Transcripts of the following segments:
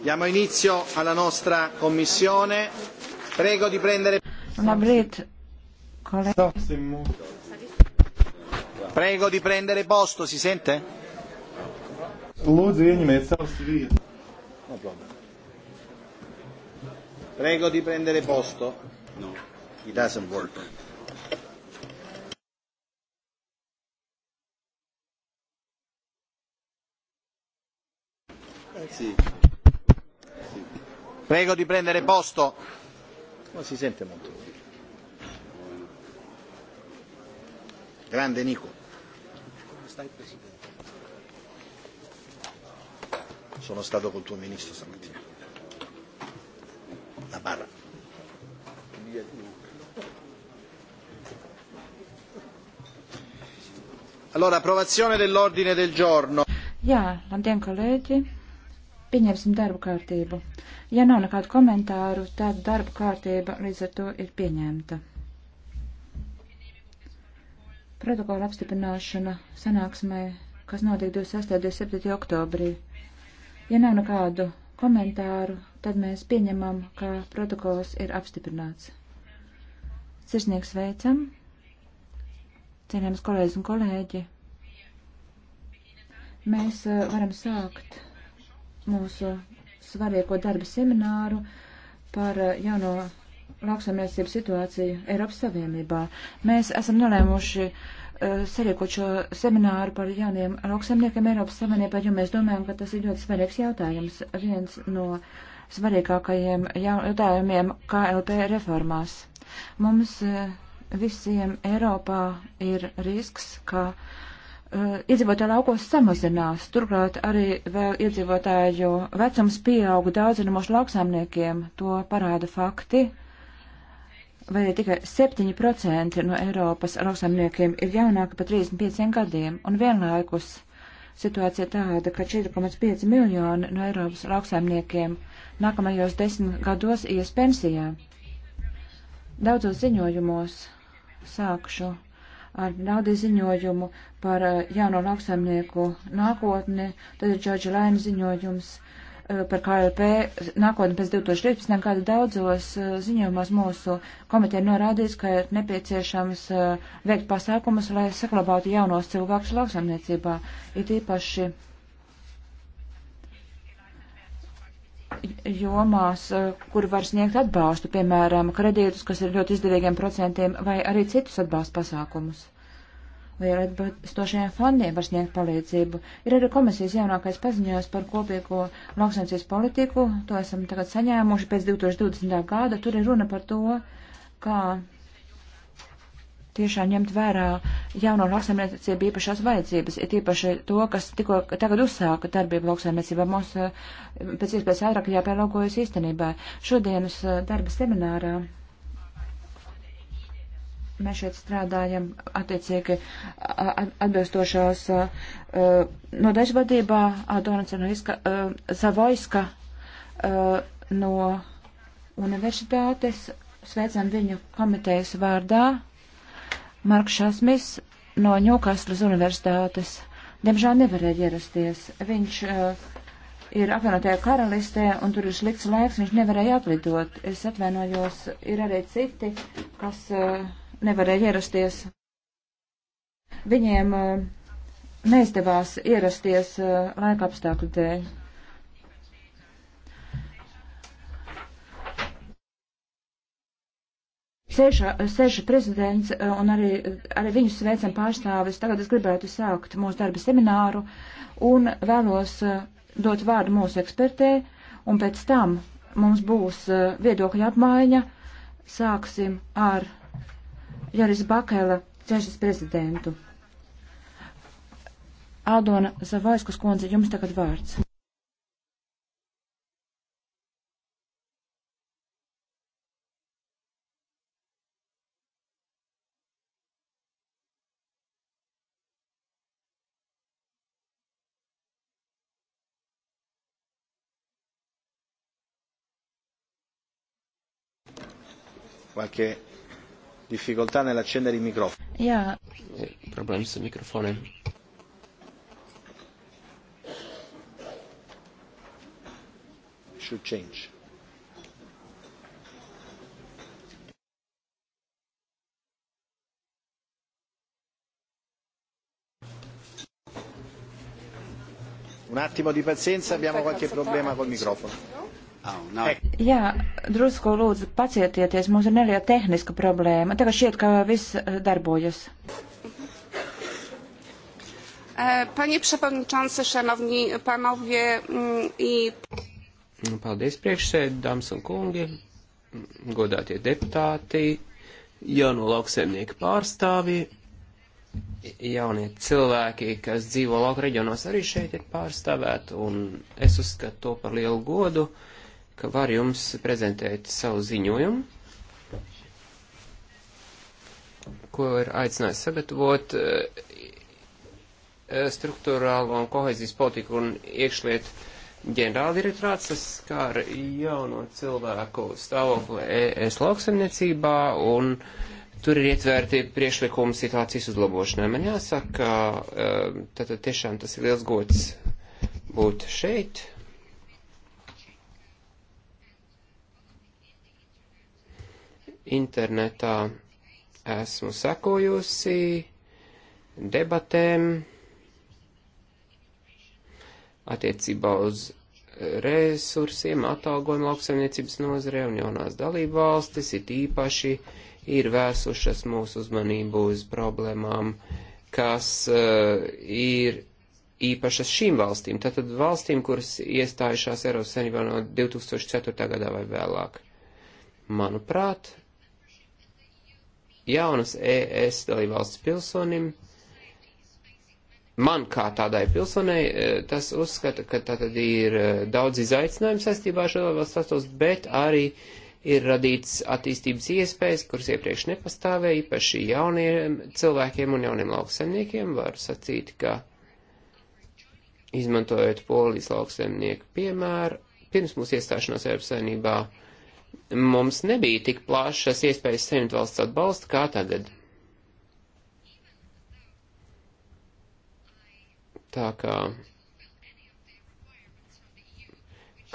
Diamo inizio alla nostra commissione. Prego di prendere. Labrīt, Prego di prendere posto, si sente? Lūdzu, ieņemiet savas vietas. Prego di prendere posto. No, it doesn't work. Sì. sì. Prego di prendere posto. Ma si sente molto. Grande Nico. Come stai Presidente? Sono stato col tuo ministro stamattina. La barra. Via di Allora, approvazione dell'ordine del giorno. Jā, labdien, kolēģi! Pieņemsim darbu kārtību. Ja nav nekādu komentāru, tad darba kārtība līdz ar to ir pieņemta. Protokola apstiprināšana sanāksmē, kas notiek 26. un 27. oktobrī. Ja nav nekādu komentāru, tad mēs pieņemam, ka protokols ir apstiprināts. Sirsnieks veicam, cienījams kolēģis un kolēģi. Mēs eh, varam sākt mūsu svarīgo darba semināru par eh, jauno lauksamniecības situāciju Eiropas Savienībā. Mēs esam nolēmuši uh, sarīkot šo semināru par jauniem lauksamniekiem Eiropas Savienībā, jo mēs domājam, ka tas ir ļoti svarīgs jautājums, viens no svarīgākajiem jautājumiem KLP reformās. Mums uh, visiem Eiropā ir risks, ka uh, Eh, iedzīvotāju laukos samazinās. Turklāt arī vēl iedzīvotāju vecums pieauga daudzi no mūsu lauksaimniekiem. To parāda fakti. Vai tikai 7% no Eiropas lauksaimniekiem ir jaunāki par 35 gadiem. Un vienlaikus situācija tāda, ka 4,5 miljoni no Eiropas lauksaimniekiem nākamajos desmit gados ies pensijā. Daudzos ziņojumos sākšu ar Naudi ziņojumu par uh, jauno lauksaimnieku nākotni, tad ir Džordža Laina ziņojums uh, par KLP nākotni pēc 2013. gada daudzos uh, ziņojumos mūsu komiteja norādījis, ka ir nepieciešams veikt pasākumus, lai saklabātu jaunos cilvēkus lauksaimniecībā, it īpaši jomās, eh, kur var sniegt atbalstu, piemēram, kredītus, kas ir ļoti izdevīgiem procentiem, vai arī citus atbalstu pasākumus. Vai ar atbalstošajiem fondiem var sniegt palīdzību. Ir arī komisijas jaunākais paziņojums par kopīgo lauksaimniecības politiku. To esam tagad saņēmuši pēc 2020. gada. Tur ir runa par to, kā. Ka tiešām ņemt vērā jauno lauksaimniecību īpašās vajadzības, ir īpaši to, kas tikko tagad uzsāka darbību lauksaimniecībā. Mums eh, pēc iespējas ātrāk jāpielāgojas īstenībā. Šodienas eh, darba seminārā mēs šeit strādājam attiecīgi atbilstošās no dažvadībā Adonis no Iska, Savojska no universitātes. Sveicam viņu komitejas vārdā Marks Šasmis no Ņūkastras universitātes. Diemžēl nevarēja ierasties. Viņš uh, ir apvienotajā karalistē un tur ir slikts laiks, viņš nevarēja aplidot. Es atvainojos, ir arī citi, kas uh, nevarēja ierasties. Viņiem uh, neizdevās ierasties uh, laika apstākļu dēļ. seša, seša prezidents e, un arī, arī viņus sveicam pārstāvis. Tagad es gribētu sākt mūsu darba semināru un vēlos e, dot vārdu mūsu ekspertē un pēc tam mums būs e, viedokļa apmaiņa. Sāksim ar Jaris Bakela, Češas prezidentu. Aldona Zavaiskas kundze, jums tagad vārds. qualche difficoltà nell'accendere il microfono. Jā. Problēmas ar mikrofoniem. Should change. Un attimo di pazienza, abbiamo qualche problema col microfono. Oh, no. Jā, drusku lūdzu pacietieties, mums ir neliela tehniska problēma. Tagad šķiet, ka viss eh, darbojas. E, panie przewodniczący, szanowni panowie mm, i... Nu, paldies priekšsēd, dāmas un kungi, godātie deputāti, jauno lauksaimnieku pārstāvji, jaunie cilvēki, kas dzīvo lauka reģionos arī šeit ir pārstāvēti, un es uzskatu to par lielu godu. Uh, ka var jums prezentēt savu ziņojumu, ko ir aicinājis sagatavot eh, struktūrālo un kohezijas politiku un iekšlietu ģenerāldirektorāts, tas skar jauno cilvēku stāvokli ES lauksaimniecībā un tur ir ietvērti priešlikumi situācijas uzlabošanai. Man jāsaka, ka eh, tātad tiešām tas ir liels gods būt šeit. internetā esmu sekojusi debatēm attiecībā uz resursiem, atalgojumu lauksaimniecības nozarē un jaunās dalību valstis it īpaši ir vērsušas mūsu uzmanību uz problēmām, kas uh, ir īpašas šīm valstīm, tātad valstīm, kuras iestājušās Eiropas Savienībā no 2004. gadā vai vēlāk. Manuprāt, jaunas ES dalībvalsts pilsonim, man kā tādai pilsonai, e, tas uzskata, ka tā tad ir e, daudz izaicinājumu saistībā ar šo dalībvalsts status, bet arī ir radīts attīstības iespējas, kuras iepriekš nepastāvēja, īpaši jauniem cilvēkiem un jauniem lauksaimniekiem. Var sacīt, ka izmantojot polijas lauksaimnieku piemēru, pirms mūsu iestāšanās Eiropas saimnībā, uh, mums nebija tik plašas iespējas saņemt valsts atbalstu kā tagad. Tā kā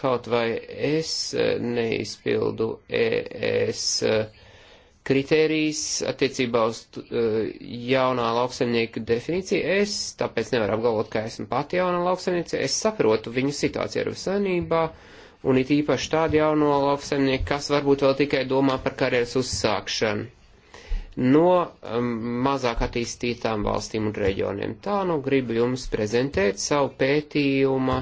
kaut vai es eh, neizpildu ES eh, kritērijas attiecībā uz eh, jaunā lauksaimnieka definīciju, es tāpēc nevaru apgalvot, ka esmu pati jaunā lauksaimniece, es saprotu viņu situāciju ar uzsainībā. Uh, un it īpaši tādi jauno lauksemnieki, kas varbūt vēl tikai domā par karjeras uzsākšanu no um, mazāk attīstītām valstīm un reģioniem. Tā nu gribu jums prezentēt savu pētījuma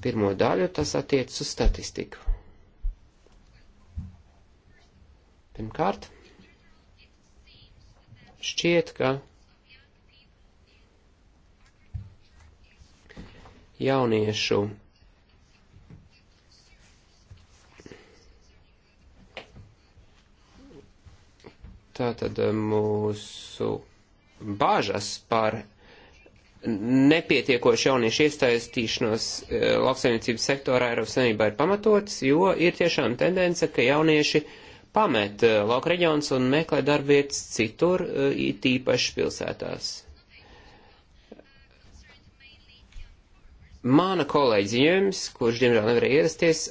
pirmo daļu, tas attiec uz statistiku. Pirmkārt, šķiet, ka jauniešu Tātad eh, mūsu bāžas par nepietiekoši jauniešu iesaistīšanos eh, lauksaimniecības sektorā Eiropas Savienībā ir pamatots, jo ir tiešām tendence, ka jaunieši pamet eh, lauka reģions un meklē darbvietas citur, it īpaši pilsētās. Mana kolēģi Jums, kurš diemžēl nevarēja ierasties,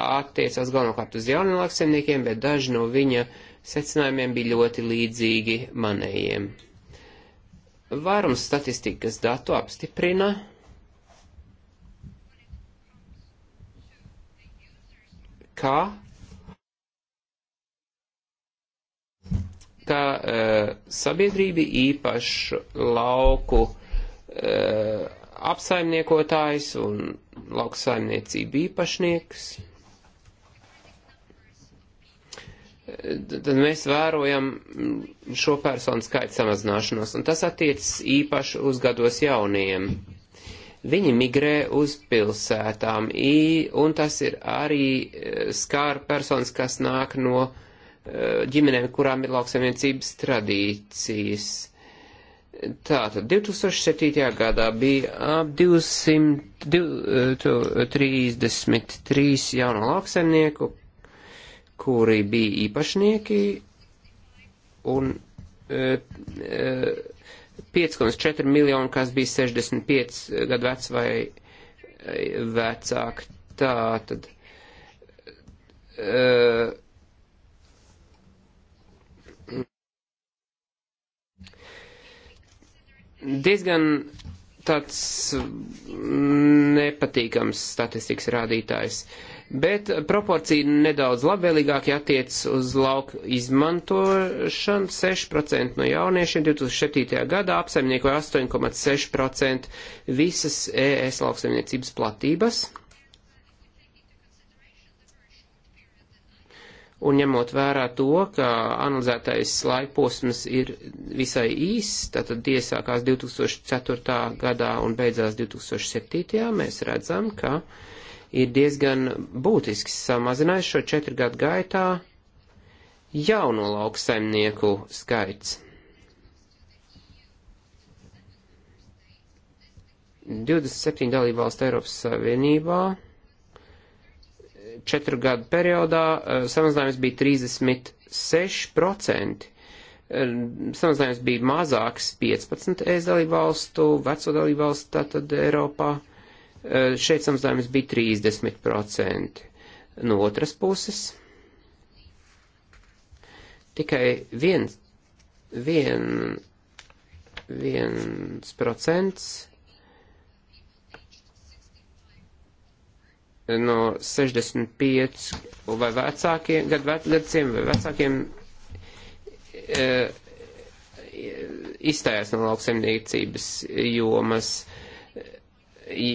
attiecās galvenokārt uz jauniem lauksaimniekiem, bet daži no viņa uh, secinājumiem bija ļoti līdzīgi manējiem. Vairums statistikas datu apstiprina, ka, ka e, sabiedrība īpaši lauku e, apsaimniekotājs un lauksaimniecība īpašnieks tad mēs vērojam šo personu skaitu samazināšanos, un tas attiecas īpaši uz gados jauniem. Viņi migrē uz pilsētām, un tas ir arī e, skār personas, kas nāk no e, ģimenēm, kurām ir lauksaimniecības tradīcijas. Tātad 2007. gadā bija ap 233 e, jauno lauksaimnieku, kuri bija īpašnieki, un e, e, 5,4 miljoni, kas bija 65 gadu vec vai e, vecāki. Tā tad. E, diezgan tāds nepatīkams statistikas rādītājs. Uh, bet proporcija nedaudz labvēlīgāk attiec uz lauku izmantošanu. 6% no jauniešiem 2007. gadā apsaimniekoja 8,6% visas ES lauksaimniecības platības. Un ņemot vērā to, ka analizētais laikposms ir visai īss, tātad iesākās 2004. gadā un beidzās 2007. mēs redzam, ka uh, ir diezgan būtiski samazinājis šo četru gadu gaitā jauno lauksaimnieku skaits. 27 dalībvalstu Eiropas Savienībā četru gadu periodā eh, samazinājums bija 36%. Eh, samazinājums bija mazāks 15 es dalībvalstu, veco dalībvalstu tātad Eiropā. Uh, Šeit samazinājums bija 30%. No otras puses, tikai viens, vien, viens procents no 65 vai vecākiem, gadu veciem vai vecākiem e, izstājās no lauksemniecības jomas. E,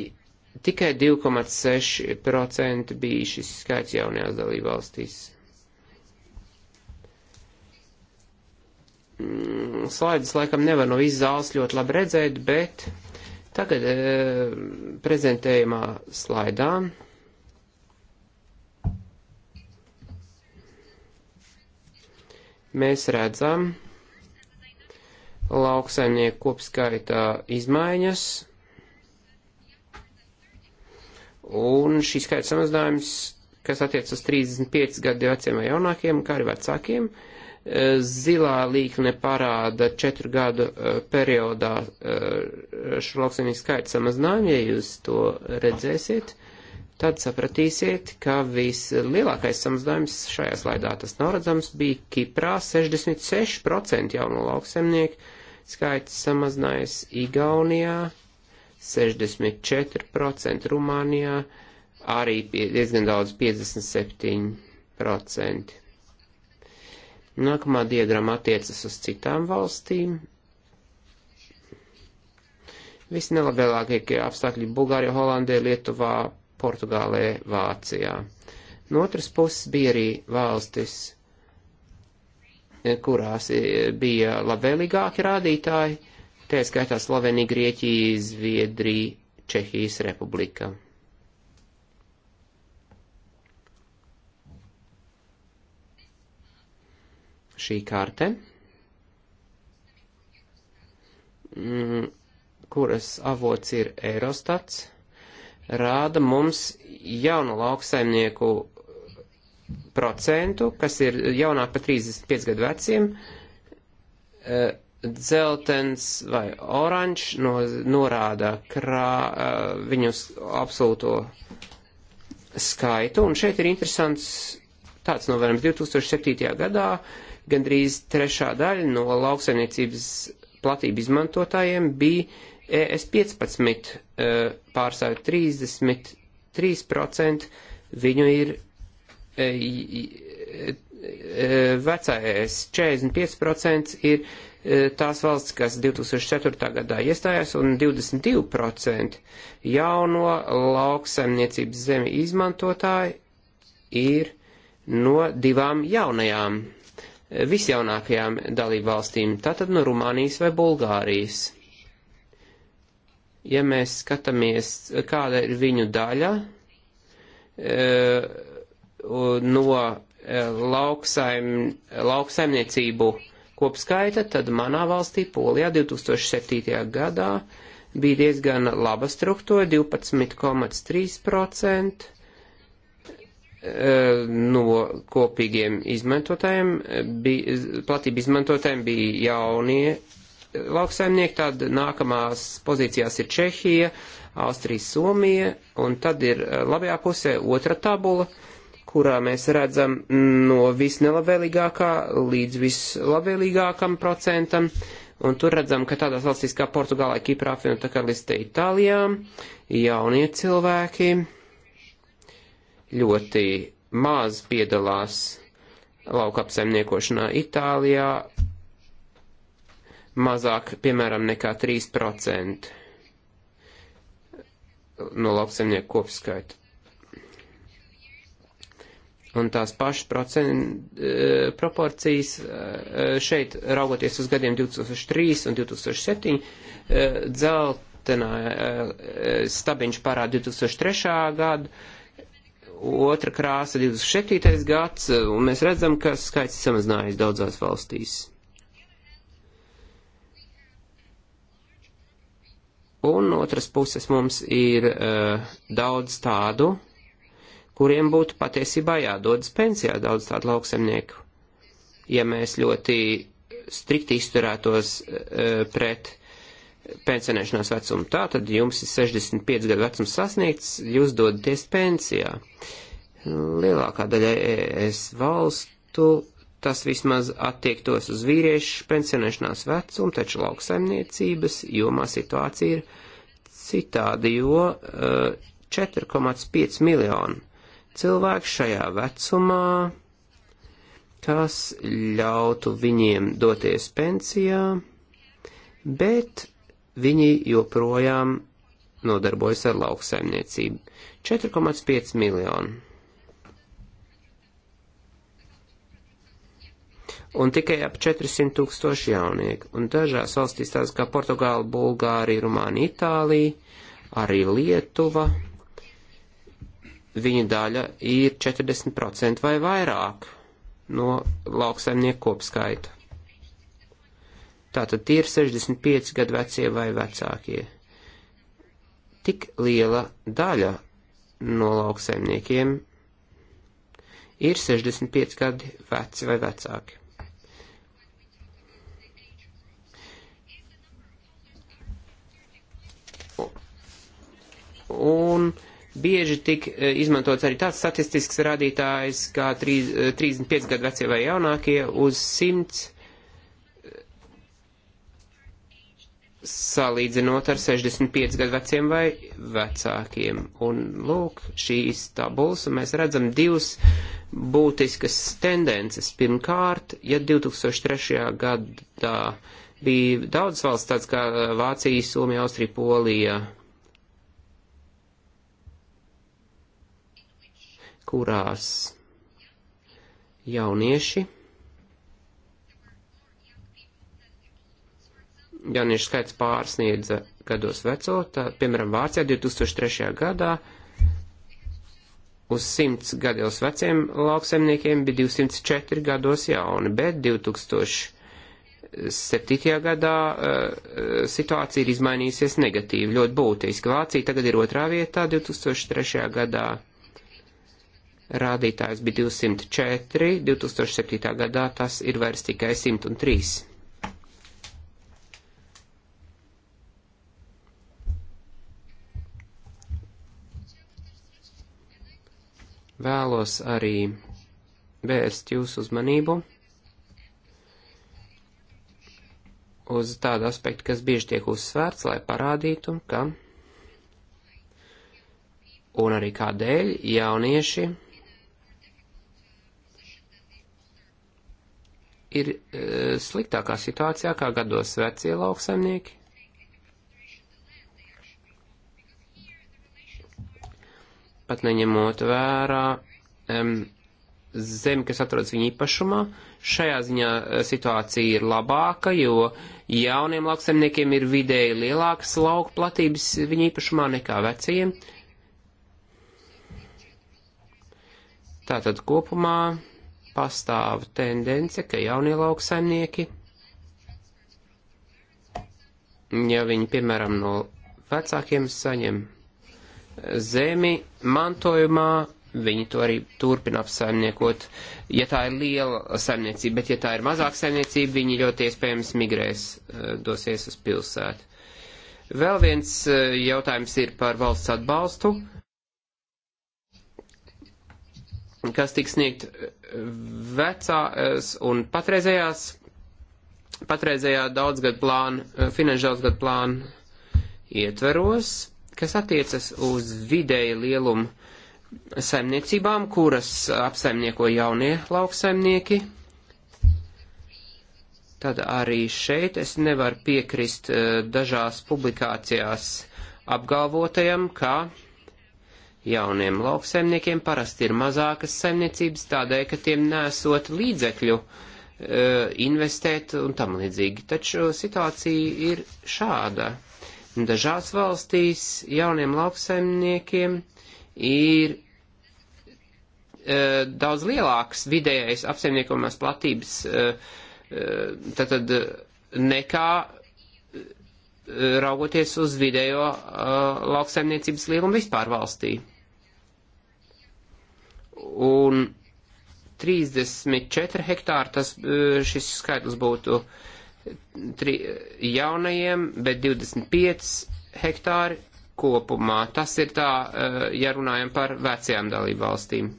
Tikai 2,6% bija šis skaits jaunajās dalībvalstīs. Mm, Slaidus laikam nevar no visas zāles ļoti labi redzēt, bet tagad e, prezentējumā slaidā mēs redzam lauksaimnieku kopskaitā izmaiņas Un šī skaita samazinājums, kas attiec uz 35 gadu veciem vai jaunākiem, kā arī vecākiem, e, zilā līkne parāda 4 gadu e, periodā e, šo lauksaimnieku skaitu samazinājumu, ja jūs to redzēsiet tad sapratīsiet, ka vislielākais samazinājums šajā slaidā tas nav redzams, bija Kiprā 66% jauno lauksemnieku, skaits samazinājies Igaunijā 64% Rumānijā, arī diezgan daudz 57%. Nākamā diagrama attiecas uz citām valstīm. Visnelabvēlākie apstākļi Bulgārijā, Holandē, Lietuvā, Portugālē, Vācijā. No otras puses bija arī valstis, kurās eh, bija labvēlīgāki rādītāji, tā skaitā Slovenija, Grieķija, Zviedrija, Čehijas republika. Šī karte, mm, kuras avots ir Eurostats, rāda mums jaunu lauksaimnieku procentu, kas ir jaunāk par 35 gadu veciem, eh, dzeltens vai oranžs no, norāda krā, eh, viņus absolūto skaitu, un šeit ir interesants tāds novērams 2007. gadā gandrīz trešā daļa no lauksaimniecības platību izmantotājiem bija ES15 pārstāvju 33%, viņu ir eh, eh, vecā e ES 45% ir E, tās valsts, kas 2004. gadā iestājās, un 22% jauno lauksaimniecības zemi izmantotāji ir no divām jaunajām, e, visjaunākajām dalību valstīm, tātad no Rumānijas vai Bulgārijas. Ja mēs skatāmies, kāda ir viņu daļa e, no lauksaim, lauksaimniecību kopskaita, tad manā valstī Polijā 2007. gadā bija diezgan laba struktūra, 12,3% eh, no kopīgiem izmantotājiem, bija, platība izmantotājiem bija jaunie lauksaimnieki, tad nākamās pozīcijās ir Čehija, Austrija, Somija, un tad ir eh, labajā pusē otra tabula, uh, kurā mēs redzam no visnelabvēlīgākā līdz vislabvēlīgākam procentam, un tur redzam, ka tādās valstīs kā Portugālē, Kiprā, Fienotā karalistē, Itālijā jaunie cilvēki ļoti maz piedalās laukapsaimniekošanā Itālijā, mazāk, piemēram, nekā 3% no lauksaimnieku kopskaita. Un tās pašas procent, e, proporcijas e, e, šeit, raugoties uz gadiem 2003 un 2007, dzeltenā stabiņš parāda 2003. gadu, otra krāsa 27. gads, un mēs redzam, ka skaits samazinājas daudzās valstīs. Un otras puses mums ir uh, daudz tādu kuriem būtu patiesībā jādodas pensijā daudz tādu lauksemnieku. Ja mēs ļoti strikti izturētos uh, pret pensionēšanās vecumu, tā tad jums ir 65 gadu vecums sasniegts, jūs dodaties pensijā. Lielākā daļa ES valstu tas vismaz attiektos uz vīriešu pensionēšanās vecumu, taču lauksaimniecības jomā situācija ir citādi, jo uh, 4,5 miljonu cilvēki šajā vecumā, kas ļautu viņiem doties pensijā, bet viņi joprojām nodarbojas ar lauksaimniecību. 4,5 miljonu. Un tikai ap 400 tūkstoši jaunieku. Un dažās valstīs tās kā Portugāla, Bulgārija, Rumānija, Itālija, arī Lietuva viņa daļa ir 40% vai vairāk no lauksaimnieku kopskaita. Tātad tie ir 65 gadu vecie vai vecākie. Tik liela daļa no lauksaimniekiem ir 65 gadi veci vai vecāki. Un, un Bieži tik e, izmantots arī tāds statistisks rādītājs, kā 3, 35 e, gadu vecie vai jaunākie uz 100 e, salīdzinot ar 65 gadu veciem vai vecākiem. Un lūk, šīs tabulas, un mēs redzam divas būtiskas tendences. Pirmkārt, ja 2003. gadā bija daudz valsts tāds kā Vācija, Somija, Austrija, Polija, kurās jaunieši, jauniešu skaits pārsniedza gados veco, tā, piemēram, Vācijā 2003. gadā uz 100 gados veciem lauksemniekiem bija 204 gados jauni, bet 2007. gadā uh, situācija ir izmainījusies negatīvi, ļoti būtiski. Vācija tagad ir otrā vietā 2003. gadā rādītājs bija 204, 2007. gadā tas ir vairs tikai 103. Vēlos arī vērst jūsu uzmanību uz tādu aspektu, kas bieži tiek uzsvērts, lai parādītu, ka un arī kādēļ jaunieši ir e, sliktākā situācijā kā gados vecie lauksaimnieki. Pat neņemot vērā um, e, zemi, kas atrodas viņa īpašumā, šajā ziņā e, situācija ir labāka, jo jauniem lauksaimniekiem ir vidēji lielākas lauka platības viņa īpašumā nekā vecajiem. Tātad kopumā pastāv tendence, ka jaunie lauksaimnieki, ja viņi, piemēram, no vecākiem saņem zemi mantojumā, viņi to arī turpina apsaimniekot. Ja tā ir liela saimniecība, bet ja tā ir mazāka saimniecība, viņi ļoti iespējams migrēs, eh, dosies uz pilsētu. Vēl viens eh, jautājums ir par valsts atbalstu. Uh, kas tiks sniegt eh, vecās un patreizējās, patreizējā daudzgad plāna, eh, finanšu daudzgad plāna ietveros, kas attiecas uz vidēja lielumu saimniecībām, kuras apsaimnieko jaunie lauksaimnieki. Tad arī šeit es nevaru piekrist eh, dažās publikācijās apgalvotajam, ka Jauniem lauksaimniekiem parasti ir mazākas saimniecības tādēļ, ka tiem nesot līdzekļu uh, investēt un tam līdzīgi. Taču situācija ir šāda. Dažās valstīs jauniem lauksaimniekiem ir e, daudz lielāks vidējais apsaimniekomās platības, e, e tātad nekā raugoties uz vidējo uh, lauksaimniecības līgumu vispār valstī. Un 34 hektāri tas, uh, šis skaitlis būtu tri, jaunajiem, bet 25 hektāri kopumā. Tas ir tā, uh, ja runājam par vecajām dalību valstīm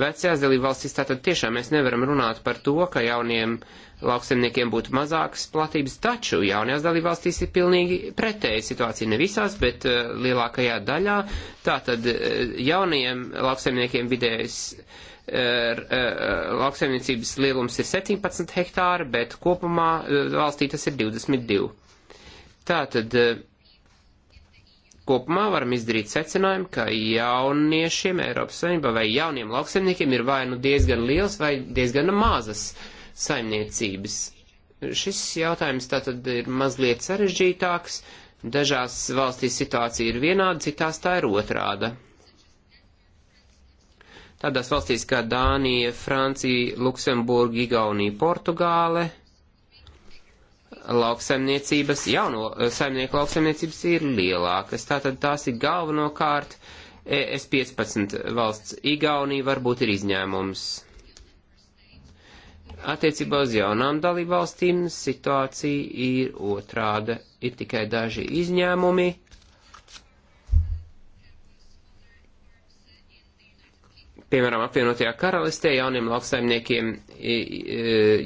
vecajās dalībvalstīs, tātad tiešām mēs nevaram runāt par to, ka jauniem lauksemniekiem būtu mazākas platības, taču jaunajās dalībvalstīs ir pilnīgi pretēja situācija, ne visās, bet uh, lielākajā daļā, tātad uh, jaunajiem lauksemniekiem vidējais uh, eh, lauksaimniecības lielums ir 17 hektāri, bet kopumā valstī tas ir 22. Tātad uh, Kopumā varam izdarīt secinājumu, ka jauniešiem Eiropas Savienībā vai jauniem lauksaimniekiem ir vai nu diezgan liels vai diezgan mazas saimniecības. Šis jautājums tātad ir mazliet sarežģītāks, dažās valstīs situācija ir vienāda, citās tā ir otrāda. Tādās valstīs kā Dānija, Francija, Luksemburga, Igaunija, Portugāle – lauksaimniecības, jauno eh, saimnieku lauksaimniecības ir lielākas. Tātad tās ir galvenokārt ES 15 valsts. Igaunija varbūt ir izņēmums. Attiecībā uz jaunām dalībvalstīm situācija ir otrāda. Ir tikai daži izņēmumi, Piemēram, apvienotajā karalistē jauniem lauksaimniekiem,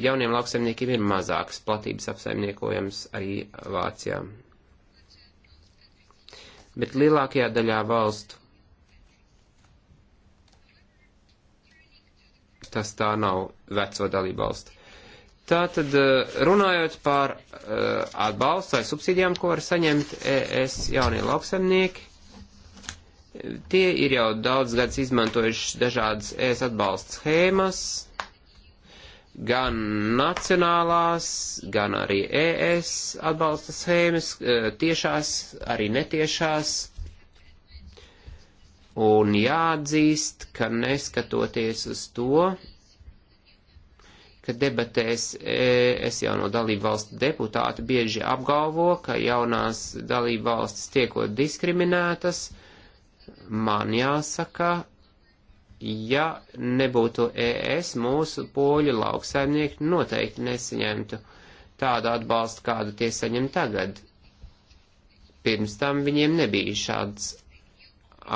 jauniem lauksaimniekiem ir mazāks platības apsaimniekojams arī Vācijā. Bet lielākajā daļā valstu tas tā nav veco dalību valstu. Tātad e, runājot par e, atbalstu vai subsīdijām, ko var saņemt ES jaunie lauksaimnieki Tie ir jau daudz gadus izmantojuši dažādas ES atbalsta schēmas, gan nacionālās, gan arī ES atbalsta schēmas, e, tiešās, arī netiešās. Un jāatzīst, ka neskatoties uz to, ka debatēs e, es jauno dalību valstu deputāti bieži apgalvo, ka jaunās dalību valstis tiekot diskriminētas, uh, man jāsaka, ja nebūtu ES, mūsu poļu lauksaimnieki noteikti nesaņemtu tādu atbalstu, kādu tie saņem tagad. Pirms tam viņiem nebija šāds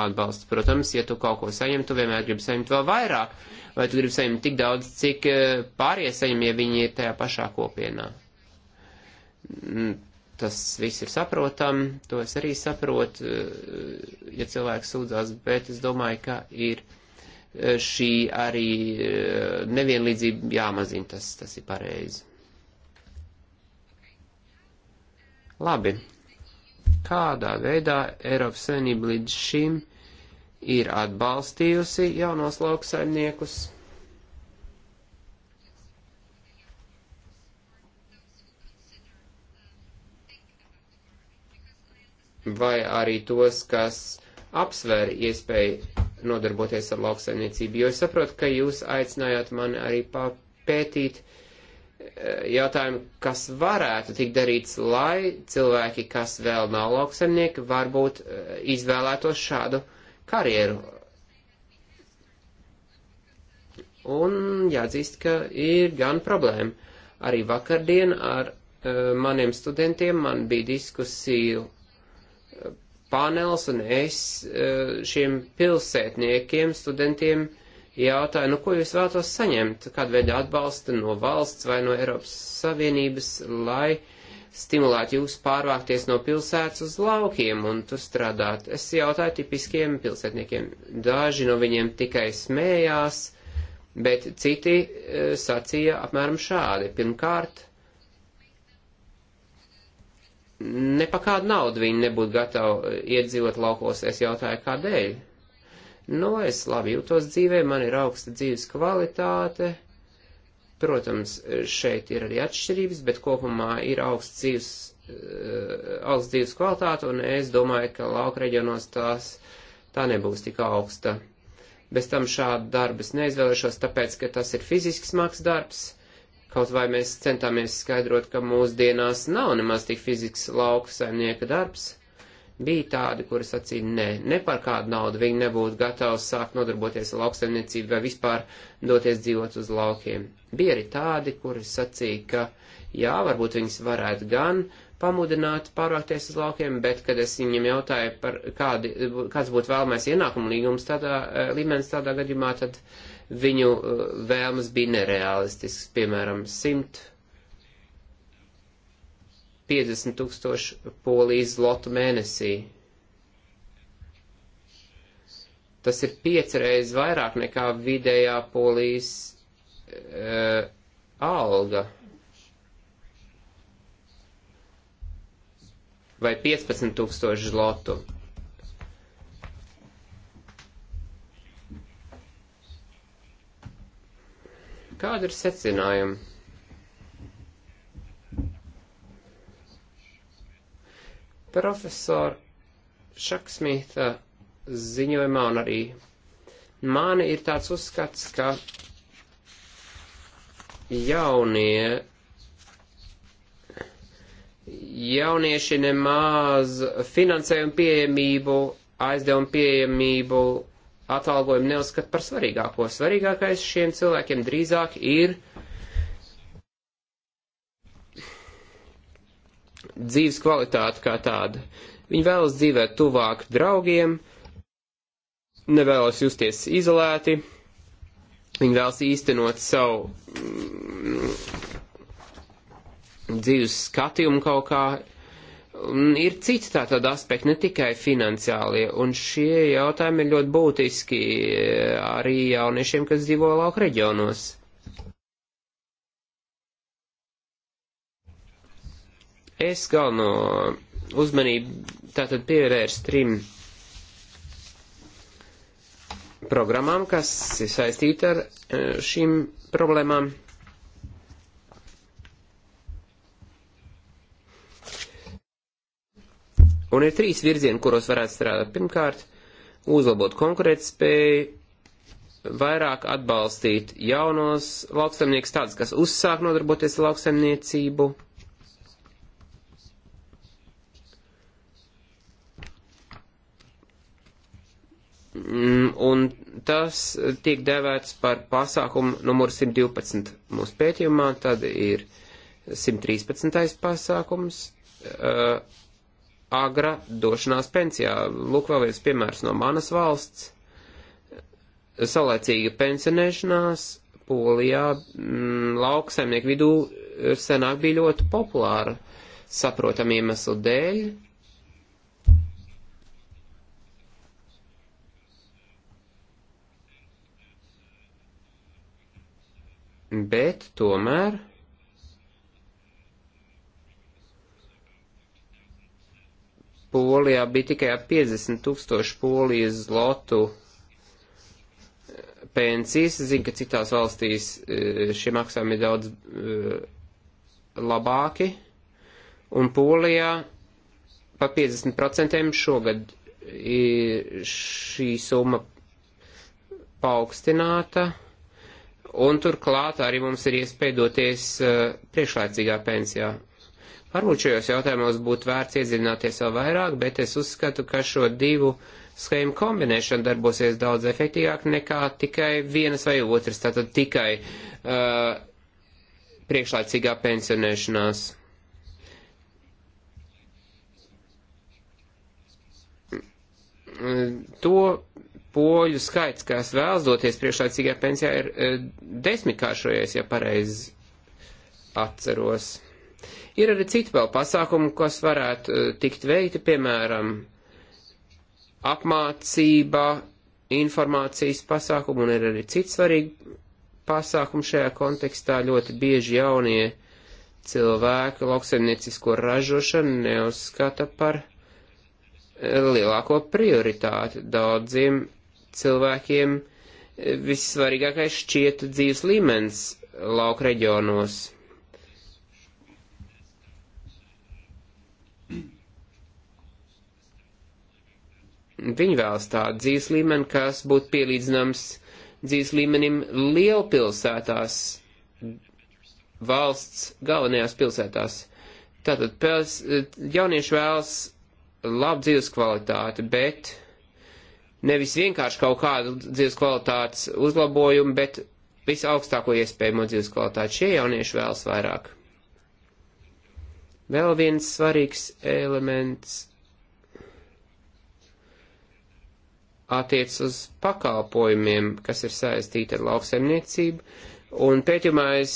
atbalsts. Protams, ja tu kaut ko saņem, tu vienmēr gribi saņemt vēl vairāk, vai tu gribi saņemt tik daudz, cik eh, pārējie saņem, ja viņi ir tajā pašā kopienā tas viss ir saprotam, to es arī saprotu, eh, ja cilvēks sūdzās, bet es domāju, ka ir eh, šī arī eh, nevienlīdzība jāmazina, tas, tas ir pareizi. Labi. Kādā veidā Eiropas Savienība līdz šim ir atbalstījusi jaunos lauksaimniekus? vai arī tos, kas apsver iespēju nodarboties ar lauksaimniecību, jo es saprotu, ka jūs aicinājāt mani arī papētīt eh, jautājumu, kas varētu tikt darīts, lai cilvēki, kas vēl nav lauksaimnieki, varbūt eh, izvēlētos šādu karjeru. Un jāatzīst, ka ir gan problēma. Arī vakardien ar eh, maniem studentiem man bija diskusiju panels, un es eh, šiem pilsētniekiem, studentiem jautāju, nu ko jūs vēlatos saņemt, kādu veidu atbalstu no valsts vai no Eiropas Savienības, lai stimulētu jūs pārvākties no pilsētas uz laukiem un tur strādāt. Es jautāju tipiskiem pilsētniekiem, daži no viņiem tikai smējās, bet citi eh, sacīja apmēram šādi. Pirmkārt, ne pa kādu naudu viņi nebūtu gatavi eh, iedzīvot laukos. Es jautāju, kādēļ? Nu, es labi jūtos dzīvē, man ir augsta dzīves kvalitāte. Protams, šeit ir arī atšķirības, bet kopumā ir augsts dzīves, eh, augsts dzīves kvalitāte, un es domāju, ka lauka reģionos tās tā nebūs tik augsta. Bez tam šādu darbu es neizvēlēšos, tāpēc, ka tas ir fizisks smags darbs Kaut vai mēs centāmies skaidrot, ka mūsdienās nav nemaz tik fizikas lauka saimnieka darbs. Bija tādi, kuri sacīja, nē, ne par kādu naudu viņi nebūtu gatavi sākt nodarboties ar lauksaimniecību vai vispār doties dzīvot uz laukiem. Bija arī tādi, kuri sacīja, ka jā, varbūt viņas varētu gan pamudināt pārvākties uz laukiem, bet, kad es viņam jautāju par kādi, kāds būtu vēlamais ienākuma līgums tādā eh, līmenis tādā gadījumā, tad uh, viņu eh, vēlmes bija nereālistisks, piemēram, 150 tūkstoši polijas lotu mēnesī. Tas ir piecreiz vairāk nekā vidējā polijas uh, alga. Vai 15 tūkstoši lotu. Kāda ir secinājuma? Profesora Šaksmīta ziņojumā un arī man ir tāds uzskats, ka jaunie jaunieši nemaz finansējumu pieejamību, aizdevumu pieejamību atalgojumu neuzskata par svarīgāko. Svarīgākais šiem cilvēkiem drīzāk ir dzīves kvalitāte kā tāda. Viņi vēlas dzīvēt tuvāk draugiem, nevēlas justies izolēti, viņi vēlas īstenot savu mm, dzīves skatījumu kaut kā, ir citi tātad aspekti, ne tikai finansiālie, un šie jautājumi ir ļoti būtiski eh, arī jauniešiem, kas dzīvo lauka reģionos. Es galveno uzmanību tātad pievērstu trim programmām, kas ir saistīta ar eh, šīm problēmām. Un ir trīs virzieni, kuros varētu strādāt. Pirmkārt, uzlabot konkurētspēju, vairāk atbalstīt jaunos lauksaimniekus, tādus, kas uzsāk nodarboties ar lauksaimniecību. Mm, un tas tiek dēvēts par pasākumu numuru 112 mūsu pētījumā, tad ir 113. pasākums, agra došanās pensijā. Lūk, vēl viens piemērs no manas valsts. Saulēcīga pensionēšanās Polijā m, mm, lauksaimnieku vidū eh, senāk bija ļoti populāra, saprotam iemeslu dēļ. Bet tomēr Polijā bija tikai 50 tūkstoši polijas zlotu pensijas. Zinu, ka citās valstīs e, šie maksājumi ir daudz e, labāki. Un Polijā pa 50% šogad šī summa paaugstināta. Un turklāt arī mums ir iespēja doties e, priekšlaicīgā pensijā. Varbūt šajos jautājumos būtu vērts iedziļināties vēl vairāk, bet es uzskatu, ka šo divu schēmu kombinēšana darbosies daudz efektīvāk nekā tikai vienas vai otras, tātad tikai uh, priekšlaicīgā pensionēšanās. To poļu skaits, kas vēlas doties priekšlaicīgā pensijā, ir desmitkāršojies, ja pareizi atceros. Ir arī citi vēl pasākumi, kas varētu eh, tikt veikti, piemēram, apmācība, informācijas pasākumi un ir arī citi svarīgi pasākumi šajā kontekstā. Ļoti bieži jaunie cilvēki lauksaimniecisko ražošanu neuzskata par eh, lielāko prioritāti. Daudziem cilvēkiem eh, vissvarīgākais šķiet dzīves līmenis lauka reģionos. Viņi vēlas tādu dzīves līmeni, kas būtu pielīdzināms dzīves līmenim lielpilsētās, valsts galvenajās pilsētās. Tātad pils, jaunieši vēlas labu dzīves kvalitāti, bet nevis vienkārši kaut kādu dzīves kvalitātes uzlabojumu, bet visaugstāko iespējamo dzīves kvalitāti. Šie jaunieši vēlas vairāk. Vēl viens svarīgs elements attiec uz pakalpojumiem, kas ir saistīti ar lauksaimniecību, un pētījumā es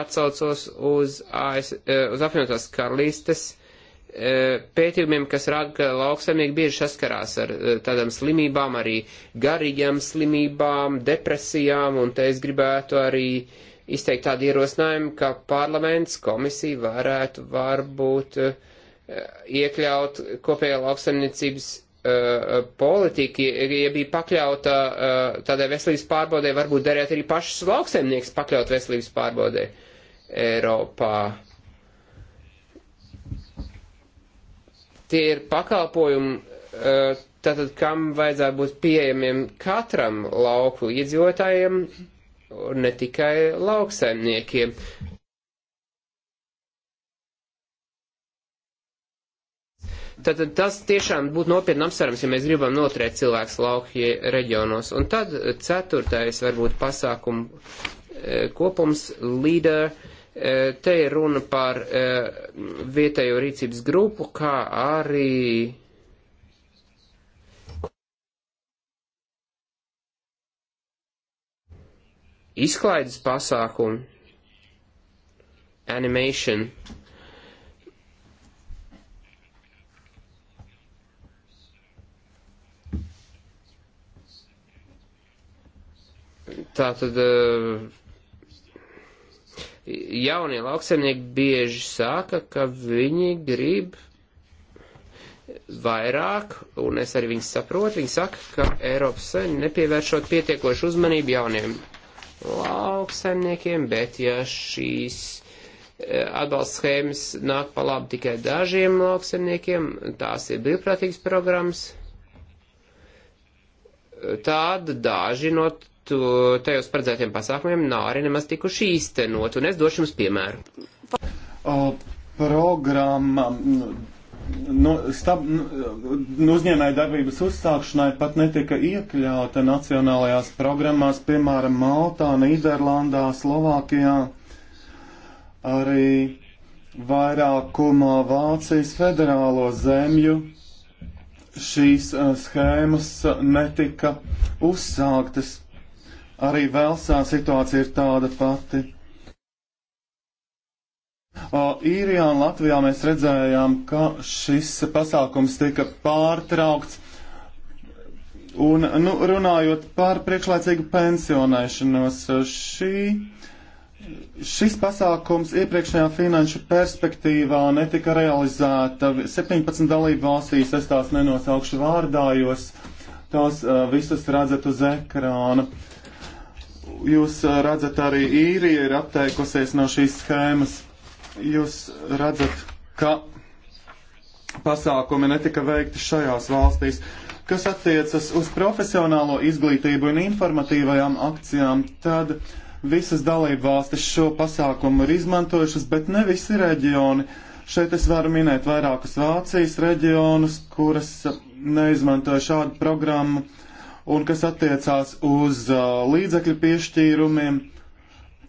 atsaucos uz, AS, eh, uz apvienotās karalistes eh, pētījumiem, kas rāda, ka lauksaimnieki bieži saskarās ar eh, tādām slimībām, arī garīgām slimībām, depresijām, un te es gribētu arī izteikt tādu ierosinājumu, ka parlaments, komisija varētu varbūt iekļaut kopējā lauksaimniecības Eh, politika, ja bija pakļauta eh, tādai veselības pārbaudē, varbūt darēt arī pašas lauksaimnieks pakļaut veselības pārbaudē Eiropā. Tie ir pakalpojumi, eh, tātad kam vajadzētu būt pieejamiem katram lauku iedzīvotājiem, ne tikai lauksaimniekiem. Tad tas tiešām būtu nopietni apsverams, ja mēs gribam noturēt cilvēks laukie reģionos. Un tad ceturtais varbūt pasākumu e, kopums līder. E, te ir runa par e, vietējo rīcības grupu, kā arī. Izklaides pasākumu, animation, Tātad eh, jaunie lauksemnieki bieži saka, ka viņi grib vairāk, un es arī viņus saprotu, viņi saka, ka Eiropas saimnieki nepievēršot pietiekošu uzmanību jauniem lauksaimniekiem, bet ja šīs eh, atbalsts schēmas nāk pa labu tikai dažiem lauksaimniekiem, tās ir brīvprātīgas programmas, tad daži no tu, tajos paredzētiem pasākumiem nav arī nemaz tikuši īstenot, un es došu jums piemēru. O, programma nu, stab, nu, nu, uzņēmēja darbības uzsākšanai pat netika iekļauta nacionālajās programmās, piemēram, Maltā, Nīderlandā, Slovākijā, arī vairākumā Vācijas federālo zemju šīs uh, schēmas netika uzsāktas. Arī Velsā situācija ir tāda pati. Īrijā un Latvijā mēs redzējām, ka šis pasākums tika pārtraukts. Un, nu, runājot par priekšlaicīgu pensionēšanos, šī, šis pasākums iepriekšējā finanšu perspektīvā netika realizēta. 17 dalību valstīs es tās nenosaukšu vārdā, jo tās uh, visas redzat uz ekrāna. Uh, Jūs uh, redzat, arī īrija ir atteikusies no šīs schēmas. Jūs redzat, ka pasākumi netika veikti šajās valstīs. Kas attiecas uz profesionālo izglītību un informatīvajām akcijām, tad visas dalību valstis šo pasākumu ir izmantojušas, bet ne visi reģioni. Šeit es varu minēt vairākus Vācijas reģionus, kuras neizmantoja šādu programmu. Uh, un kas attiecās uz uh, līdzekļu piešķīrumiem,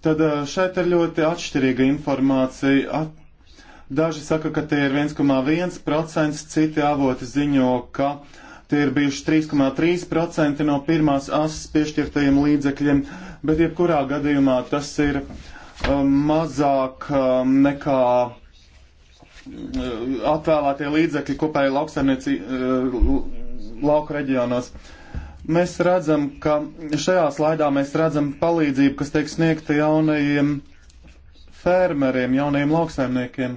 tad uh, šeit ir ļoti atšķirīga informācija. At, daži saka, ka tie ir 1,1%, citi avoti ziņo, ka tie ir bijuši 3,3% no pirmās asas piešķirtajiem līdzekļiem, bet jebkurā gadījumā tas ir uh, mazāk uh, nekā uh, atvēlētie līdzekļi kopēji lauksaimniecībai uh, lauku reģionos. Uh, Mēs redzam, ka šajā slaidā mēs redzam palīdzību, kas tiek sniegta jaunajiem fermeriem, jaunajiem lauksaimniekiem,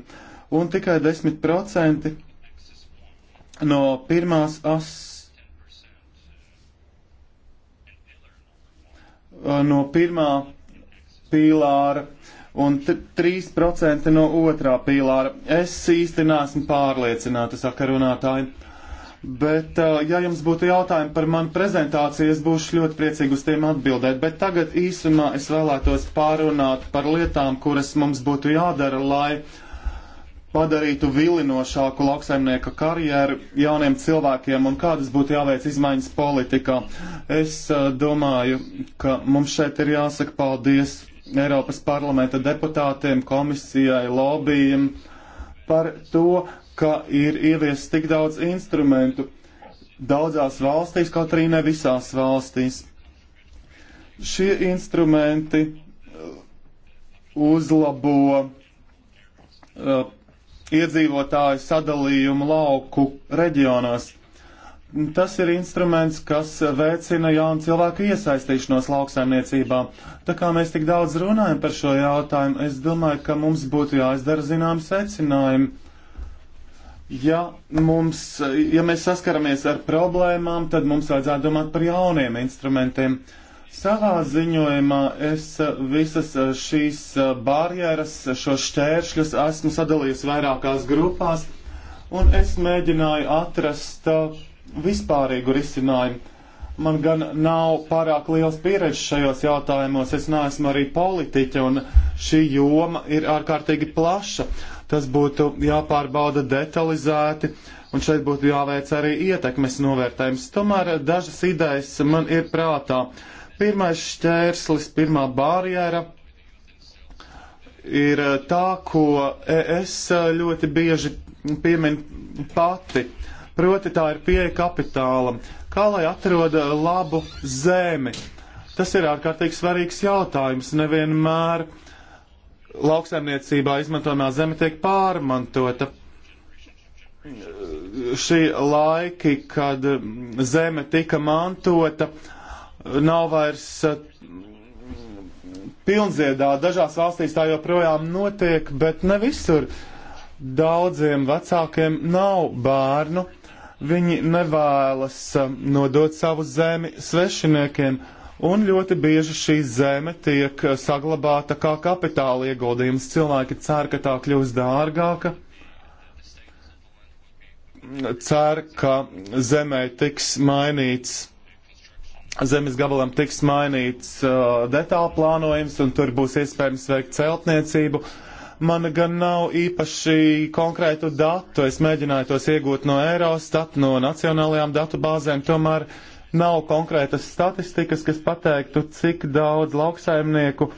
un tikai 10% no pirmās as. No pirmā pīlāra un 3% no otrā pīlāra. Es īsti neesmu pārliecināta, saka runātāji. Bet, uh, ja jums būtu jautājumi par manu prezentāciju, es būšu ļoti priecīgi uz tiem atbildēt. Bet tagad īsumā es vēlētos pārunāt par lietām, kuras mums būtu jādara, lai padarītu vilinošāku lauksaimnieka karjeru jauniem cilvēkiem un kādas būtu jāveic izmaiņas politikā. Es uh, domāju, ka mums šeit ir jāsaka paldies Eiropas parlamenta deputātiem, komisijai, lobbyiem par to, ka ir ieviests tik daudz instrumentu daudzās valstīs, kaut arī ne visās valstīs. Šie instrumenti uh, uzlabo uh, iedzīvotāju sadalījumu lauku reģionos. Tas ir instruments, kas veicina jaunu cilvēku iesaistīšanos lauksaimniecībā. Tā kā mēs tik daudz runājam par šo jautājumu, es domāju, ka mums būtu jāizdara zinām secinājumi. Ja, mums, ja mēs saskaramies ar problēmām, tad mums vajadzētu domāt par jauniem instrumentiem. Savā ziņojumā es visas šīs barjeras, šos šķēršļus esmu sadalījis vairākās grupās, un es mēģināju atrast uh, vispārīgu risinājumu man gan nav pārāk liels pieredzes šajos jautājumos, es neesmu arī politiķa, un šī joma ir ārkārtīgi plaša. Tas būtu jāpārbauda detalizēti, un šeit būtu jāveic arī ietekmes novērtējums. Tomēr dažas idejas man ir prātā. Pirmais šķērslis, pirmā barjera ir tā, ko es ļoti bieži pieminu pati. Proti tā ir pieeja kapitālam. Kā lai atroda labu zemi? Tas ir ārkārtīgi svarīgs jautājums. Nevienmēr uh, lauksaimniecībā izmantojamā zeme tiek pārmantota. Šī laiki, kad zeme tika mantota, nav vairs mm, pilnziedā. Dažās valstīs tā joprojām notiek, bet ne visur. Daudziem vecākiem nav bērnu. Viņi nevēlas mm, nodot savu zemi svešiniekiem. Uh, un ļoti bieži šī zeme tiek saglabāta kā kapitāla ieguldījums. Cilvēki cer, ka tā kļūs dārgāka, cer, ka zemē tiks mainīts. Zemes gabalam tiks mainīts uh, detālplānojums, un tur būs iespējams veikt celtniecību, uh, man gan nav īpaši konkrētu datu. Es mēģināju tos iegūt no Eurostat, no nacionālajām datu bāzēm. Tomēr Nav konkrētas statistikas, kas pateiktu, cik daudz lauksaimnieku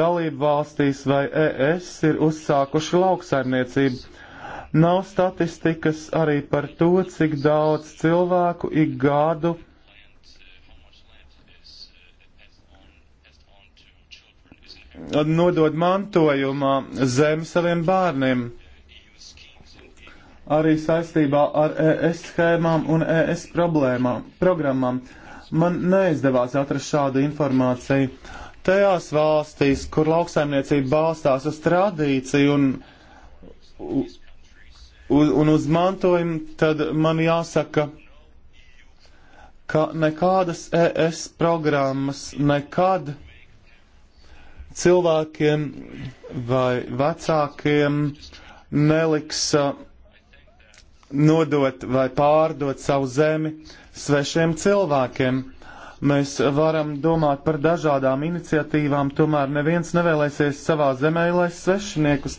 dalību valstīs vai ES ir uzsākuši lauksaimniecību. Nav statistikas arī par to, cik daudz cilvēku ik gadu nodod mantojumā zem saviem bērniem arī saistībā ar ES schēmām un ES problēmām, programmām. Man neizdevās atrast šādu informāciju. Tajās valstīs, kur lauksaimniecība balstās uz tradīciju un, uz, un uz mantojumu, tad man jāsaka, ka nekādas ES programmas nekad cilvēkiem vai vecākiem neliks uh, nodot vai pārdot savu zemi svešiem cilvēkiem. Mēs varam domāt par dažādām iniciatīvām, tomēr neviens nevēlēsies savā zemē, lai svešiniekus.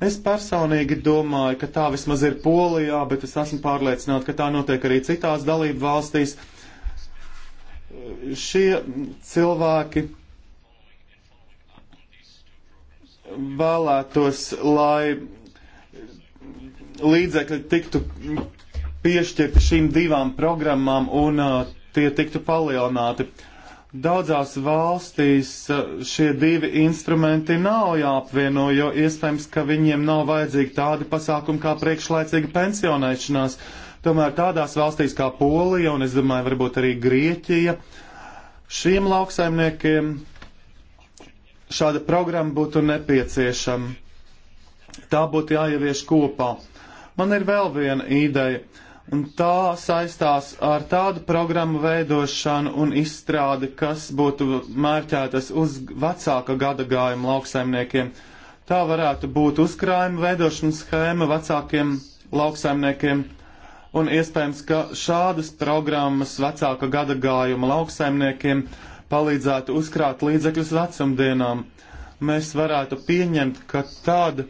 Es personīgi domāju, ka tā vismaz ir Polijā, bet es esmu pārliecināta, ka tā notiek arī citās dalību valstīs. Šie cilvēki vēlētos, lai līdzekļi tiktu piešķirti šīm divām programmām un uh, tie tiktu palielināti. Daudzās valstīs uh, šie divi instrumenti nav jāapvieno, jo iespējams, ka viņiem nav vajadzīgi tādi pasākumi kā priekšlaicīga pensionēšanās. Tomēr tādās valstīs kā Polija un, es domāju, varbūt arī Grieķija, šiem lauksaimniekiem šāda programma būtu nepieciešama. Tā būtu jāievieš kopā. Uh, Man ir vēl viena ideja, un tā saistās ar tādu programmu veidošanu un izstrādi, kas būtu mērķētas uz vecāka gada gājuma lauksaimniekiem. Tā varētu būt uzkrājuma veidošanas schēma vecākiem lauksaimniekiem, un iespējams, ka šādas programmas vecāka gada gājuma lauksaimniekiem palīdzētu uzkrāt līdzekļus vecumdienām. Mēs varētu pieņemt, ka tāda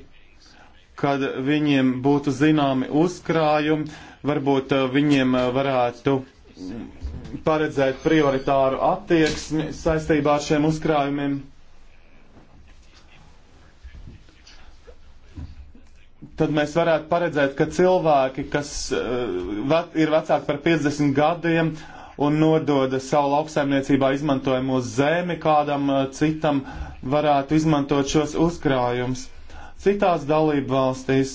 kad viņiem būtu zināmi uzkrājumi, varbūt uh, viņiem uh, varētu paredzēt prioritāru attieksmi saistībā ar šiem uzkrājumiem. Tad mēs varētu paredzēt, ka cilvēki, kas uh, ir vecāki par 50 gadiem un nodod savu lauksaimniecībā izmantojamo zemi kādam citam, varētu izmantot šos uzkrājumus. Citās dalību valstīs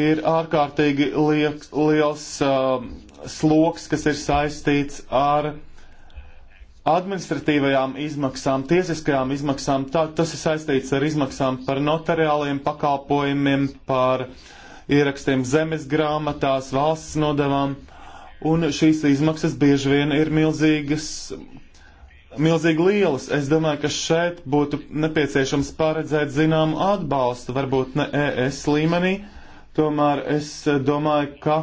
ir ārkārtīgi lieks, liels uh, sloks, kas ir saistīts ar administratīvajām izmaksām, tiesiskajām izmaksām. Tā, tas ir saistīts ar izmaksām par notariāliem pakalpojumiem, par ierakstiem zemes grāmatās, valsts nodevām. Un šīs izmaksas bieži vien ir milzīgas milzīgi lielas. Es domāju, ka šeit būtu nepieciešams paredzēt zināmu atbalstu, varbūt ne ES līmenī, tomēr es domāju, ka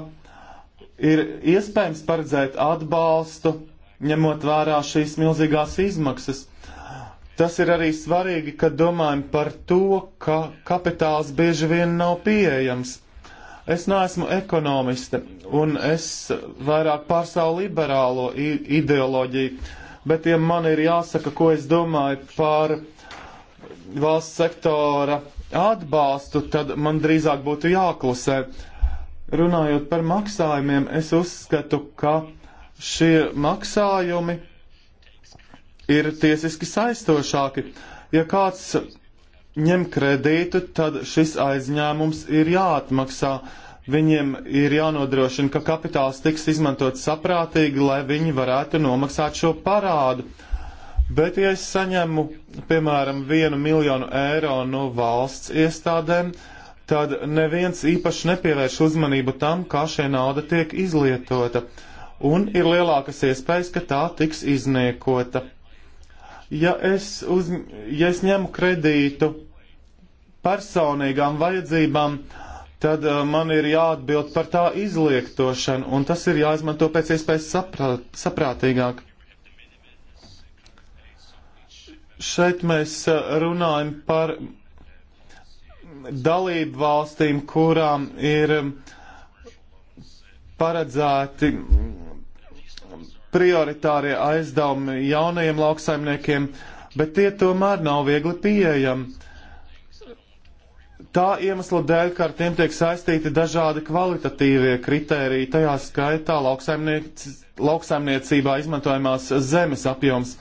ir iespējams paredzēt atbalstu, ņemot vērā šīs milzīgās izmaksas. Tas ir arī svarīgi, kad domājam par to, ka kapitāls bieži vien nav pieejams. Es neesmu ekonomiste, un es vairāk pārstāvu liberālo ideoloģiju bet ja man ir jāsaka, ko es domāju par valsts sektora atbalstu, tad man drīzāk būtu jāklusē. Runājot par maksājumiem, es uzskatu, ka šie maksājumi ir tiesiski saistošāki. Ja kāds ņem kredītu, tad šis aizņēmums ir jāatmaksā. Uh, Viņiem ir jānodrošina, ka kapitāls tiks izmantots saprātīgi, lai viņi varētu nomaksāt šo parādu. Bet, ja es saņemu, piemēram, vienu miljonu eiro no valsts iestādēm, tad neviens īpaši nepievērš uzmanību tam, kā šī nauda tiek izlietota, un ir lielākas iespējas, ka tā tiks izniekota. Ja es, uz, ja es ņemu kredītu personīgām vajadzībām, uh, tad uh, man ir jāatbild par tā izliektošanu, un tas ir jāizmanto pēc iespējas saprāt, saprātīgāk. Šeit mēs eh, runājam par dalību valstīm, kurām ir paredzēti prioritārie aizdevumi jaunajiem lauksaimniekiem, bet tie tomēr nav viegli pieejami Tā iemesla dēļ, ka ar tiem tiek saistīti dažādi kvalitatīvie kritēriji, tajā skaitā lauksaimniecībā izmantojamās zemes apjoms.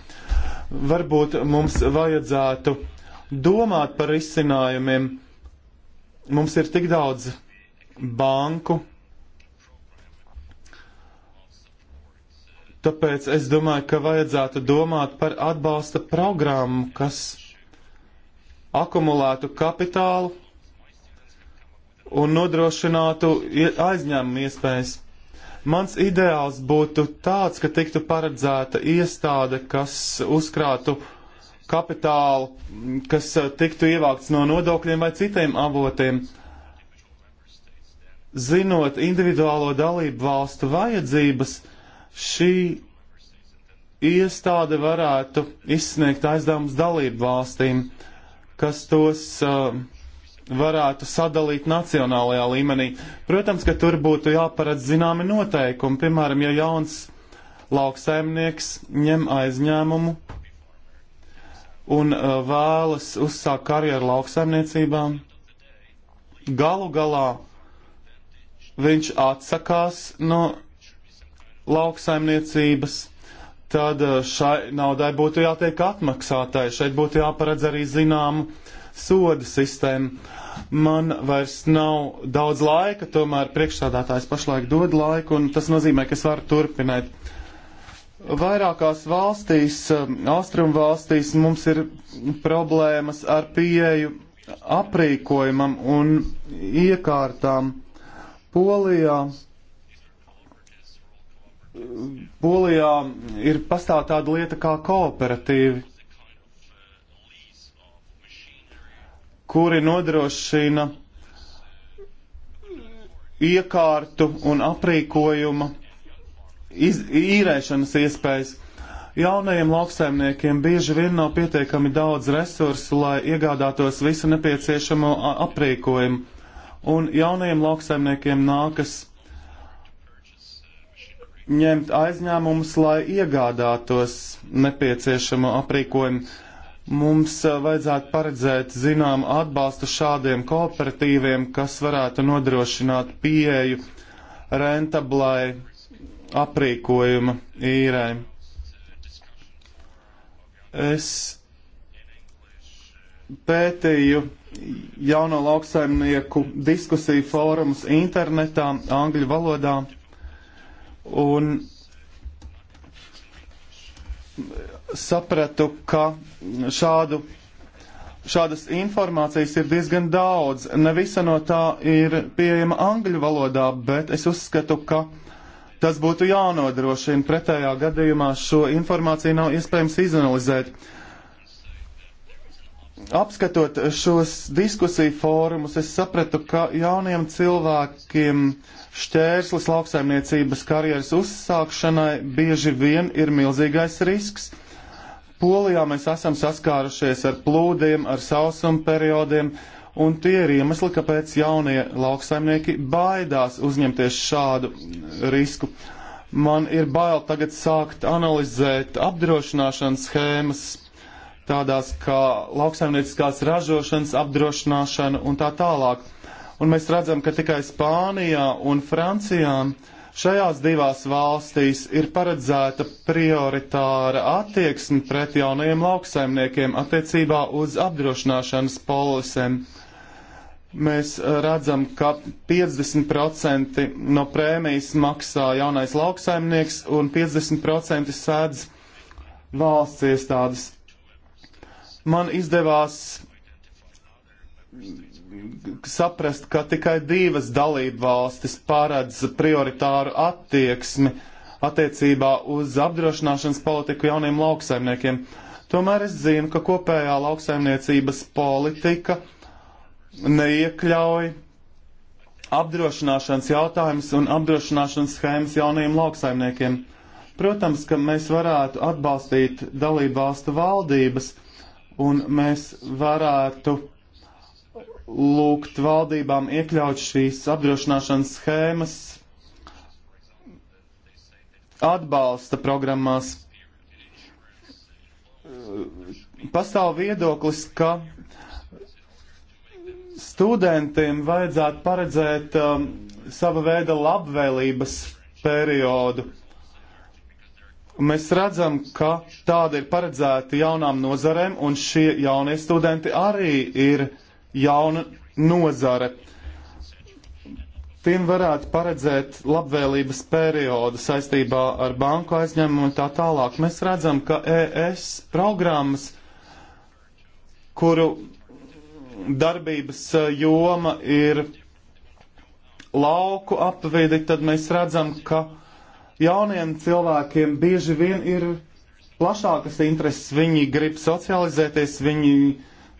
Varbūt mums vajadzētu domāt par izcinājumiem. Mums ir tik daudz banku, tāpēc es domāju, ka vajadzētu domāt par atbalsta programmu, kas akumulētu kapitālu un nodrošinātu aizņēmumu iespējas. Mans ideāls būtu tāds, ka tiktu paredzēta iestāde, kas uzkrātu kapitālu, kas uh, tiktu ievākts no nodokļiem vai citiem avotiem. Zinot individuālo dalību valstu vajadzības, šī iestāde varētu izsniegt aizdevumus dalību valstīm, kas tos uh, varētu sadalīt nacionālajā līmenī. Protams, ka tur būtu jāparedz zināmi noteikumi, piemēram, ja jauns lauksaimnieks ņem aizņēmumu un uh, vēlas uzsākt karjeru lauksaimniecībā, galu galā viņš atsakās no lauksaimniecības tad uh, šai naudai būtu jātiek atmaksātai. Šeit būtu jāparedz arī zināmu sodu sistēmu. Man vairs nav daudz laika, tomēr priekšsādātājs pašlaik dod laiku, un tas nozīmē, ka es varu turpināt. Vairākās valstīs, um, austrumu valstīs, mums ir problēmas ar pieeju aprīkojumam un iekārtām. Polijā Polijā ir pastāv tāda lieta kā kooperatīvi. kuri nodrošina iekārtu un aprīkojuma iz, īrēšanas iespējas. Jaunajiem lauksaimniekiem bieži vien nav pietiekami daudz resursu, lai iegādātos visu nepieciešamo aprīkojumu, un jaunajiem lauksaimniekiem nākas ņemt aizņēmumus, lai iegādātos nepieciešamo aprīkojumu Mums eh, vajadzētu paredzēt zinām atbalstu šādiem kooperatīviem, kas varētu nodrošināt pieeju rentablai aprīkojuma īrēm. Es pētīju jauno lauksaimnieku diskusiju fórumus internetā, angļu valodā, un sapratu, ka šādu, šādas informācijas ir diezgan daudz. Ne visa no tā ir pieejama angļu valodā, bet es uzskatu, ka tas būtu jānodrošina. Pretējā gadījumā šo informāciju nav iespējams izanalizēt. Apskatot šos diskusiju fórumus, es sapratu, ka jauniem cilvēkiem šķērslis lauksaimniecības karjeras uzsākšanai bieži vien ir milzīgais risks Polijā mēs esam saskārušies ar plūdiem, ar sausuma periodiem, un tie ir iemesli, kāpēc jaunie lauksaimnieki baidās uzņemties šādu mm, risku. Man ir bail tagad sākt analizēt apdrošināšanas schēmas, tādās kā lauksaimnieciskās ražošanas apdrošināšana un tā tālāk. Un mēs redzam, ka tikai Spānijā un Francijā uh, Šajās divās valstīs ir paredzēta prioritāra attieksme pret jaunajiem lauksaimniekiem attiecībā uz apdrošināšanas polisēm. Mēs eh, redzam, ka 50% no prēmijas maksā jaunais lauksaimnieks un 50% sēdz valsts iestādes. Man izdevās saprast, ka tikai divas dalību valstis pārēdz prioritāru attieksmi attiecībā uz apdrošināšanas politiku jauniem lauksaimniekiem. Tomēr es zinu, ka kopējā lauksaimniecības politika neiekļauj apdrošināšanas jautājumus un apdrošināšanas schēmas jaunajiem lauksaimniekiem. Protams, ka mēs varētu atbalstīt dalībvalstu valdības un mēs varētu lūgt valdībām iekļaut šīs apdrošināšanas schēmas atbalsta programmās. Pastāv viedoklis, ka studentiem vajadzētu paredzēt um, sava veida labvēlības periodu. Mēs redzam, ka tāda ir paredzēta jaunām nozarēm, un šie jaunie studenti arī ir jauna nozare. Tiem varētu paredzēt labvēlības periodu saistībā ar banku aizņēmumu un tā tālāk. Mēs redzam, ka ES programmas, kuru darbības e, joma ir lauku apvidi, tad mēs redzam, ka jauniem cilvēkiem bieži vien ir plašākas intereses. Viņi grib socializēties, viņi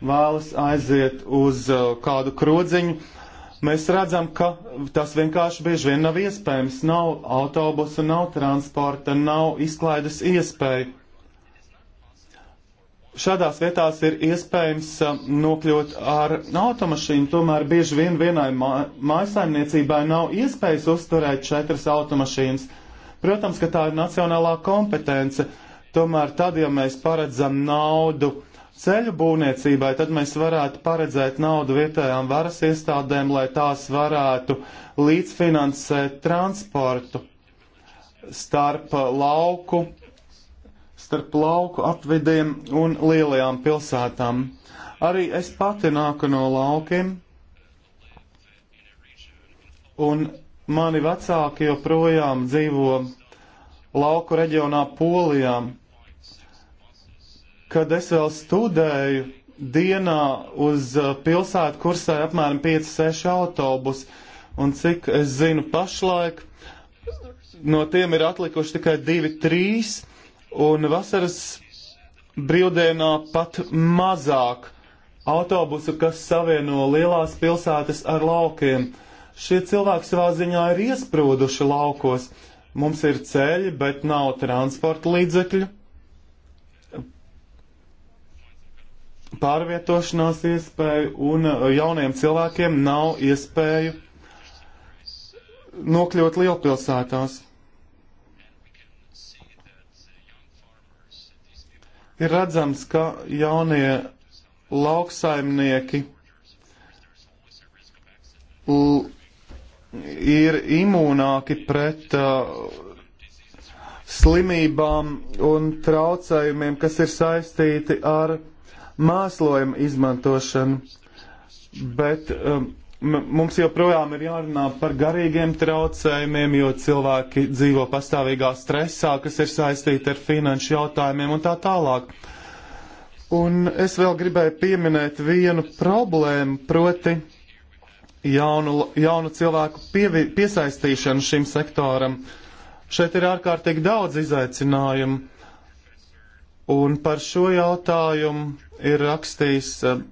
vēlas aiziet uz uh, kādu krodziņu, mēs redzam, ka tas vienkārši bieži vien nav iespējams. Nav autobusu, nav transporta, nav izklaides iespēju. Šādās vietās ir iespējams uh, nokļūt ar automašīnu, tomēr bieži vien vienai mājasaimniecībai nav iespējas uzturēt četras automašīnas. Protams, ka tā ir nacionālā kompetence, tomēr tad, ja mēs paredzam naudu, ceļu būvniecībai, tad mēs varētu paredzēt naudu vietējām varas iestādēm, lai tās varētu līdzfinansēt transportu starp lauku, starp lauku apvidiem un lielajām pilsētām. Arī es pati nāku no laukiem, un mani vecāki joprojām dzīvo lauku reģionā Polijām Kad es vēl studēju, dienā uz uh, pilsētu kursēja apmēram 5-6 autobusi, un cik es zinu pašlaik, no tiem ir atlikuši tikai 2-3, un vasaras brīvdienā pat mazāk autobusu, kas savieno lielās pilsētas ar laukiem. Šie cilvēki savā ziņā ir iesprūduši laukos. Mums ir ceļi, bet nav transporta līdzekļu. pārvietošanās iespēju, un uh, jauniem cilvēkiem nav iespēju nokļūt lielpilsētās. Ir redzams, ka jaunie lauksaimnieki ir imūnāki pret uh, slimībām un traucējumiem, kas ir saistīti ar mēslojuma izmantošanu, bet um, mums joprojām ir jārunā par garīgiem traucējumiem, jo cilvēki dzīvo pastāvīgā stresā, kas ir saistīta ar finanšu jautājumiem un tā tālāk. Un es vēl gribēju pieminēt vienu problēmu, proti jaunu, jaunu cilvēku pievi, piesaistīšanu šim sektoram. Šeit ir ārkārtīgi daudz izaicinājumu Un par šo jautājumu ir rakstījis eh,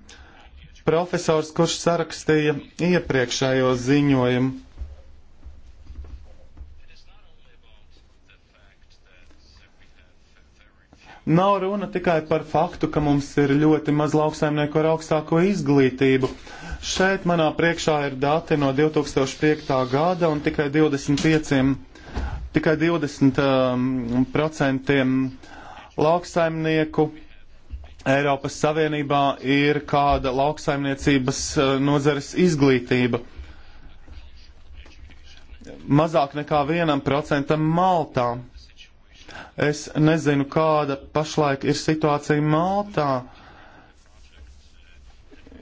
profesors, kurš sarakstīja iepriekšējo ziņojumu. Nav runa tikai par faktu, ka mums ir ļoti maz lauksaimnieku ar augstāko izglītību. Šeit manā priekšā ir dati no 2005. gada un tikai 25, tikai 20 um, ehm, procentiem uh, lauksaimnieku Eiropas Savienībā ir kāda lauksaimniecības e, nozares izglītība. Mazāk nekā vienam procentam Maltā. Es nezinu, kāda pašlaik ir situācija Maltā,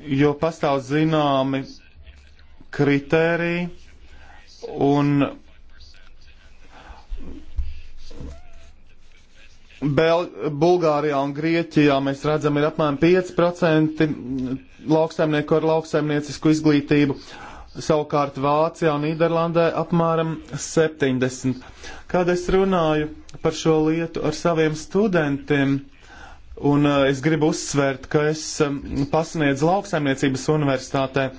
jo pastāv zināmi kritēriji un Bel Bulgārijā un Grieķijā mēs redzam, ir apmēram 5% lauksaimnieku ar lauksaimniecisku izglītību. Savukārt Vācijā un Nīderlandē apmēram 70. Kad es runāju par šo lietu ar saviem studentiem, un uh, es gribu uzsvērt, ka es um, pasniedzu lauksaimniecības universitātē,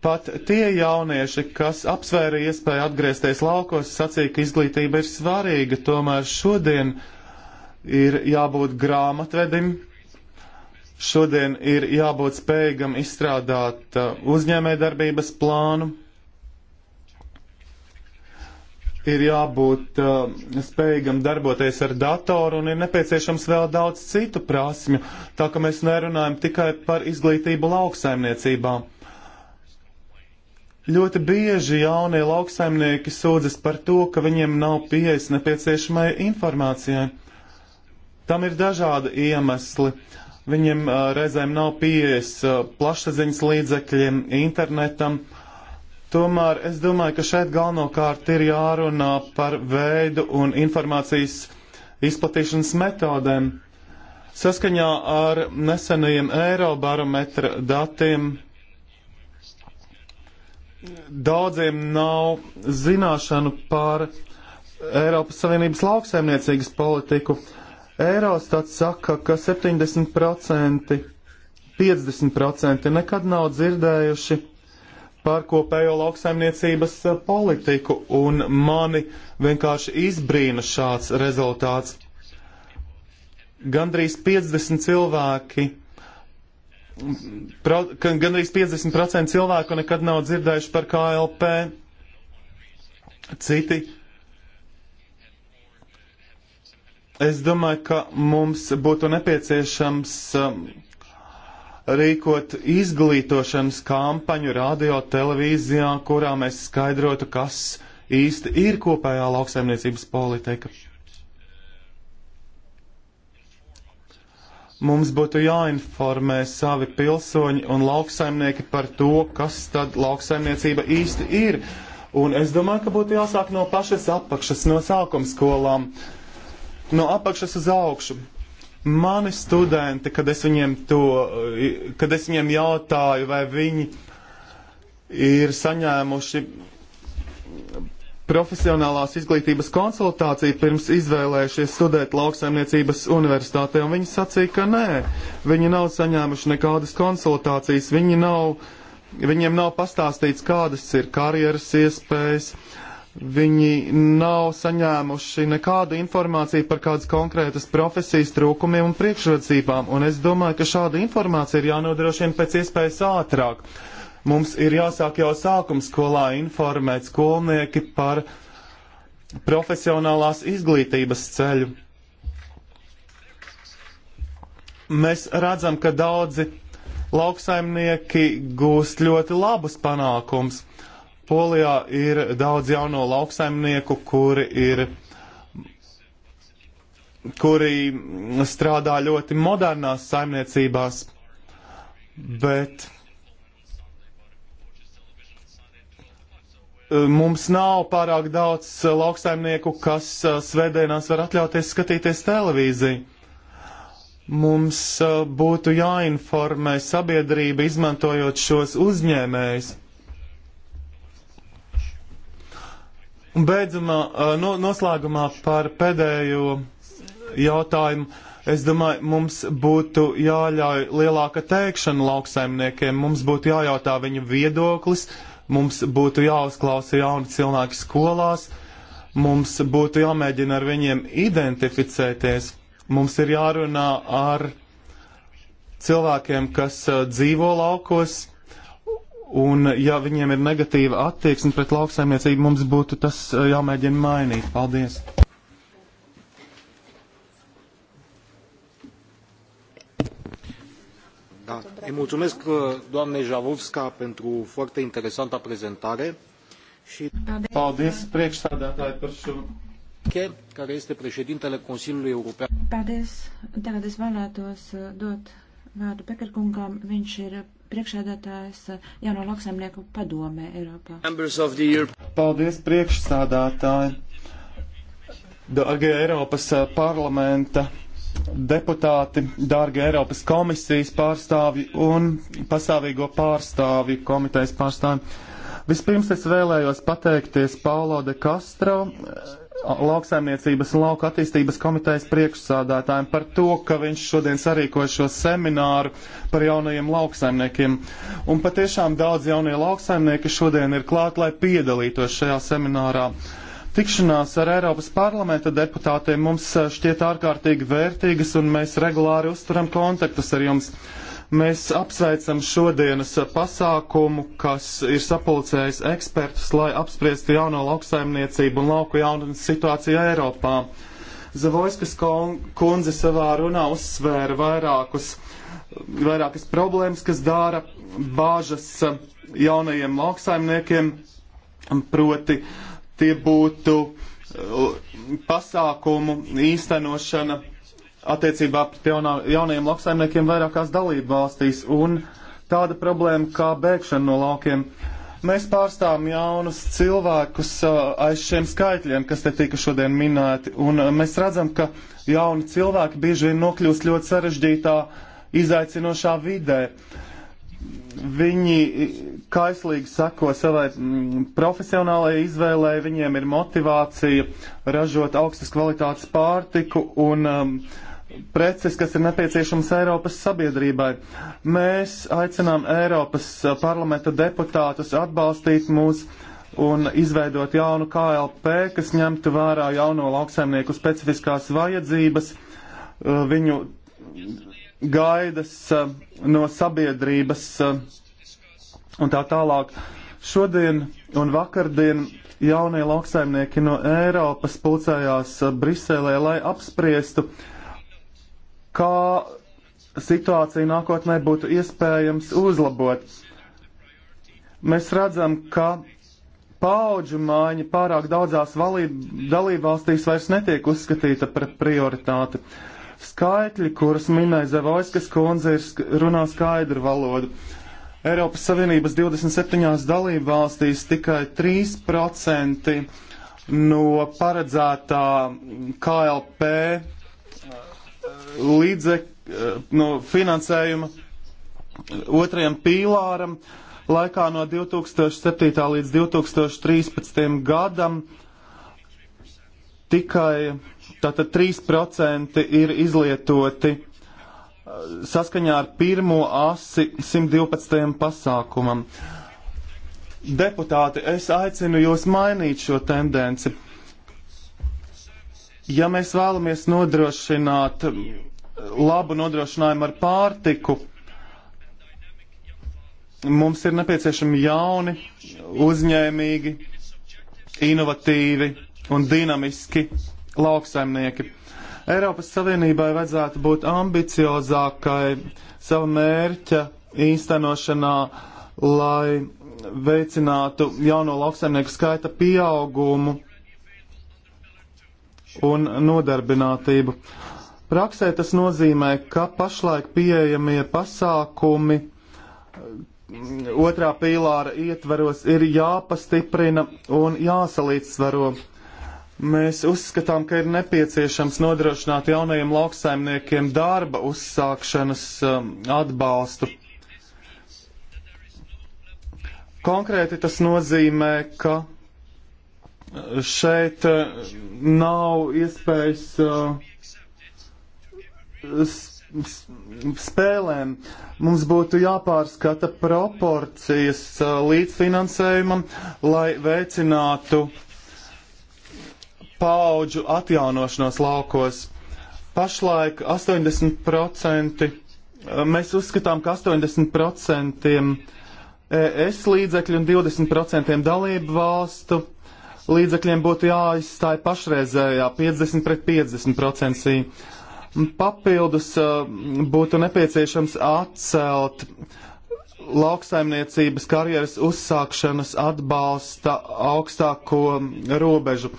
Pat tie jaunieši, kas apsvēra iespēju atgriezties laukos, sacīja, ka izglītība ir svarīga, tomēr šodien uh, ir jābūt grāmatvedim, šodien ir jābūt spējīgam izstrādāt uh, uzņēmējdarbības plānu, ir jābūt uh, spējīgam darboties ar datoru un ir nepieciešams vēl daudz citu prasmju, tā ka mēs nerunājam tikai par izglītību lauksaimniecībā. Ļoti bieži jaunie lauksaimnieki sūdzas par to, ka viņiem nav pieejas nepieciešamai informācijai. Uh, Tam ir dažādi iemesli. Viņiem uh, reizēm nav pieejas uh, plašsaziņas līdzekļiem, internetam. Tomēr es domāju, ka šeit galvenokārt ir jārunā par veidu un informācijas izplatīšanas metodēm. Saskaņā ar nesenajiem Eirobarometra datiem daudziem nav zināšanu par Eiropas Savienības lauksaimniecības politiku. Uh, Eirostats saka, ka 70%, 50% nekad nav dzirdējuši par kopējo lauksaimniecības eh, politiku, un mani vienkārši izbrīna šāds rezultāts. Gandrīz 50 cilvēki Pro, gandrīz 50% cilvēku nekad nav dzirdējuši par KLP. Citi Es domāju, ka mums būtu nepieciešams um, rīkot izglītošanas kampaņu radio, televīzijā, kurā mēs skaidrotu, kas īsti ir kopējā lauksaimniecības politika. Mums būtu jāinformē savi pilsoņi un lauksaimnieki par to, kas tad lauksaimniecība īsti ir. Un es domāju, ka būtu jāsāk no pašas apakšas, no sākums skolām. Uh, no apakšas uz augšu. Mani studenti, kad es viņiem, to, kad es viņiem jautāju, vai viņi ir saņēmuši profesionālās izglītības konsultāciju pirms izvēlējušies studēt lauksaimniecības universitātē, un viņi sacīja, ka nē, viņi nav saņēmuši nekādas konsultācijas, viņi nav, viņiem nav pastāstīts, kādas ir karjeras iespējas, uh, Viņi nav saņēmuši nekādu informāciju par kādas konkrētas profesijas trūkumiem un priekšrocībām, un es domāju, ka šāda informācija ir jānodrošina pēc iespējas ātrāk. Mums ir jāsāk jau sākums skolā informēt skolnieki par profesionālās izglītības ceļu. Mēs redzam, ka daudzi lauksaimnieki gūst ļoti labus panākums Polijā ir daudz jauno lauksaimnieku, kuri ir kuri strādā ļoti modernās saimniecībās, bet eh, mums nav pārāk daudz lauksaimnieku, kas eh, svētdienās var atļauties skatīties televīziju. Mums eh, būtu jāinformē sabiedrība, izmantojot šos uzņēmējus. Un beidzamā, no, noslēgumā par pēdējo jautājumu. Es domāju, mums būtu jāļauj lielāka teikšana lauksaimniekiem, mums būtu jājautā viņu viedoklis, mums būtu jāuzklausa jauni cilvēki skolās, mums būtu jāmēģina ar viņiem identificēties, mums ir jārunā ar cilvēkiem, kas dzīvo laukos, Un, ja viņiem ir negatīva attieksme pret lauksaimniecību, mums būtu tas eh, jāmēģina mainīt. Paldies! Da. Îi mulțumesc eh, doamnei Javovska pentru foarte interesanta prezentare și Paldies priekšsādātāji par šo care este președintele Consiliului European. Paldies. Tagad es vēlētos eh, dot vārdu Pekarkungam. Viņš ir priekšsēdētājs eh, jauno lauksaimnieku padomē Eiropā. Paldies, priekšsēdētāji! Dārgie Eiropas eh, parlamenta deputāti, dārgie Eiropas komisijas pārstāvi un pastāvīgo pārstāvi, komitejas pārstāvi. Vispirms es vēlējos pateikties Paulo de Castro, lauksaimniecības un lauka attīstības komitejas priekšsādātājiem par to, ka viņš šodien sarīkoja šo semināru par jaunajiem lauksaimniekiem. Un patiešām daudz jaunie lauksaimnieki šodien ir klāt, lai piedalītos šajā seminārā. Tikšanās ar Eiropas parlamenta deputātiem mums šķiet ārkārtīgi vērtīgas, un mēs regulāri uzturam kontaktus ar jums. Uh, Mēs apsveicam šodienas pasākumu, kas ir sapulcējis ekspertus, lai apspriestu jauno lauksaimniecību un lauku jaunatnes situāciju Eiropā. Zavoiskas kundze savā runā uzsvēra vairākus, vairākas problēmas, kas dara bāžas jaunajiem lauksaimniekiem, proti tie būtu uh, pasākumu īstenošana attiecībā pret jaunā, jaunajiem lauksaimniekiem vairākās dalību valstīs un tāda problēma kā bēgšana no laukiem. Mēs pārstāvam jaunus cilvēkus uh, aiz šiem skaitļiem, kas te tika šodien minēti, un uh, mēs redzam, ka jauni cilvēki bieži vien nokļūst ļoti sarežģītā, izaicinošā vidē. Viņi uh, kaislīgi sako savai mm, profesionālajai izvēlē, viņiem ir motivācija ražot augstas kvalitātes pārtiku un um, preces, kas ir nepieciešamas Eiropas sabiedrībai. Mēs aicinām Eiropas parlamenta deputātus atbalstīt mūs un izveidot jaunu KLP, kas ņemtu vērā jauno lauksaimnieku specifiskās vajadzības, uh, viņu gaidas uh, no sabiedrības uh, un tā tālāk. Šodien un vakardien jaunie lauksaimnieki no Eiropas pulcējās Briselē, lai apspriestu uh, kā situāciju nākotnē būtu iespējams uzlabot. Mēs redzam, ka paudžu mājiņa pārāk daudzās dalībvalstīs vairs netiek uzskatīta par prioritāti. Skaitļi, kurus minēja Zavoiskas kundze, ir runā skaidru valodu. Eiropas Savienības 27 dalībvalstīs tikai 3% no paredzētā KLP līdzek, eh, no finansējuma otrajam pīlāram laikā no 2007. līdz 2013. gadam tikai tātad 3% ir izlietoti eh, saskaņā ar pirmo asi 112. pasākumam. Deputāti, es aicinu jūs mainīt šo tendenci. Ja mēs vēlamies nodrošināt labu nodrošinājumu ar pārtiku, mums ir nepieciešami jauni, uzņēmīgi, inovatīvi un dinamiski lauksaimnieki. Eiropas Savienībai vajadzētu būt ambiciozākai savu mērķa īstenošanā, lai veicinātu jauno lauksaimnieku skaita pieaugumu un nodarbinātību. Praksē tas nozīmē, ka pašlaik pieejamie pasākumi mm, otrā pīlāra ietveros ir jāpastiprina un jāsalīdzsvaro. Mēs uzskatām, ka ir nepieciešams nodrošināt jaunajiem lauksaimniekiem darba uzsākšanas um, atbalstu. Konkrēti tas nozīmē, ka šeit eh, nav iespējas eh, spēlēm. Mums būtu jāpārskata proporcijas eh, līdzfinansējumam, lai veicinātu paauģu atjaunošanos laukos. Pašlaik 80% mēs uzskatām, ka 80% ES līdzekļu un 20% dalību valstu līdzekļiem būtu jāizstāj pašreizējā 50 pret 50 procentī. Papildus eh, būtu nepieciešams atcelt lauksaimniecības karjeras uzsākšanas atbalsta augstāko robežu.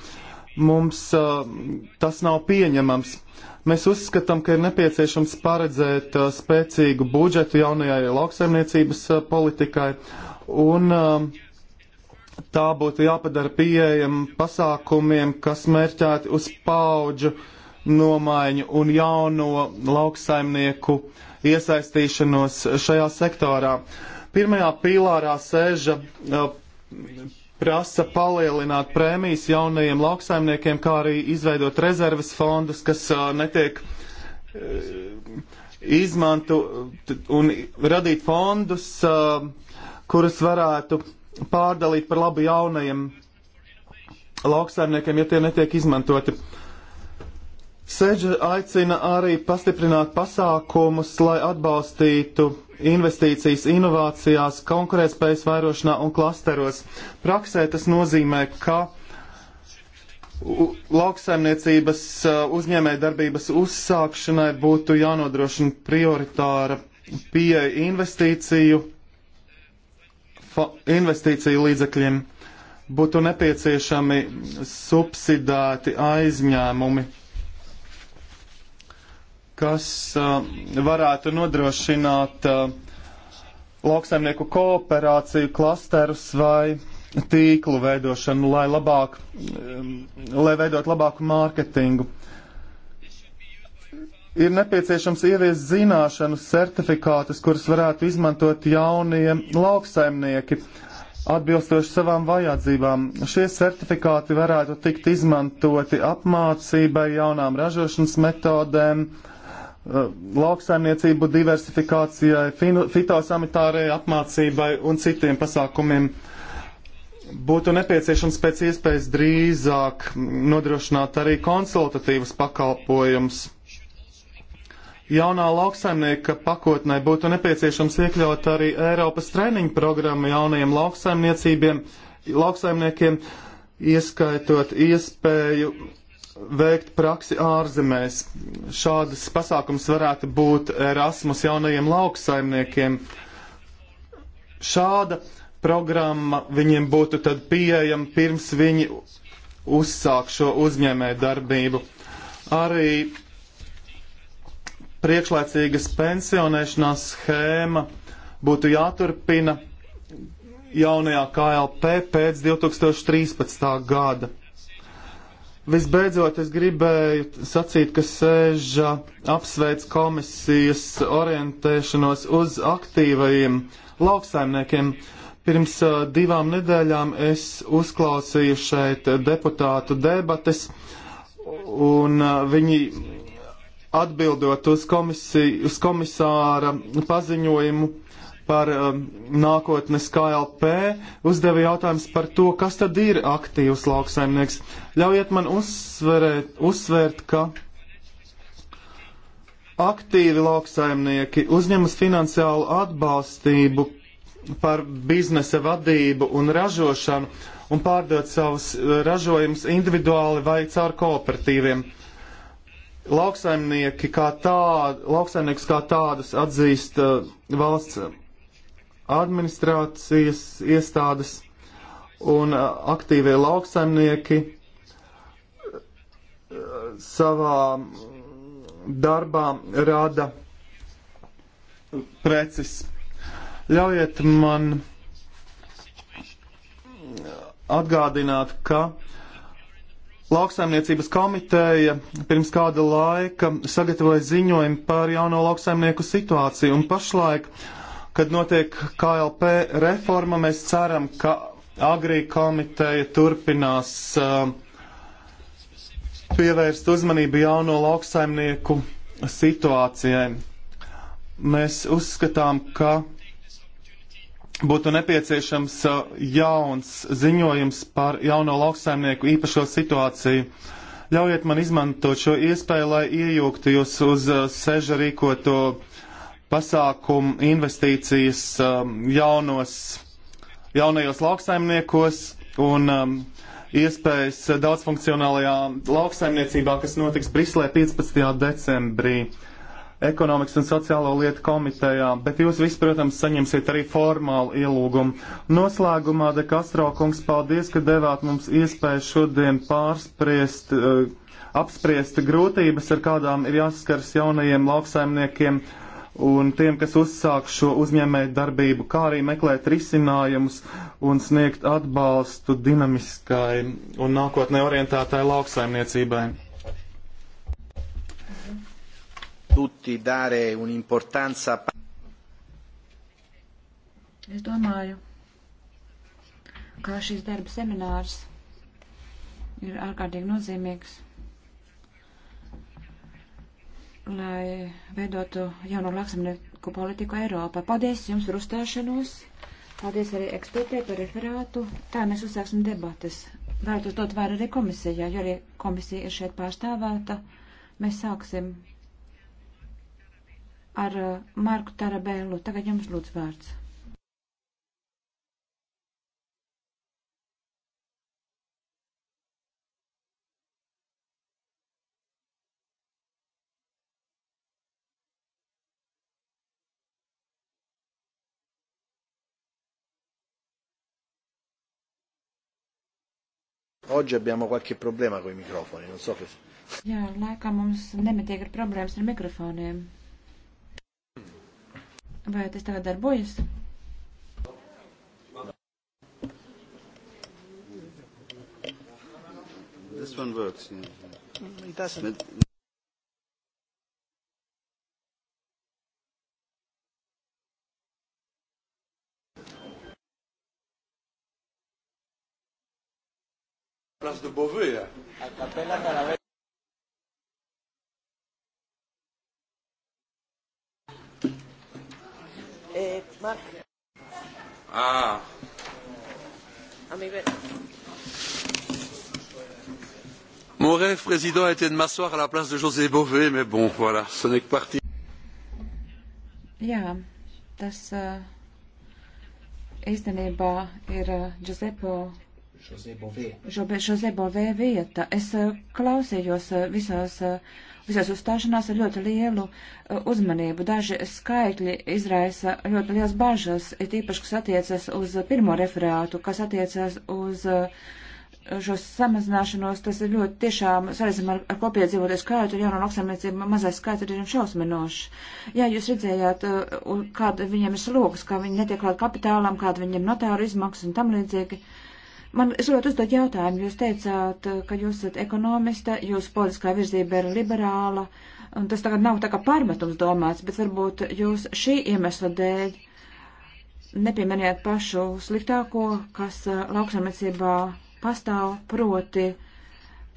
Mums eh, tas nav pieņemams. Mēs uzskatām, ka ir nepieciešams paredzēt uh, spēcīgu budžetu jaunajai lauksaimniecības uh, politikai un uh, tā būtu jāpadara pieejama pasākumiem, kas mērķēti uz paudžu nomaiņu un jauno lauksaimnieku iesaistīšanos šajā sektorā. Pirmajā pīlārā sēža eh, prasa palielināt prēmijas jaunajiem lauksaimniekiem, kā arī izveidot rezerves fondus, kas eh, netiek eh, izmantu un radīt fondus, kurus varētu pārdalīt par labu jaunajiem lauksaimniekiem, ja tie netiek izmantoti. Seģa aicina arī pastiprināt pasākumus, lai atbalstītu investīcijas inovācijās, konkurētspējas vairošanā un klasteros. Praksē tas nozīmē, ka lauksaimniecības uh, uzņēmē darbības uzsākšanai būtu jānodrošina prioritāra pieeja investīciju investīciju līdzekļiem būtu nepieciešami subsidēti aizņēmumi, kas uh, varētu nodrošināt uh, lauksaimnieku kooperāciju, klasterus vai tīklu veidošanu, lai, labāk, um, lai veidot labāku mārketingu. Uh, ir nepieciešams ieviest zināšanu certifikātus, kurus varētu izmantot jaunie lauksaimnieki atbilstoši savām vajadzībām. Šie certifikāti varētu tikt izmantoti apmācībai, jaunām ražošanas metodēm, eh, lauksaimniecību diversifikācijai, fitosanitārai apmācībai un citiem pasākumiem. Būtu nepieciešams pēc iespējas drīzāk nodrošināt arī konsultatīvas pakalpojumus Jaunā lauksaimnieka pakotnē būtu nepieciešams iekļaut arī Eiropas treniņu programmu jaunajiem lauksaimniekiem, ieskaitot iespēju veikt praksi ārzemēs. Šādas pasākums varētu būt Erasmus jaunajiem lauksaimniekiem. Šāda programma viņiem būtu tad pieejama pirms viņi uzsāk šo uzņēmē darbību. Arī priekšlaicīgas pensionēšanās schēma būtu jāturpina jaunajā KLP pēc 2013. gada. Visbeidzot, es gribēju sacīt, ka sēž apsveic komisijas orientēšanos uz aktīvajiem lauksaimniekiem. Pirms uh, divām nedēļām es uzklausīju šeit deputātu debates, un uh, viņi Atbildot uz, komisiju, uz komisāra paziņojumu par um, nākotnes KLP, uzdeva jautājums par to, kas tad ir aktīvs lauksaimnieks. Ļaujiet man uzsverēt, uzsvērt, ka aktīvi lauksaimnieki uzņemas finansiālu atbalstību par biznesa vadību un ražošanu un pārdot savus eh, ražojumus individuāli vai caur kooperatīviem. Uh, lauksaimnieki kā, tā, lauksaimnieks kā tādus atzīst uh, valsts administrācijas iestādes un uh, aktīvie lauksaimnieki uh, savā darbā rada preces. Ļaujiet man atgādināt, ka uh, Lauksaimniecības komiteja pirms kāda laika sagatavoja ziņojumu par jauno lauksaimnieku situāciju, un pašlaik, kad notiek KLP reforma, mēs ceram, ka agrī komiteja turpinās uh, pievērst uzmanību jauno lauksaimnieku situācijai. Mēs uzskatām, ka būtu nepieciešams uh, jauns ziņojums par jauno lauksaimnieku īpašo situāciju. Ļaujiet man izmantot šo iespēju, lai iejūgtu jūs uz uh, seža rīkoto pasākumu investīcijas um, jaunos, jaunajos lauksaimniekos un um, iespējas daudzfunkcionālajā lauksaimniecībā, kas notiks Brislē 15. decembrī ekonomikas un sociālo lietu komitejā, bet jūs visi, protams, saņemsiet arī formālu ielūgumu. Noslēgumā, De Castro kungs, paldies, ka devāt mums iespēju šodien pārspriest, uh, apspriest grūtības, ar kādām ir jāsaskars jaunajiem lauksaimniekiem un tiem, kas uzsāk šo uzņēmēju darbību, kā arī meklēt risinājumus un sniegt atbalstu dinamiskai un nākotnē orientētai lauksaimniecībai tutti dare un'importanza. Es domāju, ka šīs darba seminārs ir ārkārtīgi nozīmīgs, lai veidotu jauno lauksamnieku politiku Eiropā. Paldies jums par uzstāšanos, paldies arī ekspertē par referātu. Tā mēs uzsāksim debates. Vēlētos dot vērā arī komisijā, jo arī komisija ir šeit pārstāvēta. Mēs sāksim ar uh, Marku Tarabēlu. Tagad jums lūdzu vārds. Oggi abbiamo qualche problema con i microfoni, non so che... Jā, laikam mums nemitīgi ir problēmas ar mikrofoniem. Vai tas tagad darbojas? This one works. Yeah. It doesn't. But place de Beauvais. Là. Eh? À Capella Calavera. Eh, Mark. Ah. A mi ver. Mon rêve président était de m'asseoir à la place de José Bové, mais bon, voilà, ce n'est que partie. Jā, tas uh, īstenībā ir uh, Giuseppe Žozē Bovē vieta. Es eh, klausījos eh, visās, eh, visās uzstāšanās ar ļoti lielu uzmanību. Daži skaitļi izraisa ļoti liels bažas, it īpaši, kas attiecas uz pirmo referātu, kas attiecas uz šo samazināšanos. Tas ir ļoti tiešām, sarezim ar, ar kopiedzīvoties skaitu, ar jauno lauksaimniecību mazais skaits ir šausminošs. Jā, jūs redzējāt, kāda viņiem ir slogas, kā viņi netiek klāt kapitālam, kāda viņiem notāru izmaksas un tam līdzīgi. Uh, Man es gribētu uzdot jautājumu. Jūs teicāt, uh, ka jūs esat ekonomista, jūsu politiskā virzība ir liberāla, un tas tagad nav tā kā pārmetums domāts, bet varbūt jūs šī iemesla dēļ nepieminējāt pašu sliktāko, kas uh, lauksamniecībā pastāv proti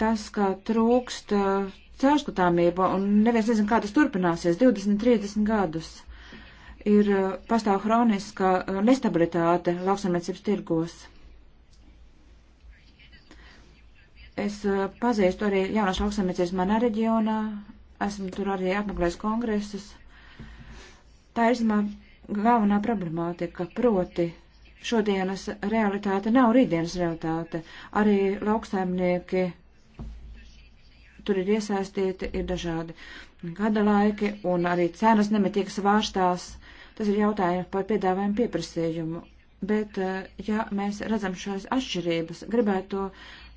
tas, ka trūkst uh, caurskatāmība, un neviens nezin, kā tas turpināsies 20, 30 gadus. Ir pastāv hroniska nestabilitāte lauksamniecības tirgos. Es eh, pazīstu arī jaunašu lauksamniecības manā reģionā, esmu tur arī apmeklējis kongresus. Tā ir zumā, galvenā problemātika, proti šodienas realitāte nav rītdienas realitāte. Arī lauksaimnieki tur ir iesaistīti, ir dažādi gada laiki un arī cenas nemitīgi svārstās. Tas ir jautājums par piedāvājumu pieprasījumu. Bet, eh, ja mēs redzam šīs atšķirības, gribētu to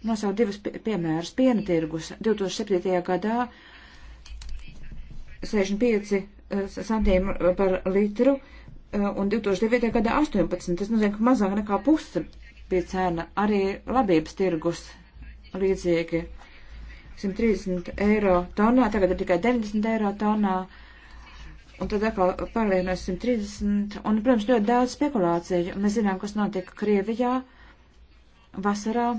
nosaukt divus piemērus. Piena tirgus 2007. gadā 65 eh, centiem par litru eh, un 2009. gadā 18. Tas nozīmē, ka mazāk nekā puse bija cena. Arī labības tirgus līdzīgi 130 eiro tonā, tagad ir tikai 90 eiro tonā. Un tad atkal pārlienos 130. Un, protams, ļoti daudz spekulāciju. Mēs zinām, kas notika Krievijā vasarā.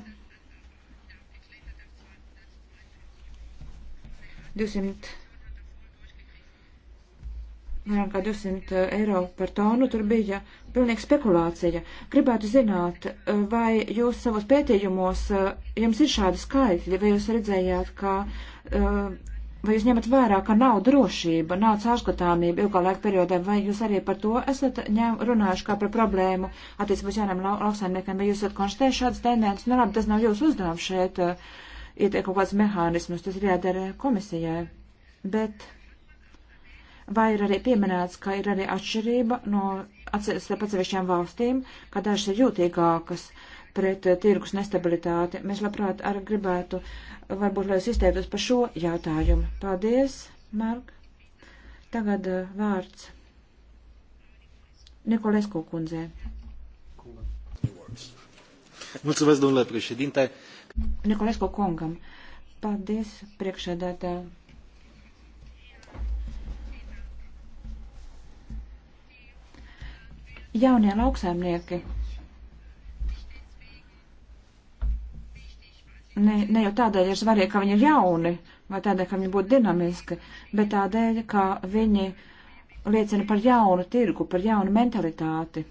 200, vairāk kā 200 eh, eiro par tonu, tur bija pilnīga spekulācija. Gribētu zināt, eh, vai jūs savos pētījumos, eh, jums ir šādi skaitļi, vai jūs redzējāt, ka, vai jūs ņemat vērā, ka nav drošība, nav cārskatāmība ilgā laika periodā, vai jūs arī par to esat ņem, runājuši kā par problēmu attiecībā uz jauniem lauksaimniekiem, vai jūs esat konstatējuši šādas tendences, nu labi, tas nav jūsu uzdevums šeit. Uh, ir kaut kāds mehānismus, tas ir jādara komisijai. Bet vai ir arī pieminēts, ka ir arī atšķirība no atsevišķām valstīm, ka dažas ir jūtīgākas pret eh, tirgus nestabilitāti. Mēs labprāt arī gribētu, varbūt, lai jūs izteiktos par šo jautājumu. Paldies, Mark. Tagad eh, vārds Nikolescu kundzei. Mulțumesc, domnule președinte. Uh, Nikolesko kungam. Paldies, priekšēdētāji. Jaunie lauksaimnieki. Ne, ne jau tādēļ ir svarīgi, ka viņi ir jauni, vai tādēļ, ka viņi būtu dinamiski, bet tādēļ, ka viņi liecina par jaunu tirgu, par jaunu mentalitāti.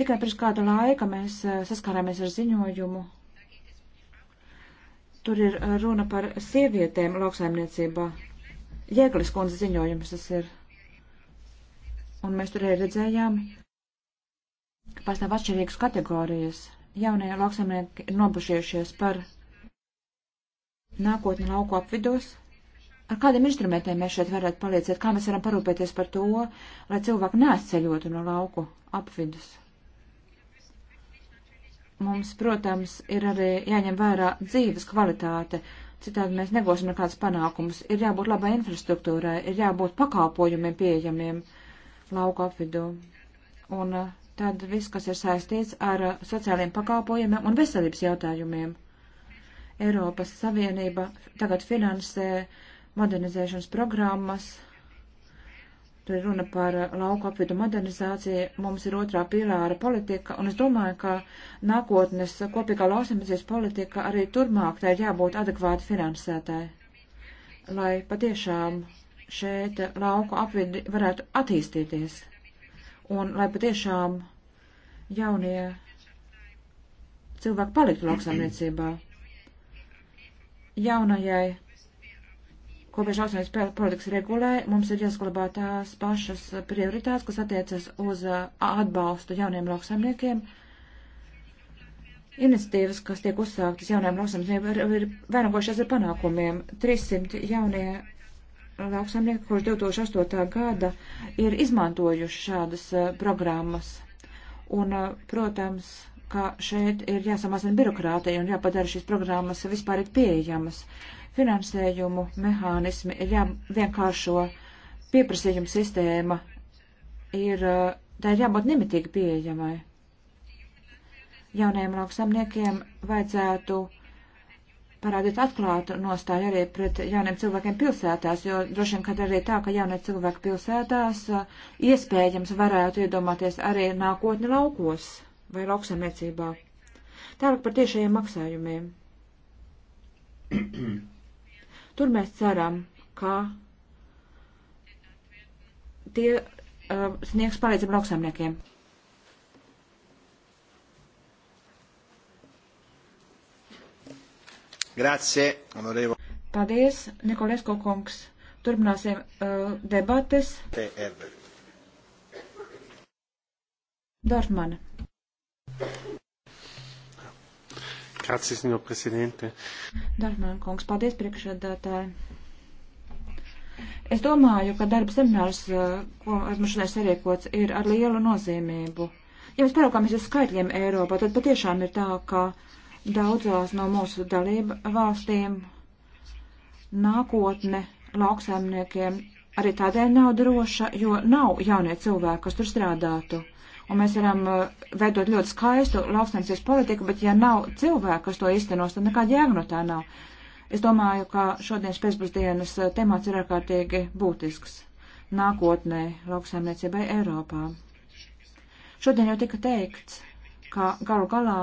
Tikai pirms kāda laika mēs eh, saskārāmies ar ziņojumu. Tur ir eh, runa par sievietēm lauksaimniecībā. Jēglis kundze ziņojums tas ir. Un mēs tur arī redzējām, ka pastāv atšķirīgas kategorijas. Jaunie lauksaimnieki ir nobušiešies par nākotni lauku apvidos. Ar kādiem instrumentiem mēs šeit varētu palīdzēt? Kā mēs varam parūpēties par to, lai cilvēki neaizceļotu no lauku apvidus? mums, protams, ir arī jāņem vērā dzīves kvalitāte. Citādi mēs negosim nekādus panākumus. Ir jābūt labai infrastruktūrai, ir jābūt pakalpojumiem pieejamiem lauku apvidū. Un eh, tad viss, kas ir saistīts ar eh, sociāliem pakalpojumiem un veselības jautājumiem. Eiropas Savienība tagad finansē modernizēšanas programmas, Tur ir runa par lauku apvidu modernizāciju, mums ir otrā pīlāra politika, un es domāju, ka nākotnes kopīgā lauksimniecības politika arī turmāk tā ir jābūt adekvāti finansētāji, lai patiešām šeit lauku apvidi varētu attīstīties, un lai patiešām jaunie cilvēki paliktu lauksaimniecībā. Jaunajai kopējas lauksaimniecības politikas regulē mums ir jāsklabā tās pašas prioritātes, kas attiecas uz uh, atbalstu jauniem lauksaimniekiem. Iniciatīvas, kas tiek uzsāktas jauniem lauksaimniekiem, ir, ir vainagojušās ar panākumiem. 300 jaunie lauksaimnieki kopš 2008. gada ir izmantojuši šādas uh, programmas. Un, uh, protams, ka šeit ir jāsamazina birokrātija un jāpadara šīs programmas vispār ir pieejamas. Uh, Finansējumu mehānismi ir jāvienkāršo pieprasījuma sistēma, ir, uh, tā ir jābūt nemitīgi pieejamai. Jaunajiem lauksamniekiem vajadzētu parādīt atklātu nostāju arī pret jauniem cilvēkiem pilsētās, jo droši vien, kad arī tā, ka jaunie cilvēki pilsētās uh, iespējams varētu iedomāties arī nākotni laukos vai lauksamniecībā. Tālāk par tiešajiem maksājumiem. Tur mēs ceram, ka tie uh, sniegs palīdzību lauksaimniekiem. Grazie, onorevo. Paldies, Nikolesko kungs. Turpināsim uh, debates. Dortmane. Grazie, signor Presidente. Darmēn kungs, paldies priekšredātāji. Es domāju, ka darba seminārs, eh, ko esmu šodien sarīkots, ir ar lielu nozīmību. Ja mēs paraugāmies uz skaitļiem Eiropā, tad patiešām ir tā, ka daudzās no mūsu dalība valstīm nākotne lauksaimniekiem arī tādēļ nav droša, jo nav jaunie cilvēki, kas tur strādātu un mēs varam eh, veidot ļoti skaistu lauksnēcības politiku, bet ja nav cilvēku, kas to īstenos, tad nekāda jēga no tā nav. Es domāju, ka šodienas pēcpusdienas eh, temats ir ārkārtīgi būtisks nākotnē lauksaimniecībai Eiropā. Šodien jau tika teikts, ka galu galā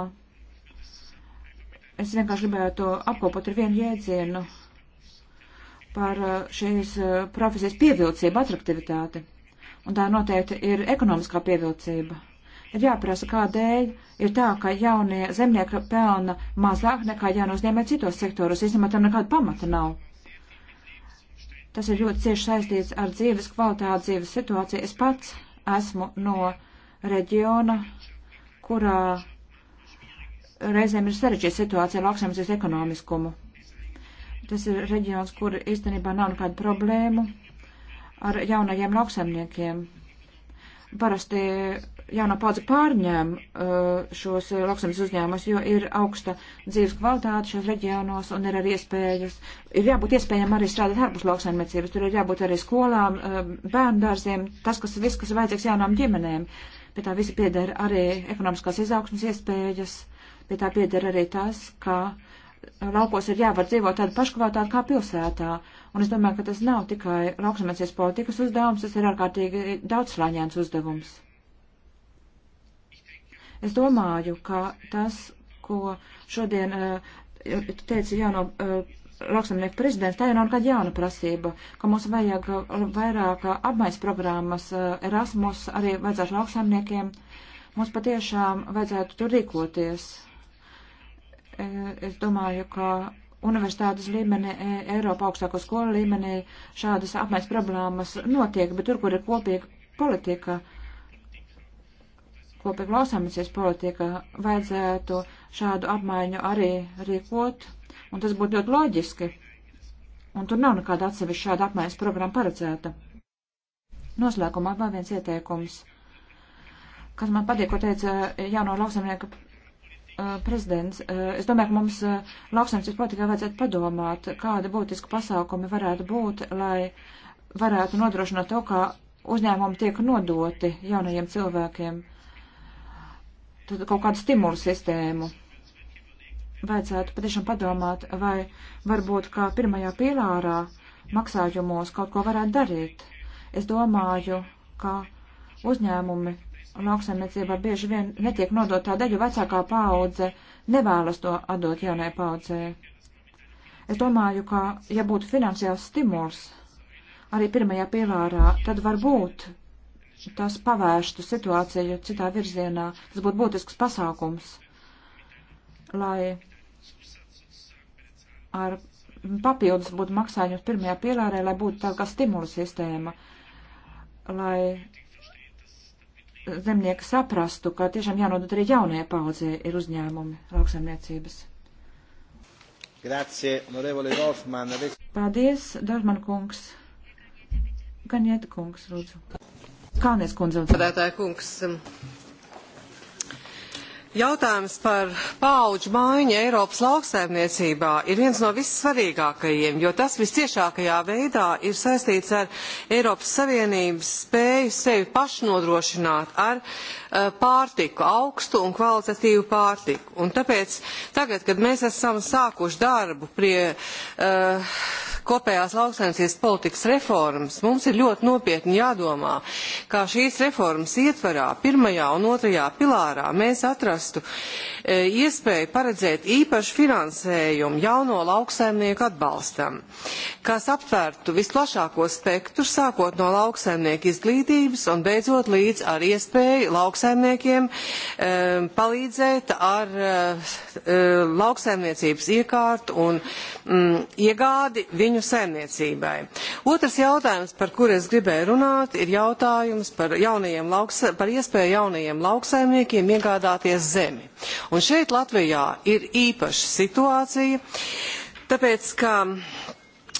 es vienkārši gribētu apkopot ar vienu jēdzienu par eh, šīs profesijas pievilcību, atraktivitāti un tā noteikti ir ekonomiskā pievilcība. Ir jāprasa, kādēļ ir tā, ka jaunie zemnieki pelna mazāk nekā jaunie uzņēmēji citos sektoros. Īstenībā tam nekāda pamata nav. Tas ir ļoti cieši saistīts ar dzīves kvalitāti, dzīves situāciju. Es pats esmu no reģiona, kurā reizēm ir sarežģīta situācija ar lauksaimniecības ekonomiskumu. Tas ir reģions, kur īstenībā nav nekādu problēmu, ar jaunajiem lauksaimniekiem. Parasti jaunā paudze pārņēm uh, šos uh, lauksaimnes uzņēmumus, jo ir augsta dzīves kvalitāte šajos reģionos un ir arī iespējas. Ir jābūt iespējām arī strādāt ārpus lauksaimniecības, tur ir jābūt arī skolām, uh, bērndārziem, tas, kas viss, kas vajadzīgs jaunām ģimenēm. Pie tā visi pieder arī ekonomiskās izaugsmas iespējas, pie tā pieder arī tas, ka. Uh, laukos ir jāvar dzīvot tādu paškvalitāti kā pilsētā. Un es domāju, ka tas nav tikai lauksamēcies politikas uzdevums, tas ir ārkārtīgi daudzslāņēns uzdevums. Es domāju, ka tas, ko šodien eh, teica jauno eh, lauksamnieku prezidents, tā jau nav nekāda jauna prasība, ka mums vajag vairāk apmaiņas programmas eh, Erasmus arī vajadzētu lauksamniekiem. Mums patiešām vajadzētu tur rīkoties. E, es domāju, ka universitātes līmenī, e, Eiropa augstāko skolu līmenī šādas apmaiņas problēmas notiek, bet tur, kur ir kopīga politika, kopīga lausāmīsies politika, vajadzētu šādu apmaiņu arī rīkot, un tas būtu ļoti loģiski. Un tur nav nekāda atsevišķa šāda apmaiņas programma paredzēta. Noslēgumā vēl viens ieteikums, kas man patīk, ko teica jauno lauksamnieku Eh, prezidents, eh, es domāju, ka mums eh, lauksaimniecības politikā vajadzētu padomāt, kādi būtiski pasākumi varētu būt, lai varētu nodrošināt to, kā uzņēmumi tiek nodoti jaunajiem cilvēkiem. Tad kaut kādu stimulu sistēmu. Vajadzētu patiešām padomāt, vai varbūt kā pirmajā pīlārā maksājumos kaut ko varētu darīt. Es domāju, ka uzņēmumi lauksaimniecībā bieži vien netiek nodot tādēļ, jo vecākā paudze nevēlas to atdot jaunai paudzē. Es domāju, ka, ja būtu finansiāls stimuls arī pirmajā pilārā, tad varbūt tas pavērstu situāciju citā virzienā. Tas būtu būtisks pasākums, lai ar papildus būtu maksājums pirmajā pilārē, lai būtu tā kā stimulu sistēma, lai zemnieki saprastu, ka tiešām jānodot arī jaunajai paudzē ir uzņēmumi lauksaimniecības. Grazie, onorevole Dorfman. Paldies, Dorfman kungs. Ganieta kungs, lūdzu. Kalnies kundze. Padētāja kungs, Jautājums par paauģu maiņu Eiropas lauksaimniecībā ir viens no vissvarīgākajiem, jo tas visciešākajā veidā ir saistīts ar Eiropas Savienības spēju sevi pašnodrošināt ar uh, pārtiku, augstu un kvalitatīvu pārtiku. Un tāpēc tagad, kad mēs esam sākuši darbu pie uh, eh, kopējās lauksaimniecības politikas reformas, mums ir ļoti nopietni jādomā, kā šīs reformas ietverā pirmajā un otrajā pilārā mēs atrastu e, iespēju paredzēt īpašu finansējumu jauno lauksaimnieku atbalstam, kas aptvērtu visplašāko spektru, sākot no lauksaimnieku izglītības un beidzot līdz ar iespēju lauksaimniekiem e, palīdzēt ar e, e lauksaimniecības iekārtu un mm, iegādi viņu viņu saimniecībai. Otrs jautājums, par kur es gribēju runāt, ir jautājums par, lauks, par iespēju jaunajiem lauksaimniekiem iegādāties zemi. Un šeit Latvijā ir īpaša situācija, tāpēc, ka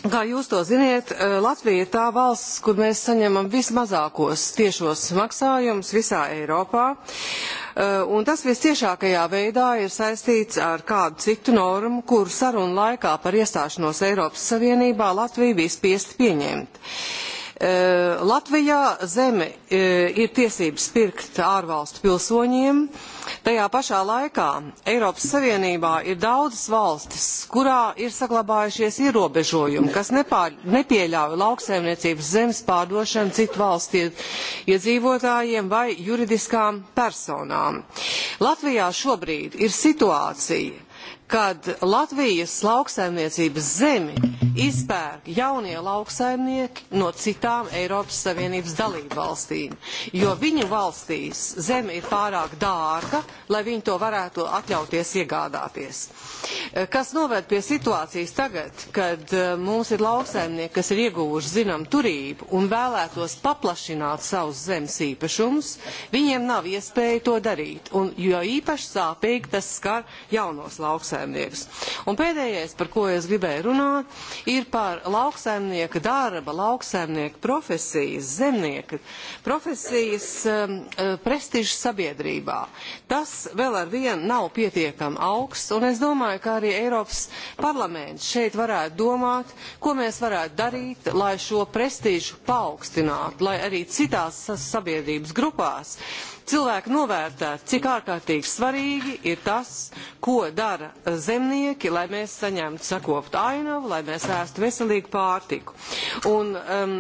Kā jūs to ziniet, e, Latvija ir tā valsts, kur mēs saņemam vismazākos tiešos maksājumus visā Eiropā, e, un tas visciešākajā veidā ir saistīts ar kādu citu normu, kuru sarunu laikā par iestāšanos Eiropas Savienībā Latvija bija spiest pieņemt. E, Latvijā zeme ir tiesības pirkt ārvalstu pilsoņiem, uh, Tajā pašā laikā Eiropas Savienībā ir daudzas valstis, kurā ir saglabājušies ierobežojumi, kas nepār, nepieļauj lauksaimniecības zemes pārdošanu citu valstu iedzīvotājiem vai juridiskām personām. Latvijā šobrīd ir situācija, kad Latvijas lauksaimniecības zemi izpērk jaunie lauksaimnieki no citām Eiropas Savienības dalībvalstīm, jo viņu valstīs zeme ir pārāk dārga, lai viņi to varētu atļauties iegādāties. Kas noved pie situācijas tagad, kad eh, mums ir lauksaimnieki, kas ir ieguvuši zinām turību un vēlētos paplašināt savus zemes īpašumus, viņiem nav iespēja to darīt, un, jo īpaši sāpīgi tas skar jaunos lauksaimniekus lauksaimnieks. Un pēdējais, par ko es gribēju runāt, ir par lauksaimnieka darba, lauksaimnieka profesijas, zemnieka profesijas um, uh, prestižu sabiedrībā. Tas vēl ar vienu nav pietiekami augsts, un es domāju, ka arī Eiropas parlaments šeit varētu domāt, ko mēs varētu darīt, lai šo prestīžu paaugstinātu, lai arī citās sabiedrības grupās cilvēki novērtētu, cik ārkārtīgi svarīgi ir tas, ko dara zemnieki, lai mēs saņemtu sakoptu ainavu, lai mēs ēstu veselīgu pārtiku. Un, um,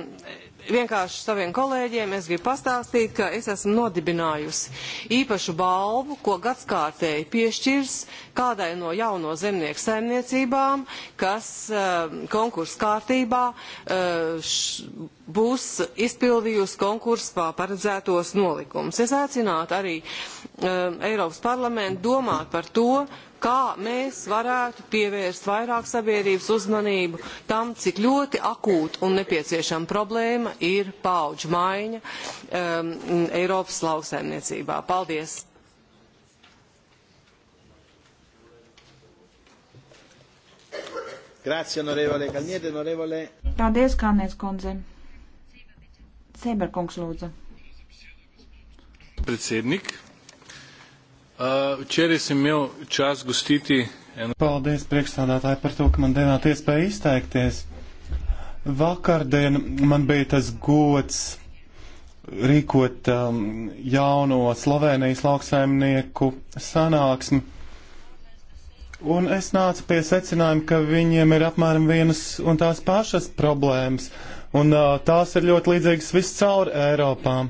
vienkārši saviem kolēģiem es gribu pastāstīt, ka es esmu nodibinājusi īpašu balvu, ko gadskārtēji piešķirs kādai no jauno zemnieku saimniecībām, kas uh, konkursu kārtībā uh, š, būs izpildījusi konkursā paredzētos nolikumus. Es aicinātu arī uh, Eiropas parlamentu domāt par to, kā mēs varētu pievērst vairāk sabiedrības uzmanību tam, cik ļoti akūta un nepieciešama problēma ir paauģu maiņa um, Eiropas lauksaimniecībā. Paldies! Grazie, onorevole Kalniete, onorevole. Paldies, Kalnies kundze. Sēberkungs lūdzu. Predsednik, Uh, včeraj uh, sem imel čas gostiti eno. Paldies priekšstādātāji par to, ka man devāt iespēju izteikties. Vakardien man bija tas gods rīkot um, jauno Slovenijas lauksaimnieku sanāksmi. Un es nācu pie secinājuma, ka viņiem ir apmēram vienas un tās pašas problēmas, un uh, tās ir ļoti līdzīgas viscaur Eiropām.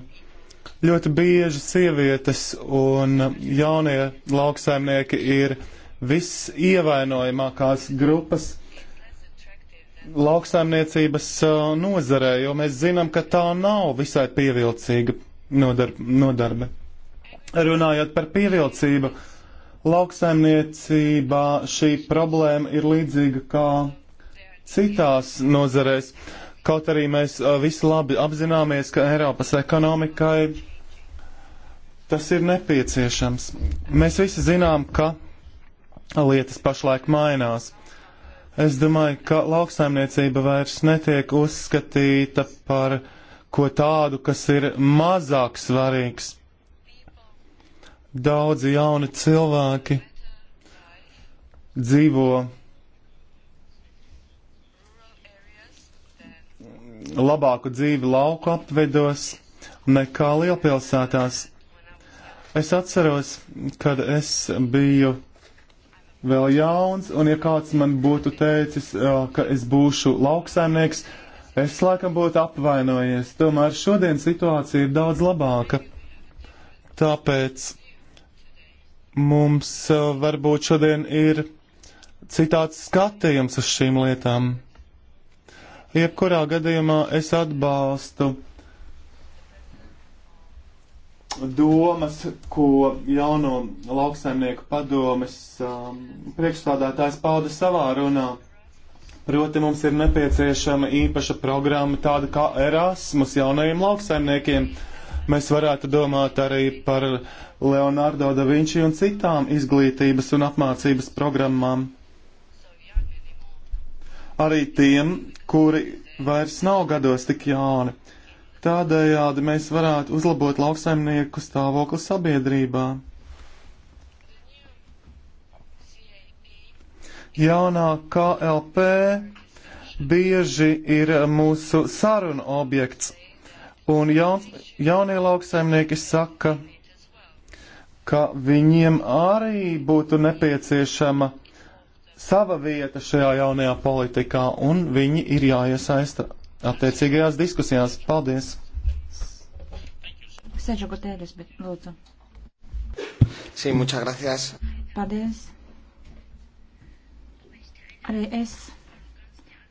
Ļoti bieži sievietes un jaunie lauksaimnieki ir viss ievainojamākās grupas lauksaimniecības uh, nozarē, jo mēs zinām, ka tā nav visai pievilcīga nodar nodarbe. Runājot par pievilcību, lauksaimniecībā šī problēma ir līdzīga kā citās nozarēs. Kaut arī mēs uh, visi labi apzināmies, ka Eiropas ekonomikai Tas ir nepieciešams. Mēs visi zinām, ka lietas pašlaik mainās. Es domāju, ka lauksaimniecība vairs netiek uzskatīta par ko tādu, kas ir mazāk svarīgs. Daudzi jauni cilvēki dzīvo labāku dzīvi lauku apvedos nekā lielpilsētās. Es atceros, kad es biju vēl jauns, un ja kāds man būtu teicis, ka es būšu lauksaimnieks, es laikam būtu apvainojies. Tomēr šodien situācija ir daudz labāka. Tāpēc mums varbūt šodien ir citāds skatījums uz šīm lietām. Jebkurā gadījumā es atbalstu domas, ko jauno lauksaimnieku padomes um, priekšstādātājs pauda savā runā. Proti mums ir nepieciešama īpaša programma tāda kā Erasmus jaunajiem lauksaimniekiem. Mēs varētu domāt arī par Leonardo da Vinci un citām izglītības un apmācības programmām. Arī tiem, kuri vairs nav gados tik jauni. Tādējādi mēs varētu uzlabot lauksaimnieku stāvokli sabiedrībā. Jaunā KLP bieži ir mūsu sarunu objekts, un jaun, jaunie lauksaimnieki saka, ka viņiem arī būtu nepieciešama sava vieta šajā jaunajā politikā, un viņi ir jāiesaista attiecīgajās diskusijās. Paldies! Sēžu Gutēres, bet lūdzu. Sí, muchas gracias. Paldies. Arī es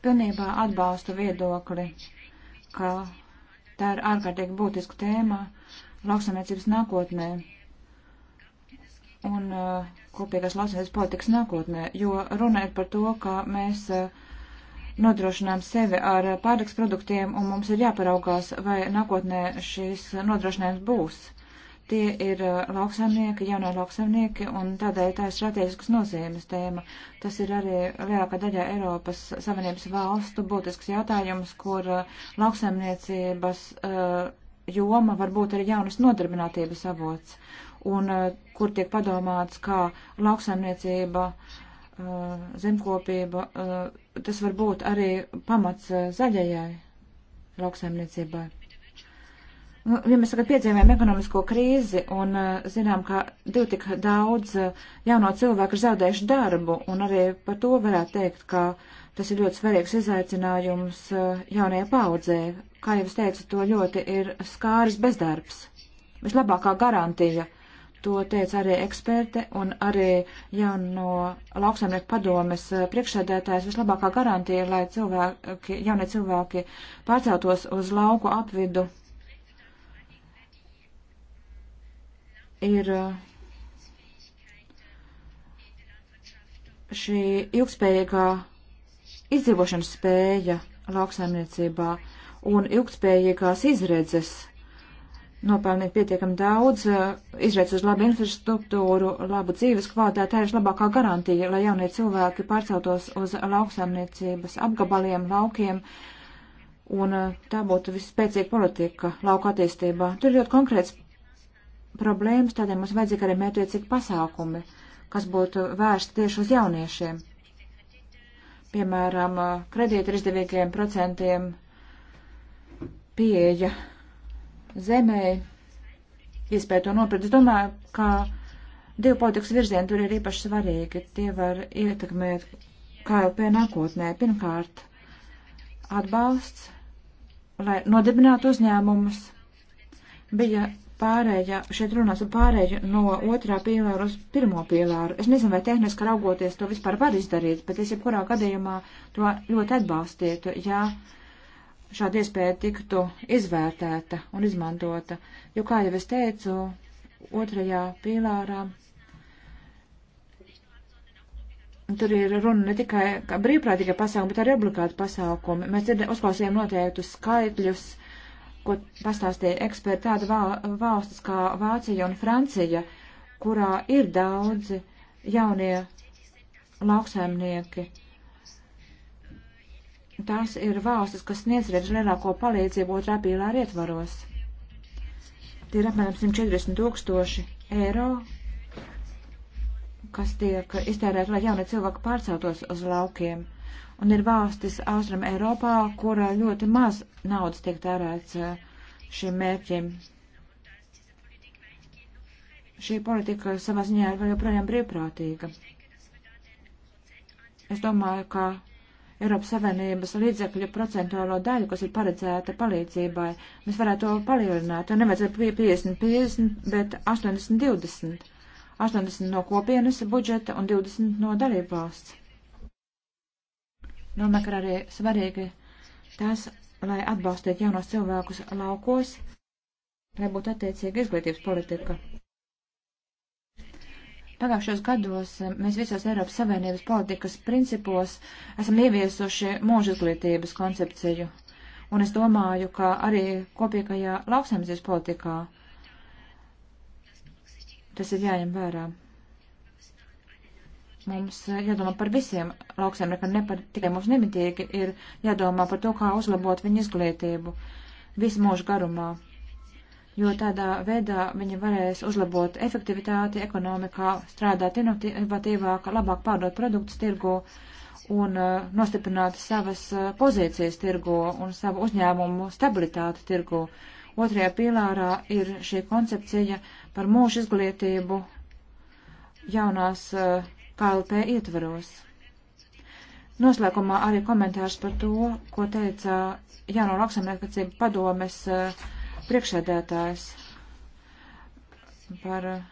pilnībā atbalstu viedokli, ka tā ir ārkārtīgi būtiska tēma lauksamniecības nākotnē un uh, kopīgās lauksamniecības politikas nākotnē, jo runa ir par to, ka mēs uh, nodrošinām sevi ar pārtiks produktiem, un mums ir jāparaugās, vai nākotnē šīs nodrošinājums būs. Tie ir uh, lauksaimnieki, jauno lauksaimnieki, un tādēļ tā ir strateģiskas nozīmes tēma. Tas ir arī lielākā daļa Eiropas Savienības valstu būtisks jautājums, kur uh, lauksaimniecības uh, joma var būt arī jaunas nodarbinātības avots, un kur tiek padomāts, kā lauksaimniecība uh, uh, zemkopība, uh, tas var būt arī pamats uh, zaļajai lauksaimniecībai. Nu, ja mēs tagad piedzīvējam ekonomisko krīzi un uh, zinām, ka div tik daudz uh, jauno cilvēku ir zaudējuši darbu, un arī par to varētu teikt, ka tas ir ļoti svarīgs izaicinājums uh, jaunajai paudzē. Kā jau es teicu, to ļoti ir skāris bezdarbs. Vislabākā garantija uh, To teica arī eksperte un arī jauno lauksaimnieku padomes eh, priekšsēdētājs vislabākā garantija, lai cilvēki, jaunie cilvēki pārceltos uz lauku apvidu. Ir eh, šī ilgspējīgā izdzīvošanas spēja lauksaimniecībā un ilgspējīgās izredzes nopelnīt pietiekami daudz, eh, izveic uz labu infrastruktūru, labu dzīves kvalitāti, tā ir labākā garantija, lai jaunie cilvēki pārceltos uz lauksaimniecības apgabaliem, laukiem, un eh, tā būtu visspēcīga politika lauka attīstībā. Tur ir ļoti konkrēts problēmas, tādēļ mums vajadzīgi arī mērķiecīgi pasākumi, kas būtu vērsti tieši uz jauniešiem. Piemēram, eh, kredīti ar izdevīgiem procentiem pieeja zemē iespēju to nopirkt. Es domāju, ka divu politikas virzieni tur ir īpaši svarīgi. Tie var ietekmēt KLP nākotnē. Pirmkārt, atbalsts, lai nodibinātu uzņēmumus. Bija pārēja, šeit runās par pārēju no otrā pīlāra uz pirmo pīlāru. Es nezinu, vai tehniski raugoties to vispār var izdarīt, bet es jebkurā gadījumā to ļoti atbalstītu, ja šāda iespēja tiktu izvērtēta un izmantota, jo, kā jau es teicu, otrajā pīlārā tur ir runa ne tikai brīvprātīga pasākuma, bet arī obligāta pasākuma. Mēs uzklausījām noteiktus skaitļus, ko pastāstīja eksperti tāda valstis kā Vācija un Francija, kurā ir daudzi jaunie lauksaimnieki Tās ir valstis, kas sniedz lielāko palīdzību otrā pīlāra ietvaros. Tie ir apmēram 140 tūkstoši eiro, kas tiek iztērēt, lai jaunie cilvēki pārceltos uz laukiem. Un ir valstis Austram Eiropā, kurā ļoti maz naudas tiek tērēts eh, šiem mērķiem. Šī politika savā ziņā ir vēl joprojām brīvprātīga. Es domāju, ka Eiropas Savienības līdzekļu procentuālo daļu, kas ir paredzēta palīdzībai. Mēs varētu to palielināt, to nevajadzētu 50-50, bet 80-20. 80 no kopienas budžeta un 20 no dalību valsts. Domāju, ka arī svarīgi tas, lai atbalstītu jaunos cilvēkus laukos, lai būtu attiecīga izglītības politika. Pagājušos gados eh, mēs visos Eiropas Savienības politikas principos esam ieviesuši mūža izglītības koncepciju. Un es domāju, ka arī kopīgajā lauksaimniecības politikā tas ir jāņem vērā mums eh, jādomā par visiem lauksaimniekiem, ne par tikai mums nemitīgi ir jādomā par to, kā uzlabot viņu izglītību visu mūžu garumā jo tādā veidā viņi varēs uzlabot efektivitāti ekonomikā, strādāt inovatīvāk, labāk pārdot produktus tirgu un uh, nostiprināt savas uh, pozīcijas tirgu un savu uzņēmumu stabilitāti tirgu. Otrajā pīlārā ir šī koncepcija par mūža izglītību jaunās uh, KLP ietvaros. Noslēgumā arī komentārs par to, ko teica Jauno lauksamniecību padomes uh, priekšsēdētājs par eh,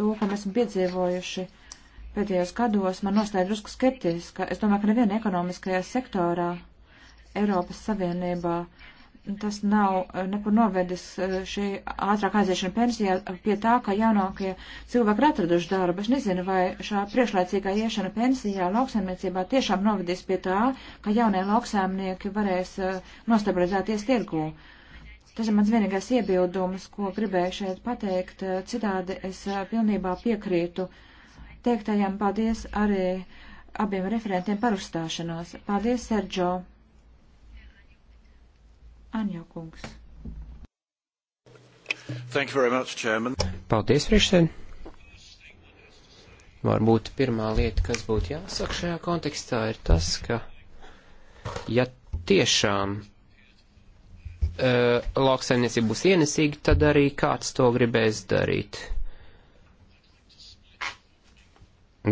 to, ko mēs esam piedzīvojuši pēdējos gados, man nostāja drusku skeptiska. Es domāju, ka neviena ekonomiskajā sektorā Eiropas Savienībā tas nav eh, nekur novedis eh, šī ātrāk aiziešana pensijā pie tā, ka jaunākie cilvēki ir atraduši darbu. Es nezinu, vai šā priekšlaicīgā iešana pensijā lauksaimniecībā tiešām novedīs pie tā, ka jaunie lauksaimnieki varēs nostabilizēties tirgū. Uh, Tas ir mans vienīgais iebildums, ko gribēju šeit pateikt. Citādi es pilnībā piekrītu teiktajam paldies arī abiem referentiem par uzstāšanos. Paldies, Sergio. Anjo kungs. Thank you very much, Chairman. Paldies, priekšsēdētāj. Varbūt pirmā lieta, kas būtu jāsaka šajā kontekstā, ir tas, ka ja tiešām Eh, lauksaimniecība būs ienesīga, tad arī kāds to gribēs darīt.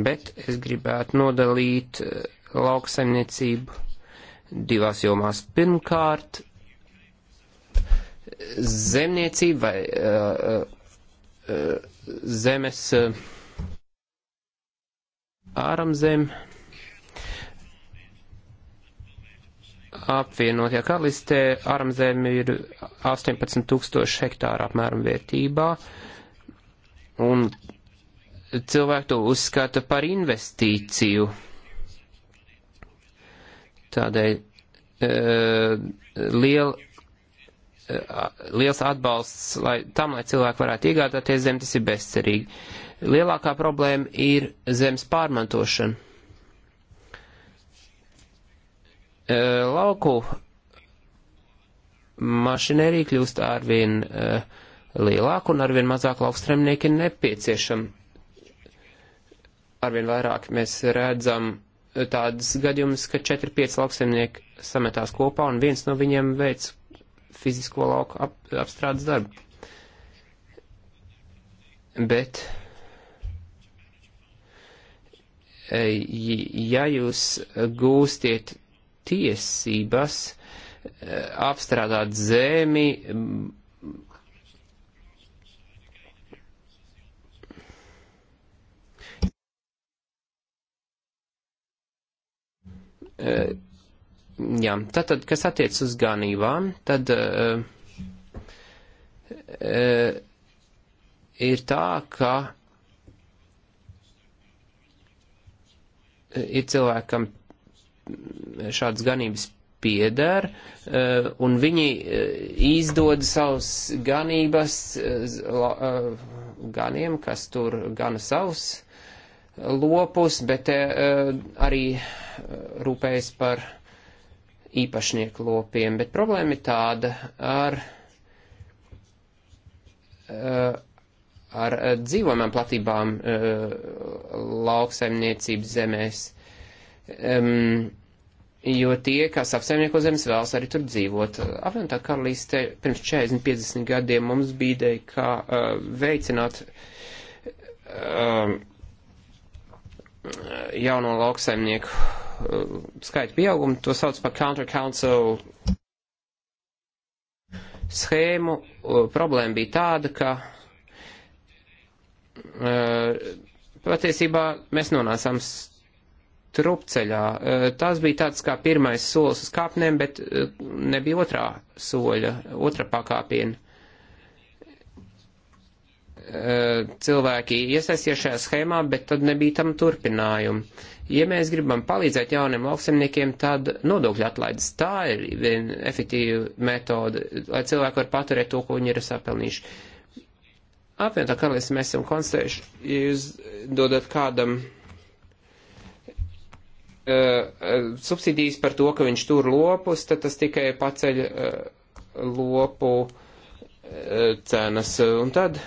Bet es gribētu nodalīt eh, lauksaimniecību divās jomās. Pirmkārt, zemniecība vai uh, uh, zemes uh, ārzem apvienotajā karalistē ārzemē ir 18 tūkstoši hektāru apmēram vērtībā, un cilvēki to uzskata par investīciju. Tādēļ e, liel, e, liels atbalsts lai, tam, lai cilvēki varētu iegādāties zem, tas ir bezcerīgi. Lielākā problēma ir zemes pārmantošana Lauku mašinērija kļūst arvien lielāka un arvien mazāk laukstremnieki nepieciešami. Arvien vairāk mēs redzam tādas gadījumus, ka 4-5 lauksemnieki sametās kopā un viens no viņiem veic fizisko lauku ap, apstrādes darbu. Bet, ja jūs gūstiet tiesības eh, apstrādāt zemi, mm, eh, jā, tātad, kas attiec uz ganībām, tad uh, uh, ir tā, ka ir cilvēkam šādas ganības pieder, eh, un viņi eh, izdod savus ganības eh, ganiem, kas tur gana savus lopus, bet arī rūpējas par īpašnieku lopiem. Bet problēma ir tāda ar, ar dzīvojumām platībām lauksaimniecības zemēs Um, jo tie, kas apsaimnieko zemes, vēlas arī tur dzīvot. Apvienotā karalīste pirms 40-50 gadiem mums bija ideja, kā uh, eh, veicināt uh, jauno lauksaimnieku uh, eh, skaitu pieaugumu. To sauc par Counter Council schēmu. Uh, problēma bija tāda, ka. Uh, Patiesībā mēs nonācām trupceļā. Eh, Tās bija tāds kā pirmais solis uz kāpnēm, bet eh, nebija otrā soļa, otra pakāpiena. Eh, cilvēki iesaistīja šajā schēmā, bet tad nebija tam turpinājumu. Ja mēs gribam palīdzēt jauniem lauksemniekiem, tad nodokļu atlaides tā ir viena efektīva metode, lai cilvēki var paturēt to, ko viņi ir sapelnījuši. Apvienotā karalistē mēs esam konstatējuši, ja jūs dodat kādam uh, Eh, subsidijas par to, ka viņš tur lopus, tad tas tikai paceļ eh, lopu eh, cenas. Un tad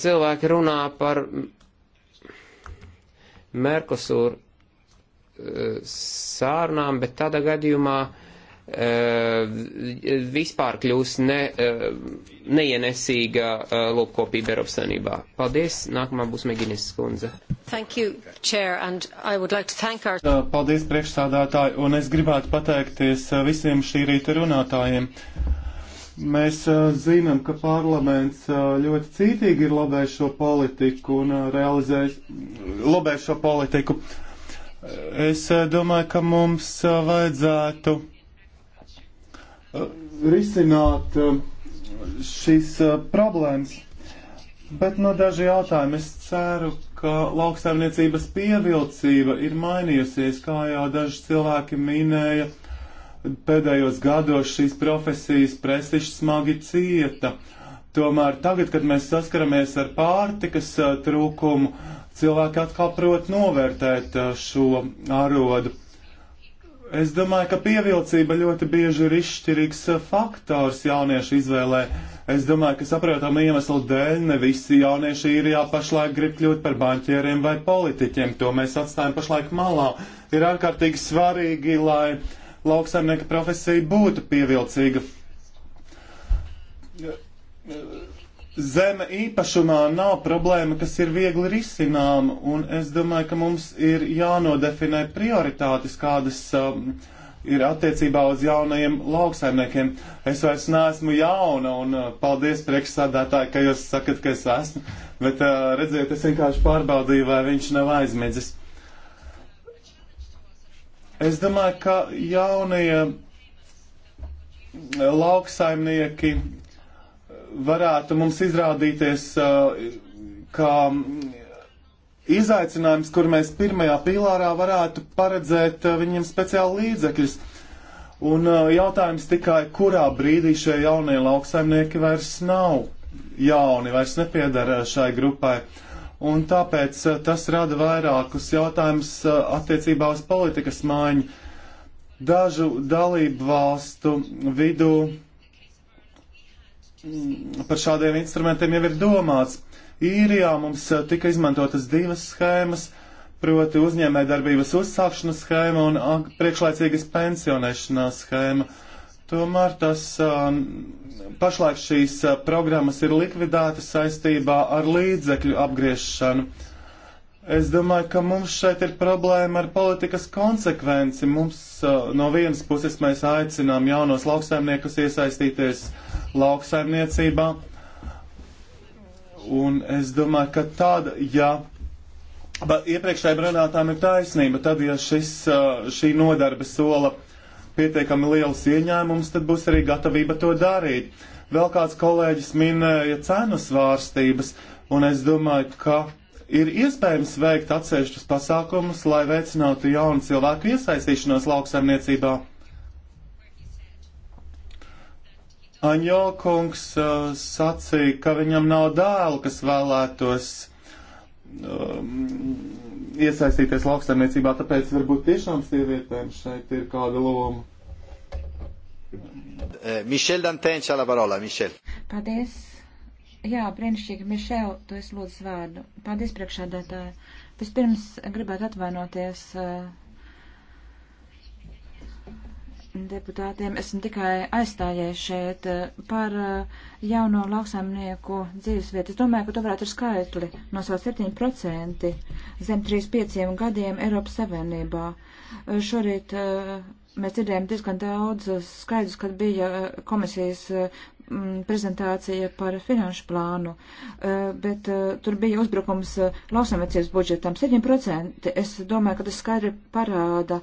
cilvēki runā par Merkosūru sārnām, bet tādā gadījumā uh, Eh, vispār kļūs ne, eh, neienesīga eh, lopkopība Eiropas Sanībā. Paldies, nākamā būs Meginis Skundze. Thank you, Chair, and I would like to thank our... Paldies, priekšsādātāji, un es gribētu pateikties visiem šī rīta runātājiem. Mēs zinām, ka parlaments ļoti cītīgi ir lobējis šo politiku un realizējis, lobējis šo politiku. Es domāju, ka mums vajadzētu Eh, risināt eh, šīs eh, problēmas. Bet no daži jautājumi es ceru, ka lauksaimniecības pievilcība ir mainījusies, kā jau daži cilvēki minēja. Pēdējos gados šīs profesijas prestižs smagi cieta. Tomēr tagad, kad mēs saskaramies ar pārtikas trūkumu, cilvēki atkal prot novērtēt šo arodu. Es domāju, ka pievilcība ļoti bieži ir izšķirīgs eh, faktors jauniešu izvēlē. Es domāju, ka saprotama iemesla dēļ ne visi jaunieši īrijā pašlaik grib kļūt par banķieriem vai politiķiem. To mēs atstājam pašlaik malā. Ir ārkārtīgi svarīgi, lai lauksaimnieka profesija būtu pievilcīga. Zeme īpašumā nav problēma, kas ir viegli risināma, un es domāju, ka mums ir jānodefinē prioritātes, kādas um, ir attiecībā uz jaunajiem lauksaimniekiem. Es vairs neesmu jauna, un uh, paldies priekšsādātāji, ka jūs sakat, ka es esmu, bet uh, redziet, es vienkārši pārbaudīju, vai viņš nav aizmidzis. Es domāju, ka jaunie lauksaimnieki varētu mums izrādīties uh, kā mm, izaicinājums, kur mēs pirmajā pīlārā varētu paredzēt uh, viņiem speciāli līdzekļus. Un uh, jautājums tikai, kurā brīdī šie jaunie lauksaimnieki vairs nav jauni, vairs nepiedara šai grupai. Un tāpēc tas rada vairākus jautājumus attiecībā uz politikas maiņu. Dažu dalību valstu vidū Mm, par šādiem instrumentiem jau ir domāts. Īrijā mums eh, tika izmantotas divas schēmas, proti uzņēmē darbības uzsākšanas schēma un ah, priekšlaicīgas pensionēšanās schēma. Tomēr tas um, pašlaik šīs eh, programmas ir likvidētas saistībā ar līdzekļu apgriešanu. Es domāju, ka mums šeit ir problēma ar politikas konsekvenci. Mums uh, no vienas puses mēs aicinām jaunos lauksaimniekus iesaistīties uh, lauksaimniecībā. Un es domāju, ka tāda, ja iepriekšējiem runātām ir taisnība, tad, ja šis, šī nodarbe sola pietiekami liels ieņēmums, tad būs arī gatavība to darīt. Vēl kāds kolēģis minēja cenu svārstības, un es domāju, ka ir iespējams veikt atsevišķus pasākumus, lai veicinātu jaunu cilvēku iesaistīšanos lauksaimniecībā. Aņo kungs uh, sacīja, ka viņam nav dēlu, kas vēlētos um, iesaistīties lauksaimniecībā, tāpēc varbūt tiešām sievietēm šeit ir kāda loma. Eh, Mišel Dantēns, ala parola, Mišel. Paldies. Jā, brīnišķīgi, Mišel, tu esi lūdzu vārdu. Paldies, priekšādātāji. Vispirms gribētu atvainoties. Uh, deputātiem. Esmu tikai aizstājies šeit eh, par eh, jauno lauksaimnieku dzīvesvietu. Es domāju, ka tu varētu ar skaitli nosaukt 7% zem 35 gadiem Eiropas Savienībā. Eh, šorīt mēs dzirdējām diezgan daudz skaidrs, kad bija komisijas Mm, prezentācija par finanšu plānu, eh, bet eh, tur bija uzbrukums eh, lauksamniecības budžetam 7%. Es domāju, ka tas skaidri parāda,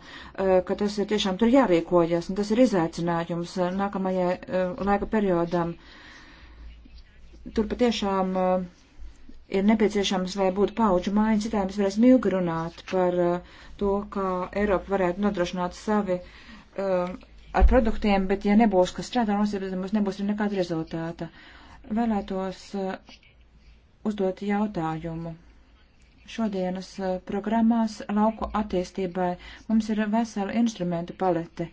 ka tas ir tiešām tur jārīkojas, un tas ir izaicinājums nākamajai laika periodam. Tur patiešām ir nepieciešams, lai būtu pauģu maiņa, citādi mēs varēsim ilgi runāt par to, kā Eiropa varētu nodrošināt savi ar produktiem, bet ja nebūs, kas strādā no sevis, tad mums nebūs arī nekāda rezultāta. Vēlētos uh, uzdot jautājumu. Šodienas uh, programmās lauku attīstībai mums ir vesela instrumentu palete,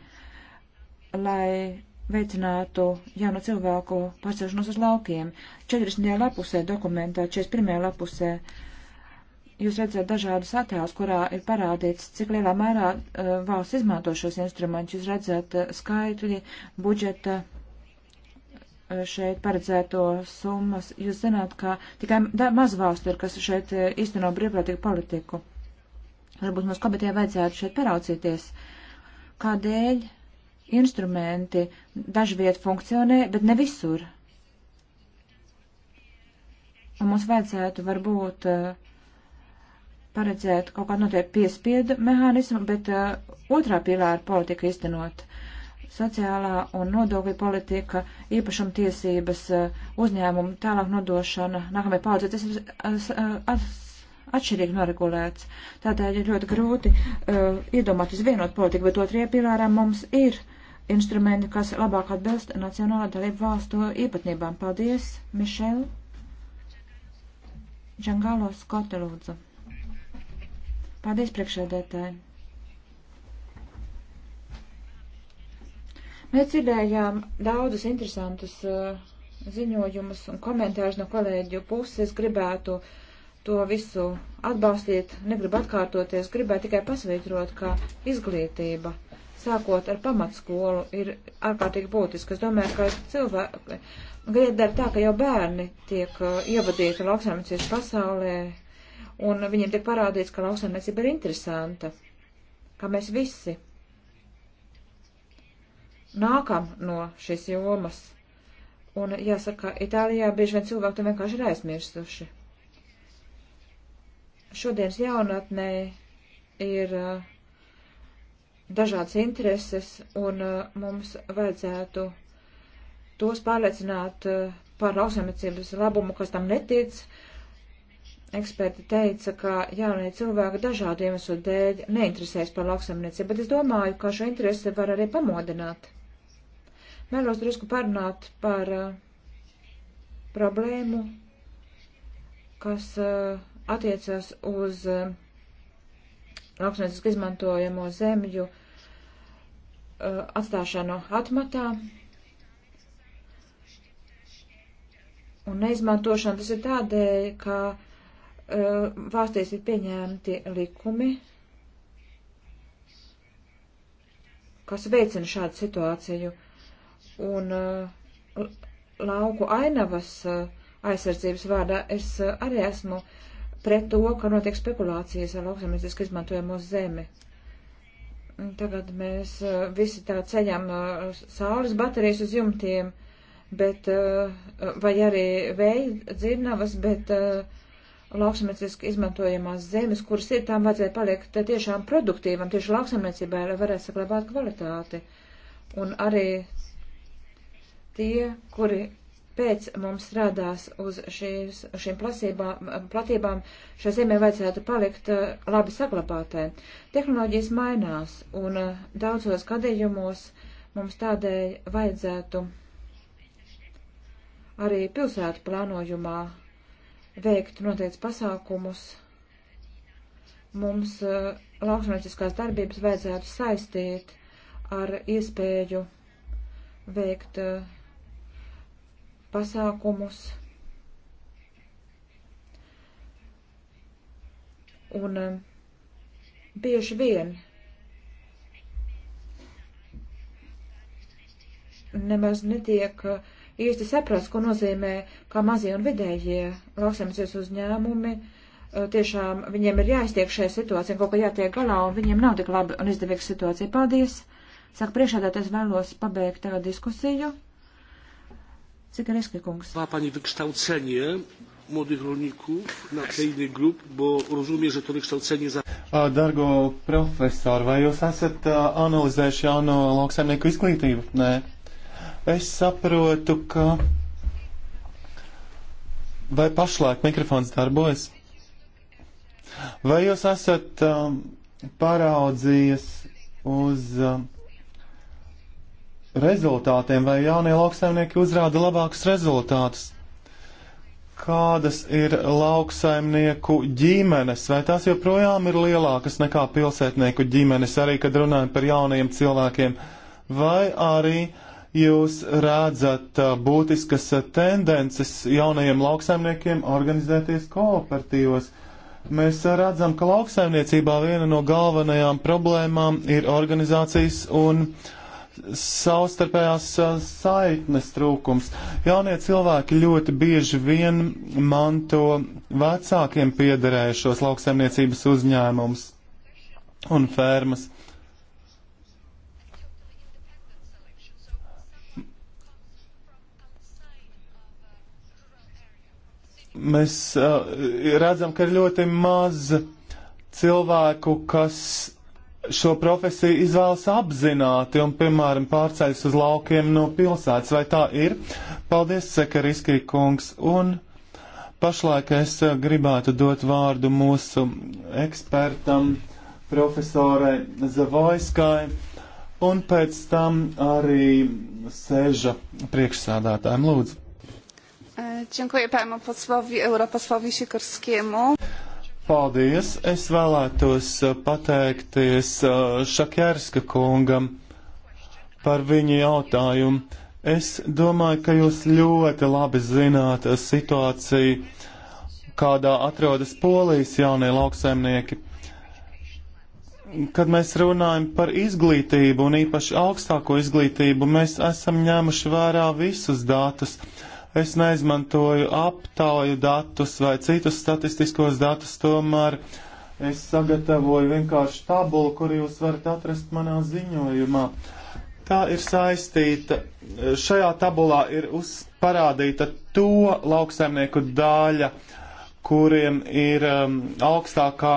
lai veicinātu jaunu cilvēku pārcelšanos uz laukiem. 40. lapusē dokumentā, 41. lapusē jūs redzat dažādus attēlus, kurā ir parādīts, cik lielā mērā uh, valsts izmanto šos instrumentus. Jūs redzat uh, skaitļi, budžeta uh, šeit paredzēto summas. Jūs zināt, ka tikai maz valstu ir, kas šeit uh, īsteno brīvprātīgu politiku. Varbūt mums komitē vajadzētu šeit paraucīties, kādēļ instrumenti dažviet funkcionē, bet ne visur. Un mums vajadzētu varbūt uh, paredzēt kaut kādu noteiktu piespiedu mehānismu, bet uh, otrā pilāra politika iztenot sociālā un nodokļu politika, īpašuma tiesības, uh, uzņēmumu tālāk nodošana, nākamajai paudzē, tas ir uh, uh atšķirīgi noregulēts. Tādēļ ir ļoti grūti uh, iedomāties vienot politiku, bet otrajā pilārā mums ir instrumenti, kas labāk atbilst nacionālā dalību valstu īpatnībām. Paldies, Mišel. Džangalo Skote, lūdzu. Paldies, priekšēdētāji! Mēs dzirdējām daudzus interesantus uh, ziņojumus un komentārus no kolēģu puses. Gribētu to visu atbalstīt, negribu atkārtoties, gribētu tikai pasvītrot, ka izglītība, sākot ar pamatskolu, ir ārkārtīgi būtiska. Es domāju, ka cilvēki, gribi dar tā, ka jau bērni tiek uh, ievadīti lauksaimniecības pasaulē, un viņiem tiek parādīts, ka lauksaimniecība ir interesanta, ka mēs visi nākam no šīs jomas. Un jāsaka, Itālijā bieži vien cilvēki to vienkārši ir aizmirsuši. Šodienas jaunatnē ir uh, dažādas intereses, un uh, mums vajadzētu tos pārliecināt uh, par lauksaimniecības labumu, kas tam netic, uh, eksperti teica, ka jaunie cilvēki dažādu iemeslu dēļ neinteresējas par lauksaimniecību, bet es domāju, ka šo interesi var arī pamodināt. Mēlos drusku parunāt par uh, problēmu, kas uh, attiecas uz uh, lauksaimnieciski izmantojamo zemju uh, atstāšanu atmatā. Un neizmantošana tas ir tādēļ, ka Uh, valstīs ir pieņemti likumi, kas veicina šādu situāciju, un uh, lauku ainavas uh, aizsardzības vārdā es arī esmu pret to, ka notiek spekulācijas ar lauksamnieciski izmantojamo zemi. Tagad mēs visi tā ceļam saules baterijas uz jumtiem, bet, vai arī vēja dzirnavas, bet uh, lauksamnieciski izmantojamās zemes, kuras ir, tām vajadzēja palikt eh, tiešām produktīvam, tieši lauksamniecībai, lai varētu saglabāt kvalitāti. Un arī tie, kuri pēc mums strādās uz šīs, šīm plasībām, platībām, šai zemē vajadzētu palikt eh, labi saglabātē. Tehnoloģijas mainās, un eh, daudzos gadījumos mums tādēļ vajadzētu arī pilsētu plānojumā veikt noteikts pasākumus. Mums uh, eh, lauksmēķiskās darbības vajadzētu saistīt ar iespēju veikt uh, pasākumus. Un uh, bieži vien nemaz netiek uh, īsti saprast, ko nozīmē, kā mazie un vidējie lauksaimniecības uzņēmumi. Eh, tiešām viņiem ir jāiztiek šajā situācijā, kaut kā jātiek galā, un viņiem nav tik labi un izdevīga situācija. Paldies! Saka, priekšādātais vēlos pabeigt tagad diskusiju. Cik ir eskrikungs? Pani wykształcenie młodych rolników na tle innych grup, bo rozumiem, że to wykształcenie za... Dargo profesor, vai jūs esat analizējuši jauno lauksaimnieku izglītību? Nē. Es saprotu, ka. Vai pašlaik mikrofons darbojas? Vai jūs esat um, paraudzījies uz um, rezultātiem, vai jaunie lauksaimnieki uzrāda labākus rezultātus? Kādas ir lauksaimnieku ģimenes, vai tās joprojām ir lielākas nekā pilsētnieku ģimenes, arī kad runājam par jauniem cilvēkiem, vai arī uh, jūs redzat būtiskas tendences jaunajiem lauksaimniekiem organizēties kooperatīvos? Mēs redzam, ka lauksaimniecībā viena no galvenajām problēmām ir organizācijas un savstarpējās saitnes trūkums. Jaunie cilvēki ļoti bieži vien manto vecākiem piederējušos lauksaimniecības uzņēmumus un fermas. mēs uh, redzam, ka ir ļoti maz cilvēku, kas šo profesiju izvēlas apzināti un, piemēram, pārceļas uz laukiem no pilsētas. Vai tā ir? Paldies, Sekariskī kungs. Un pašlaik es eh, gribētu dot vārdu mūsu ekspertam, profesorai Zavoiskai, un pēc tam arī sēža priekšsādātājiem. Lūdzu. Činkoja pēma poslovi, Europoslovi Šikarskiemu. Paldies! Es vēlētos pateikties uh, Šakjērska kungam par viņa jautājumu. Es domāju, ka jūs ļoti labi zināt uh, situāciju, kādā atrodas polijas jaunie lauksaimnieki. Kad mēs runājam par izglītību un īpaši augstāko izglītību, mēs esam ņēmuši vērā visus datus Es neizmantoju aptauju datus vai citus statistiskos datus, tomēr es sagatavoju vienkārši tabulu, kuru jūs varat atrast manā ziņojumā. Tā ir saistīta, šajā tabulā ir uz, parādīta to lauksaimnieku daļa, kuriem ir um, augstākā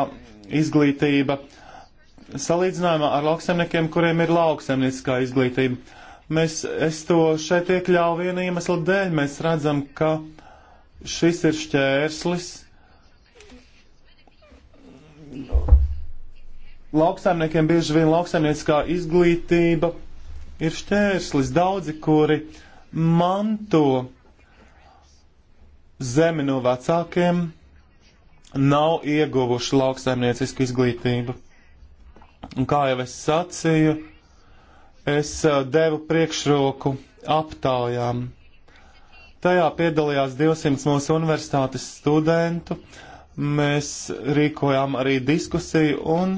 izglītība salīdzinājumā ar lauksaimniekiem, kuriem ir lauksaimnieciskā izglītība. Mēs, es to šeit iekļāvu viena iemesla dēļ. Mēs redzam, ka šis ir šķērslis. Lauksaimniekiem bieži vien lauksaimnieciskā izglītība ir šķērslis. Daudzi, kuri manto zemi no vecākiem, nav ieguvuši lauksaimniecisku izglītību. Un kā jau es sacīju, es devu priekšroku aptaujām. Tajā piedalījās 200 mūsu universitātes studentu. Mēs rīkojām arī diskusiju un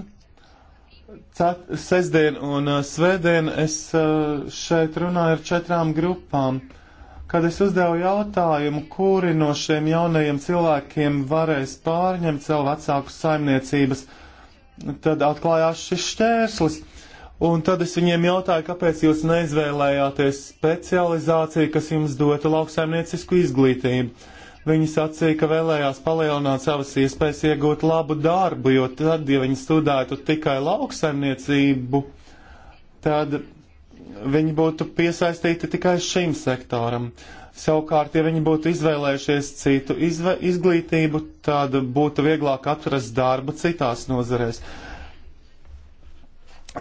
cet, sestdien un uh, svētdien es uh, šeit runāju ar četrām grupām. Kad es uzdevu jautājumu, kuri no šiem jaunajiem cilvēkiem varēs pārņemt savu vecāku saimniecības, tad atklājās šis šķērslis Un tad es viņiem jautāju, kāpēc jūs neizvēlējāties specializāciju, kas jums dotu lauksaimniecisku izglītību. Viņi sacīja, ka vēlējās palielināt savas iespējas iegūt labu darbu, jo tad, ja viņi studētu tikai lauksaimniecību, tad viņi būtu piesaistīti tikai šim sektoram. Savukārt, ja viņi būtu izvēlējušies citu izglītību, tad būtu vieglāk atrast darbu citās nozarēs.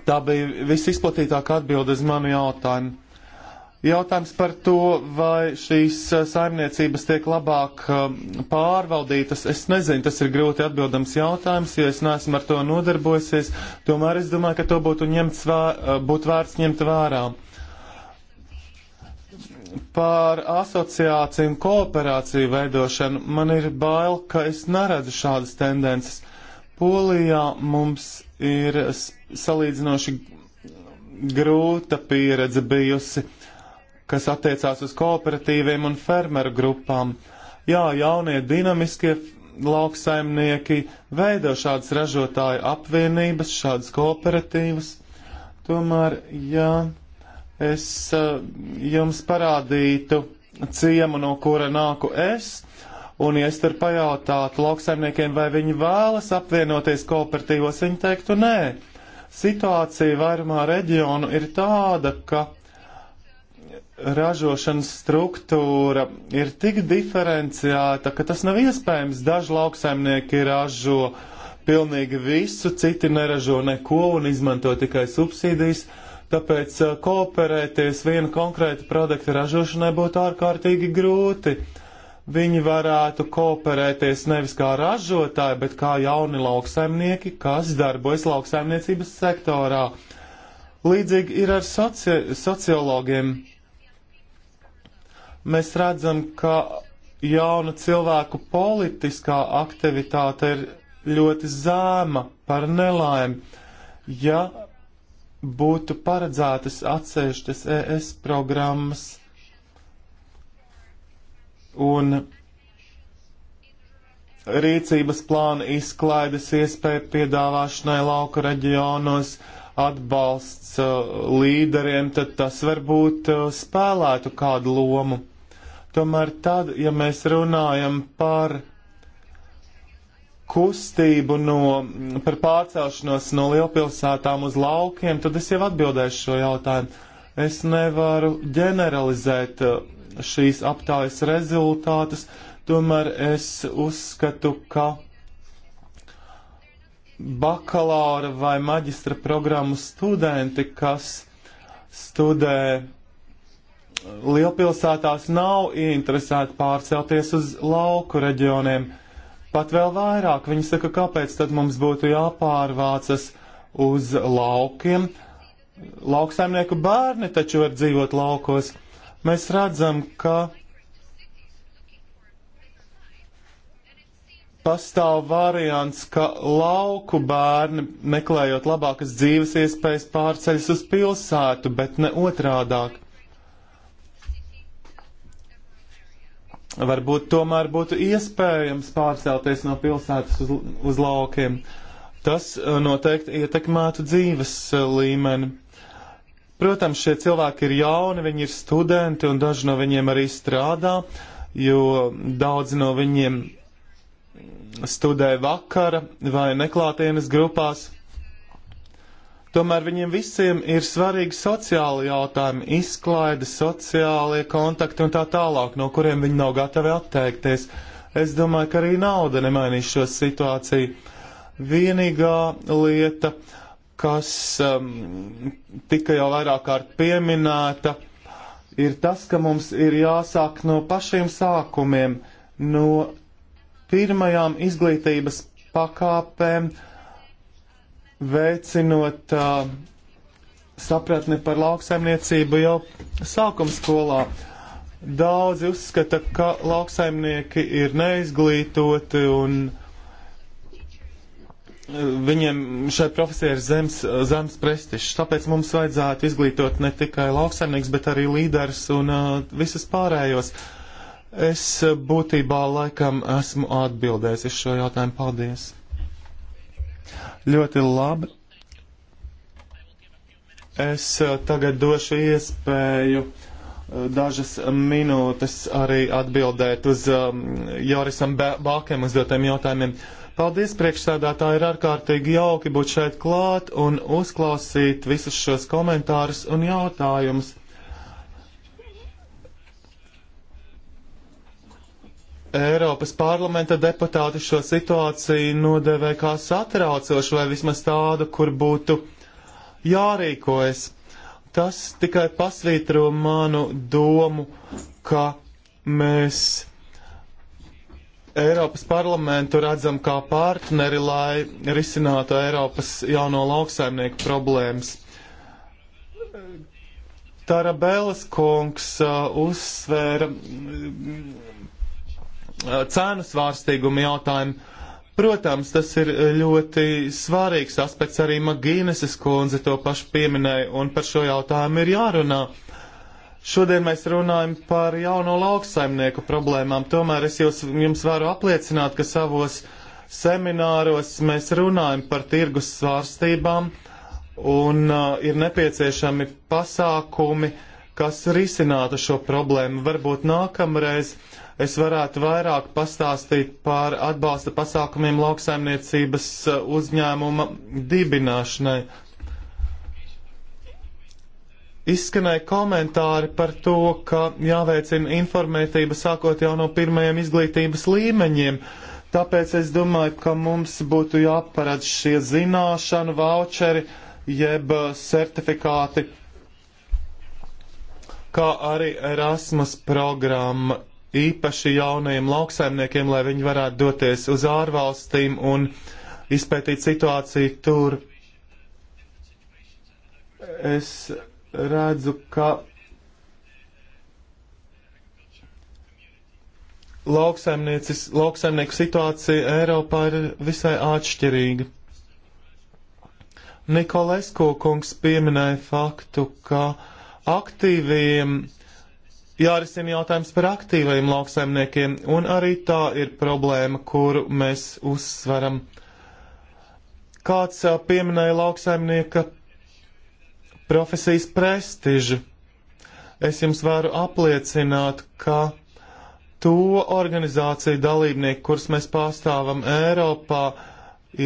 Tā bija visizplatītākā atbilde uz manu jautājumu. Jautājums par to, vai šīs eh, saimniecības tiek labāk eh, pārvaldītas, es nezinu, tas ir grūti atbildams jautājums, jo es neesmu ar to nodarbojusies, tomēr es domāju, ka to būtu, ņemts, eh, būtu vērts ņemt vērā. Par asociāciju un kooperāciju veidošanu man ir bail, ka es neredzu šādas tendences Polijā mums ir salīdzinoši grūta pieredze bijusi, kas attiecās uz kooperatīviem un fermeru grupām. Jā, jaunie dinamiskie lauksaimnieki veido šādas ražotāju apvienības, šādas kooperatīvas. Tomēr, ja es eh, jums parādītu ciemu, no kura nāku es, Un, ja es tur pajautātu lauksaimniekiem, vai viņi vēlas apvienoties kooperatīvos, viņi teiktu nē. Situācija vairumā reģionu ir tāda, ka ražošanas struktūra ir tik diferenciēta, ka tas nav iespējams. Daži lauksaimnieki ražo pilnīgi visu, citi neražo neko un izmanto tikai subsīdijas. Tāpēc eh, kooperēties viena konkrēta produkta ražošanai būtu ārkārtīgi grūti. Uh, viņi varētu kooperēties nevis kā ražotāji, bet kā jauni lauksaimnieki, kas darbojas lauksaimniecības sektorā. Līdzīgi ir ar soci sociologiem. Mēs redzam, ka jaunu cilvēku politiskā aktivitāte ir ļoti zēma par nelaimi. Ja būtu paredzētas atsevišķas ES programmas un rīcības plāna izklaides iespēja piedāvāšanai lauka reģionos, atbalsts uh, līderiem, tad tas varbūt uh, spēlētu kādu lomu. Tomēr tad, ja mēs runājam par kustību no, par pārcelšanos no lielpilsētām uz laukiem, tad es jau atbildēšu šo jautājumu. Es nevaru ģeneralizēt uh, šīs aptājas rezultātus, tomēr es uzskatu, ka bakalaura vai maģistra programmu studenti, kas studē lielpilsētās, nav interesēti pārcelties uz lauku reģioniem. Pat vēl vairāk viņi saka, kāpēc tad mums būtu jāpārvācas uz laukiem. Lauksaimnieku bērni taču var dzīvot laukos mēs redzam, ka pastāv variants, ka lauku bērni, meklējot labākas dzīves iespējas, pārceļas uz pilsētu, bet ne otrādāk. Varbūt tomēr būtu iespējams pārcelties no pilsētas uz, uz laukiem. Tas uh, noteikti ietekmētu dzīves uh, līmeni. Protams, šie cilvēki ir jauni, viņi ir studenti un daži no viņiem arī strādā, jo daudzi no viņiem studē vakara vai neklātienes grupās. Tomēr viņiem visiem ir svarīgi sociāli jautājumi, izklaide, sociālie kontakti un tā tālāk, no kuriem viņi nav gatavi atteikties. Es domāju, ka arī nauda nemainīs šo situāciju. Vienīgā lieta, uh, kas um, tika jau vairāk kārt pieminēta, ir tas, ka mums ir jāsāk no pašiem sākumiem, no pirmajām izglītības pakāpēm, veicinot uh, sapratni par lauksaimniecību jau sākumskolā. Daudzi uzskata, ka lauksaimnieki ir neizglītoti un viņiem šai profesijai ir zems, zems prestižs. Tāpēc mums vajadzētu izglītot ne tikai lauksaimnieks, bet arī līderus un uh, visus pārējos. Es būtībā laikam esmu atbildējis uz šo jautājumu. Paldies! Ļoti labi. Es uh, tagad došu iespēju uh, dažas minūtes arī atbildēt uz um, Jorisam Bākiem uzdotiem jautājumiem. Uh, Paldies, priekšsēdētāji, ir ārkārtīgi jauki būt šeit klāt un uzklausīt visus šos komentārus un jautājumus. Eiropas parlamenta deputāti šo situāciju nodevē kā satraucošu vai vismaz tādu, kur būtu jārīkojas. Tas tikai pasvītro manu domu, ka mēs Eiropas parlamentu redzam kā partneri, lai risinātu Eiropas jauno lauksaimnieku problēmas. Tarabēlas kungs uh, uzsvēra mm, uh, cēnu svārstīgumu jautājumu. Protams, tas ir ļoti svarīgs aspekts, arī Magīneses kundze to pašu pieminēja, un par šo jautājumu ir jārunā. Uh, Šodien mēs runājam par jauno lauksaimnieku problēmām, tomēr es jūs, jums varu apliecināt, ka savos semināros mēs runājam par tirgus svārstībām un uh, ir nepieciešami pasākumi, kas risinātu šo problēmu. Varbūt nākamreiz es varētu vairāk pastāstīt par atbalsta pasākumiem lauksaimniecības uh, uzņēmuma dibināšanai Izskanēja komentāri par to, ka jāveicina informētība sākot jau no pirmajiem izglītības līmeņiem. Tāpēc es domāju, ka mums būtu jāparedz šie zināšanu voucheri jeb uh, certifikāti, kā arī Erasmus programma īpaši jaunajiem lauksaimniekiem, lai viņi varētu doties uz ārvalstīm un izpētīt situāciju tur. Es redzu, ka lauksaimnieku situācija Eiropā ir visai atšķirīga. Nikolesko kungs pieminēja faktu, ka aktīviem jārisina jautājums par aktīvajiem lauksaimniekiem, un arī tā ir problēma, kuru mēs uzsveram. Kāds pieminēja lauksaimnieka profesijas prestižu. Es jums varu apliecināt, ka to organizāciju dalībnieki, kurus mēs pārstāvam Eiropā,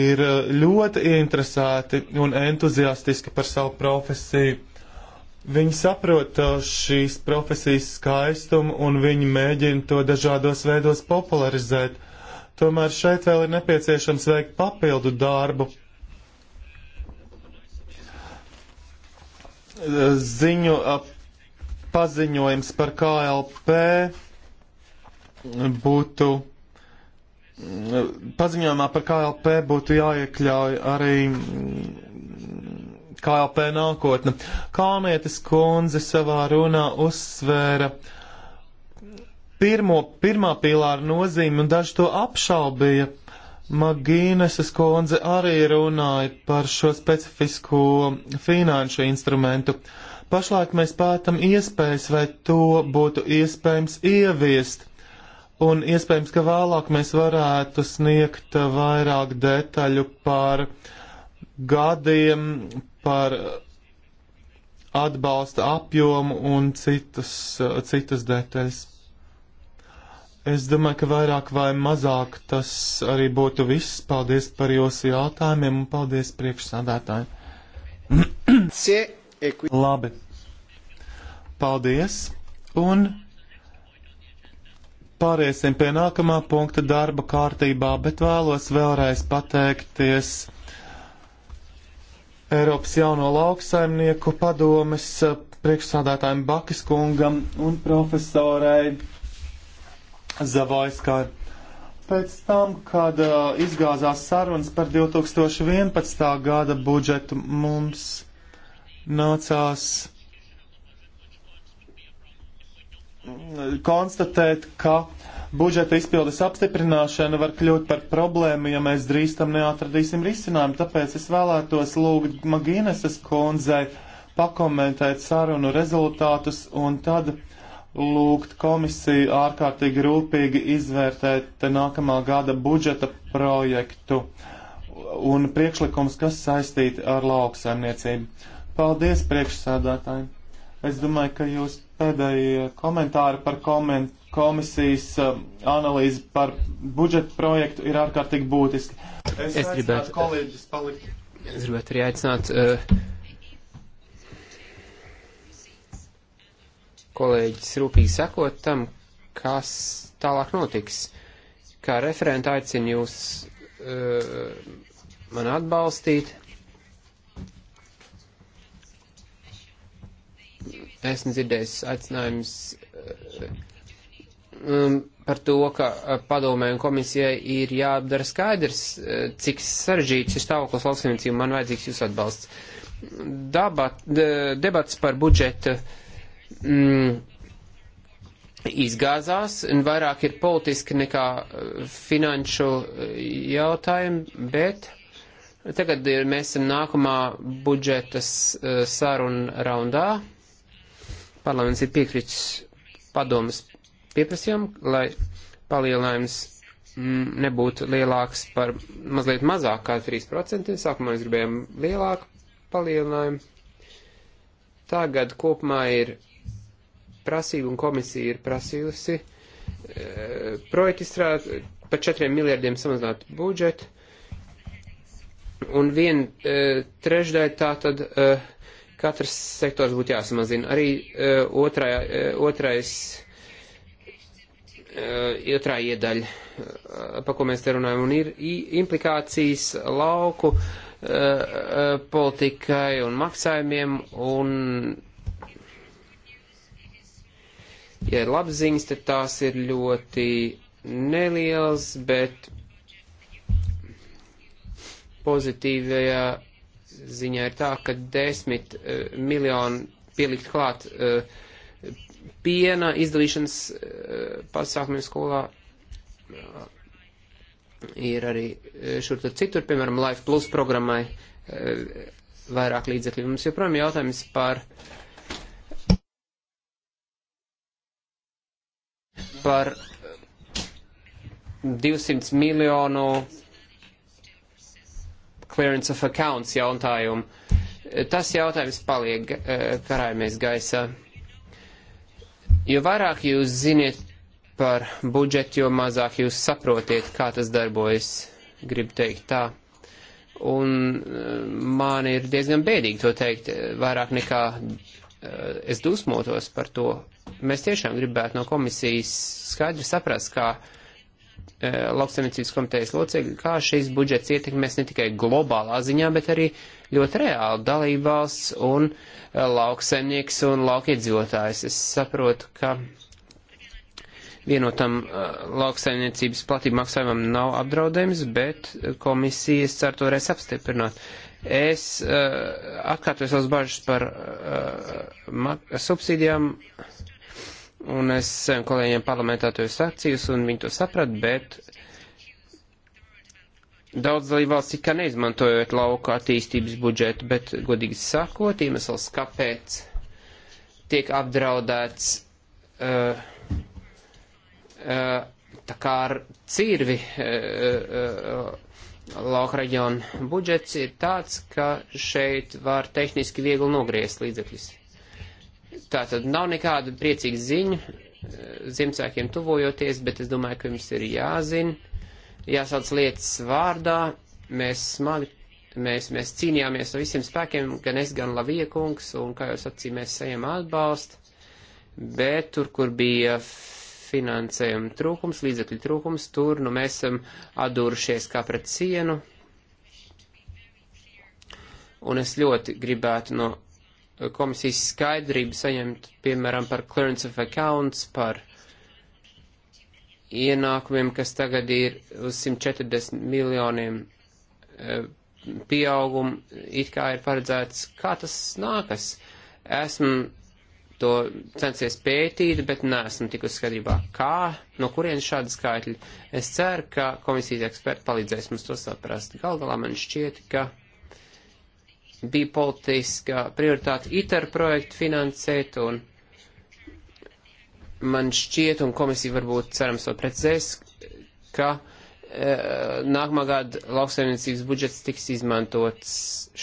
ir eh, ļoti interesēti un entuziastiski par savu profesiju. Viņi saprot eh, šīs profesijas skaistumu un viņi mēģina to dažādos veidos popularizēt. Tomēr šeit vēl ir nepieciešams veikt papildu darbu, ziņu paziņojums par KLP būtu, paziņojumā par KLP būtu jāiekļauj arī KLP nākotne. Kalnietis kundze savā runā uzsvēra pirmo, pirmā pīlāra nozīmi un daži to apšaubīja Magīneses kundze arī runāja par šo specifisko finanšu instrumentu. Pašlaik mēs pētam iespējas, vai to būtu iespējams ieviest, un iespējams, ka vēlāk mēs varētu sniegt vairāk detaļu par gadiem, par atbalsta apjomu un citas, citas detaļas. Es domāju, ka vairāk vai mazāk tas arī būtu viss. Paldies par jūsu jautājumiem un paldies priekšsādātājiem. Labi. Paldies. Un pāriesim pie nākamā punkta darba kārtībā, bet vēlos vēlreiz pateikties Eiropas jauno lauksaimnieku padomes priekšsādātājiem Bakis kungam un profesorai. Zavaiskai. Pēc tam, kad uh, izgāzās sarunas par 2011. gada budžetu, mums nācās konstatēt, ka budžeta izpildes apstiprināšana var kļūt par problēmu, ja mēs drīz tam neatradīsim risinājumu. Tāpēc es vēlētos lūgt Magīneses kundzei pakomentēt sarunu rezultātus un tad lūgt komisiju ārkārtīgi rūpīgi izvērtēt nākamā gada budžeta projektu un priekšlikums, kas saistīti ar lauksaimniecību. Paldies priekšsēdētājiem! Es domāju, ka jūs pēdējie komentāri par komen komisijas eh, analīzi par budžetu projektu ir ārkārtīgi būtiski. Es, es gribētu kolēģis palikt. Es gribētu arī aicināt. Uh, kolēģis rūpīgi sekot tam, kas tālāk notiks. Kā referenta aicinu jūs uh, man atbalstīt. Esmu dzirdējis aicinājums uh, um, par to, ka uh, padomē un komisijai ir jāapdara skaidrs, uh, cik sarežģīts ir stāvoklis lauksaimniecību, man vajadzīgs jūs atbalsts. Dabat, debats par budžeta uh, mm, izgāzās, un vairāk ir politiski nekā eh, finanšu eh, jautājumi, bet tagad ir, mēs esam nākamā budžetas uh, saruna raundā. Parlaments ir piekritis padomas pieprasījumam, lai palielinājums mm, nebūtu lielāks par mazliet mazāk kā 3%. Sākumā mēs gribējām lielāku palielinājumu. Tagad kopumā ir prasību, un komisija ir prasījusi eh, projektu izstrādāt, par 4 miljardiem samazināt budžetu, un vien eh, trešdaļa tā tad eh, katrs sektors būtu jāsamazina. Arī otrā, otrais, otrā iedaļa, pa ko mēs te runājam, un ir implikācijas lauku politikai un maksājumiem un Ja ir labas ziņas, tad tās ir ļoti nelielas, bet pozitīvajā ziņā ir tā, ka desmit uh, miljonu pielikt klāt uh, piena izdalīšanas uh, pasākumiem skolā uh, ir arī šur tad citur, piemēram, Life Plus programmai uh, vairāk līdzekļu. Mums joprojām jautājums par uh, par 200 miljonu clearance of accounts jautājumu. Tas jautājums paliek eh, karājumies gaisā. Jo vairāk jūs ziniet par budžetu, jo mazāk jūs saprotiet, kā tas darbojas, gribu teikt tā. Un eh, man ir diezgan bēdīgi to teikt, eh, vairāk nekā es dusmotos par to, Mēs tiešām gribētu no komisijas skaidri saprast, kā e, lauksaimniecības komitejas locekļi, kā šīs budžets ietekmēs ne tikai globālā ziņā, bet arī ļoti reāli dalībvalsts un e, lauksaimnieks un laukiedzīvotājs. Es saprotu, ka vienotam e, lauksaimniecības platību maksājumam nav apdraudējums, bet komisijas cer to reiz apstiprināt. Es uh, e, atkārtoju savas bažas par uh, subsīdijām. Uh, un es saviem kolēģiem parlamentā to sacījus, un viņi to saprat, bet daudz dalībvalsts tikai neizmantojot lauka attīstības budžetu, bet, godīgi sakot, iemesls, kāpēc tiek apdraudēts uh, uh, tā kā ar cirvi uh, uh, lauka reģiona budžets, ir tāds, ka šeit var tehniski viegli nogriezt līdzekļus. Tā tad nav nekāda priecīga ziņa eh, Ziemassvētkiem tuvojoties, bet es domāju, ka jums ir jāzina, jāsauc lietas vārdā. Mēs smagi, mēs, mēs cīnījāmies ar visiem spēkiem, gan es, gan Laviekungs, un kā jau sacīju, mēs saņem atbalstu, bet tur, kur bija finansējuma trūkums, līdzekļu trūkums, tur nu, mēs esam atdūrušies kā pret sienu. Un es ļoti gribētu no komisijas skaidrību saņemt, piemēram, par clearance of accounts, par ienākumiem, kas tagad ir uz 140 miljoniem eh, pieaugumu, it kā ir paredzēts, kā tas nākas. Esmu to censies pētīt, bet neesmu tik uzskatībā, kā, no kurienes šādi skaitļi. Es ceru, ka komisijas eksperti palīdzēs mums to saprast. Gal galā man šķiet, ka bija politiskā prioritāte ITER projektu finansēt, un man šķiet, un komisija varbūt cerams to precizēs, ka e, nākamā gada lauksaimniecības budžets tiks izmantots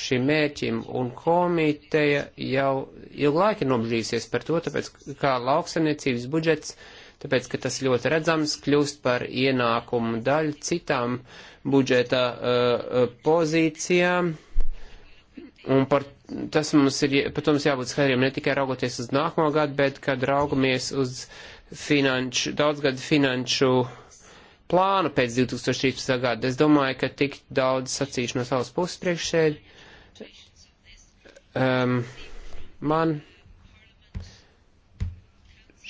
šim mērķim, un komiteja jau ilgu laiku ir nobežījusies par to, tāpēc kā lauksaimniecības budžets, tāpēc, ka tas ļoti redzams, kļūst par ienākumu daļu citām budžeta uh, e, pozīcijām. Uh, Un par, tas mums ir, par to mums jābūt skaidriem ne tikai raugoties uz nākamo gadu, bet kad raugamies uz finanšu, daudzgadu finanšu plānu pēc 2013. gada. Es domāju, ka tik daudz sacīšu no savas puses priekšsēdi. Um, man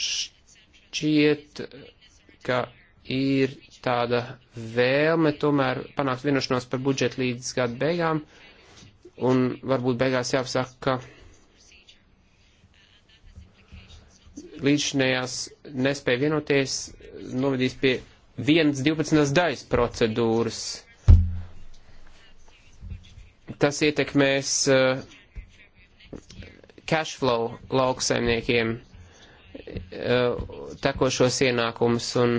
šķiet, ka ir tāda vēlme tomēr panākt vienošanos par budžetu līdz gada beigām. Uh, Un varbūt beigās jāapsaka, ka līdzinējās nespēja vienoties novedīs pie 1.12. daļas procedūras. Tas ietekmēs uh, cash flow lauksaimniekiem uh, tekošos ienākumus un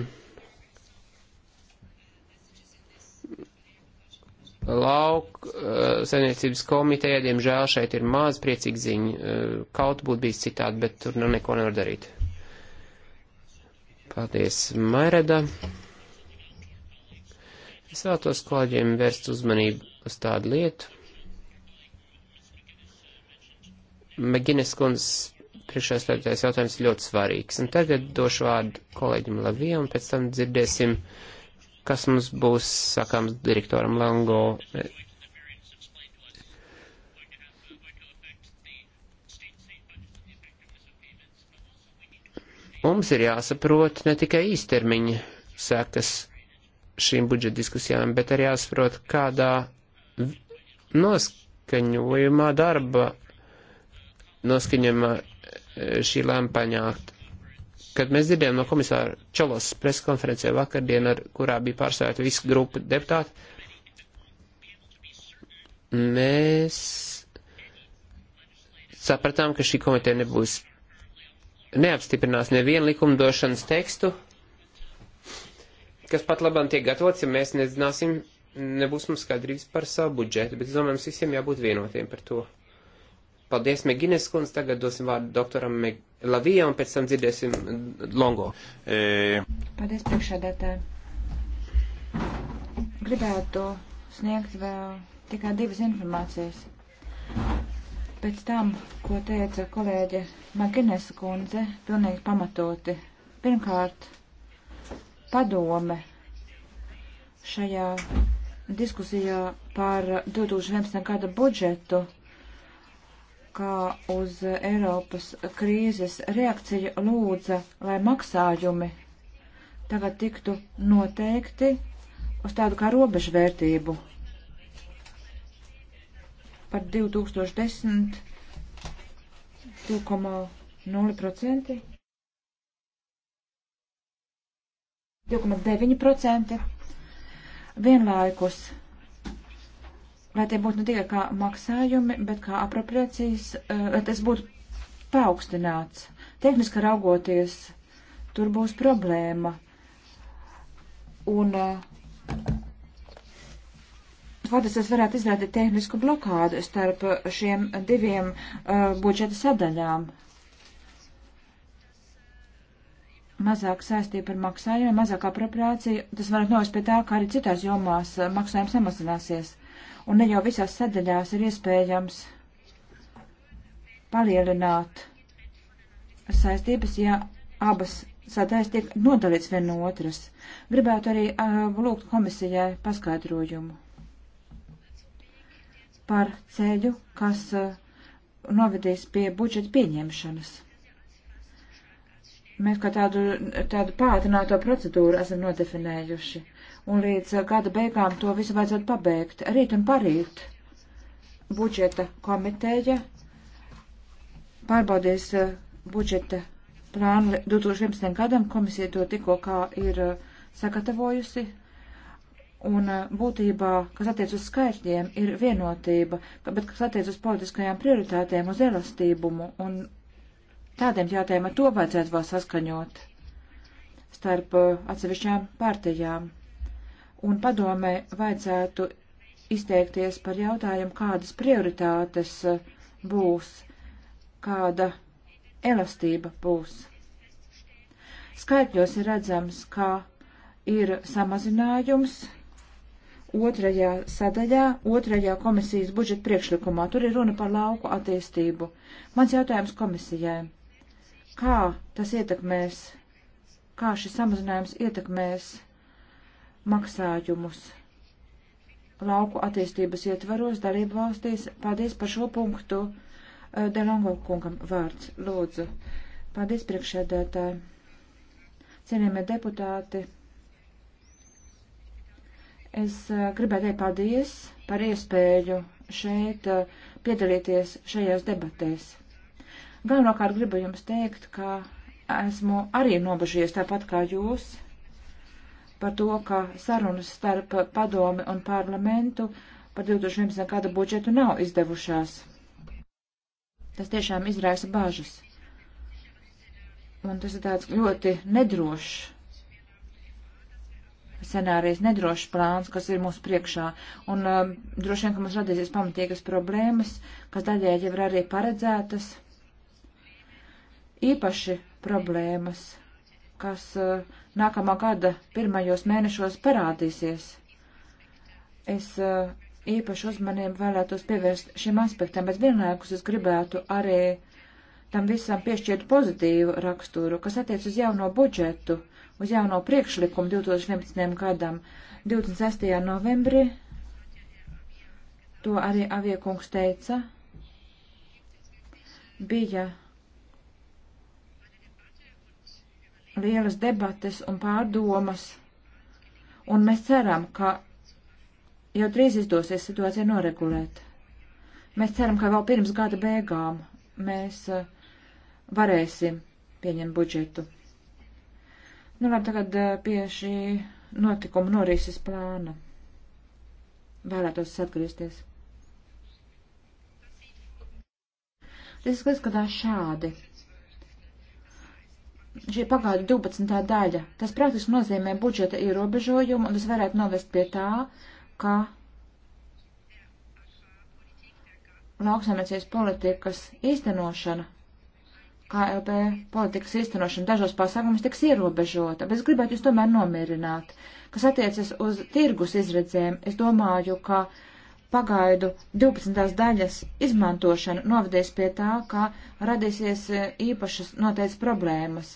Lauk eh, saimniecības komiteja, diemžēl, šeit ir maz priecīgi ziņa. Eh, kaut būtu bijis citādi, bet tur nu neko nevar darīt. Paldies, Maireda. Es vēlos kolēģiem vērst uzmanību uz tādu lietu. Megines kundzes priekšēslētais jautājums ļoti svarīgs. Un tagad došu vārdu kolēģim Lavijam, pēc tam dzirdēsim uh, kas mums būs sakāms direktoram Lango. Mums ir jāsaprot ne tikai īstermiņa sekas šīm budžeta diskusijām, bet arī jāsaprot, kādā noskaņojumā darba noskaņojumā eh, šī lēma paņākt. Kad mēs dzirdējām no komisāra Čalos preskonferencē vakardien, ar kurā bija pārstāvēta visa grupa deputāti, mēs sapratām, ka šī komiteja nebūs neapstiprinās nevienu likumdošanas tekstu, kas pat labam tiek gatavots, ja mēs nezināsim, nebūs mums skaidrības par savu budžetu, bet es domāju, mums visiem jābūt vienotiem par to. Paldies, Megines kundz, tagad dosim vārdu doktoram Meg Lavijam, un pēc tam dzirdēsim Longo. E... Paldies, priekšādētāji. Gribētu sniegt vēl tikai divas informācijas. Pēc tam, ko teica kolēģe Magines kundze, pilnīgi pamatoti. Pirmkārt, padome šajā diskusijā par 2011. gada budžetu kā uz Eiropas krīzes reakciju lūdza, lai maksājumi tagad tiktu noteikti uz tādu kā robežvērtību par 2010 2,0%. 2,9% vienlaikus lai tie būtu ne tikai kā maksājumi, bet kā apropriācijas, lai eh, tas būtu paaugstināts. Tehniski raugoties, tur būs problēma. Un faktiski eh, tas varētu izrādīt tehnisku blokādu starp šiem diviem uh, budžeta sadaļām. Mazāk saistība ar maksājumiem, mazāk apropriācija, tas var novest pie tā, ka arī citās jomās maksājums samazināsies un ne jau visās sadaļās ir iespējams palielināt saistības, ja abas sadaļas tiek nodalīts vien no otras. Gribētu arī uh, lūgt komisijai paskaidrojumu par ceļu, kas uh, novedīs pie budžeta pieņemšanas. Mēs kā tādu, tādu pātrināto procedūru esam nodefinējuši un līdz uh, gada beigām to visu vajadzētu pabeigt. Rīt un parīt budžeta komiteja pārbaudīs uh, budžeta plānu 2011. gadam. Komisija to tikko kā ir uh, sagatavojusi. Un būtībā, kas attiec uz skaitļiem, ir vienotība, bet kas attiec uz politiskajām prioritātēm, uz elastībumu un tādiem jātēm ar to vajadzētu vēl saskaņot starp atsevišķām partijām un padomē vajadzētu izteikties par jautājumu, kādas prioritātes uh, būs, kāda elastība būs. Skaitļos ir redzams, ka ir samazinājums otrajā sadaļā, otrajā komisijas budžeta priekšlikumā. Tur ir runa par lauku attīstību. Mans jautājums komisijai. Kā tas ietekmēs, kā šis samazinājums ietekmēs maksājumus lauku attīstības ietvaros dalību valstīs. Paldies par šo punktu. Eh, Delongo kungam vārds, lūdzu. Paldies priekšēdētāji. Cienījamie deputāti. Es eh, gribētu teikt paldies par iespēju šeit eh, piedalīties šajās debatēs. Galvenokārt gribu jums teikt, ka esmu arī nobažies tāpat kā jūs par to, ka sarunas starp padomi un parlamentu par 2011. gada budžetu nav izdevušās. Tas tiešām izraisa bažas. Un tas ir tāds ļoti nedrošs scenārijs, nedrošs plāns, kas ir mūsu priekšā. Un um, droši vien, ka mums radīsies pamatīgas problēmas, kas daļēji jau ir arī paredzētas. Īpaši problēmas, kas uh, nākamā gada pirmajos mēnešos parādīsies. Es eh, īpašu uzmanību vēlētos pievērst šim aspektam, bet vienlaikus es gribētu arī tam visam piešķirt pozitīvu raksturu, kas attiec uz jauno budžetu, uz jauno priekšlikumu 2011. gadam. 26. novembrī to arī aviekungs teica, bija lielas debates un pārdomas, un mēs ceram, ka jau drīz izdosies situācija noregulēt. Mēs ceram, ka vēl pirms gada beigām mēs uh, varēsim pieņemt budžetu. Nu, labi, tagad uh, pie šī notikuma norises plāna. Vēlētos atgriezties. Tas izskatās šādi šī pagaidu 12. daļa. Tas praktiski nozīmē budžeta ierobežojumu, un tas varētu novest pie tā, ka lauksamniecības politikas īstenošana, KLP politikas īstenošana dažos pasākumus tiks ierobežota, bet es gribētu jūs tomēr nomierināt. Kas attiecas uz tirgus izredzēm, es domāju, ka pagaidu 12. daļas izmantošana novedīs pie tā, ka radīsies e, īpašas noteikts problēmas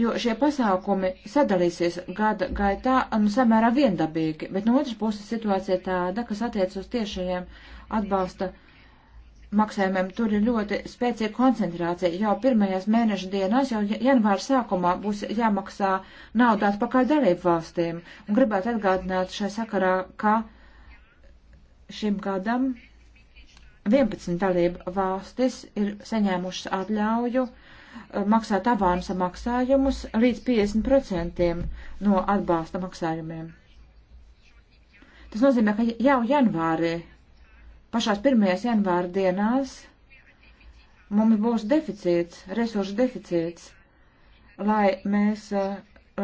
jo šie pasākumi sadalīsies gada gaitā un samērā viendabīgi, bet no otras puses situācija tāda, kas attiec uz tiešajiem atbalsta maksājumiem, tur ir ļoti spēcīga koncentrācija. Jau pirmajās mēneša dienās, jau janvāra sākumā būs jāmaksā naudu atpakaļ dalību valstīm. Un gribētu atgādināt šai sakarā, ka šim gadam 11 dalību valstis ir saņēmušas atļauju uh, maksāt avansa maksājumus līdz 50% no atbalsta maksājumiem. Tas nozīmē, ka jau janvārī, pašās pirmajās janvāra dienās, mums būs deficīts, resursu deficīts, lai mēs uh,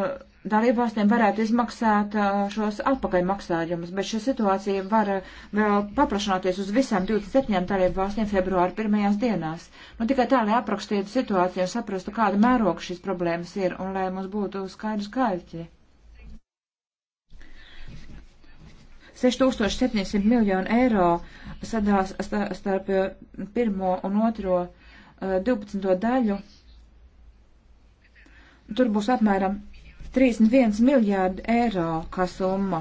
uh dalībvalstīm varētu izmaksāt šos atpakaļmaksājumus, bet šī situācija var vēl paplašināties uz visām 27 dalībvalstīm februāra pirmajās dienās. Nu, tikai tā, lai aprakstītu situāciju un saprastu, kāda mēroga šīs problēmas ir un lai mums būtu skaidrs skaļķi. 6700 miljonu eiro sadalās starp pirmo un otro 12. daļu. Tur būs apmēram 31 miljārdi eiro kā summa.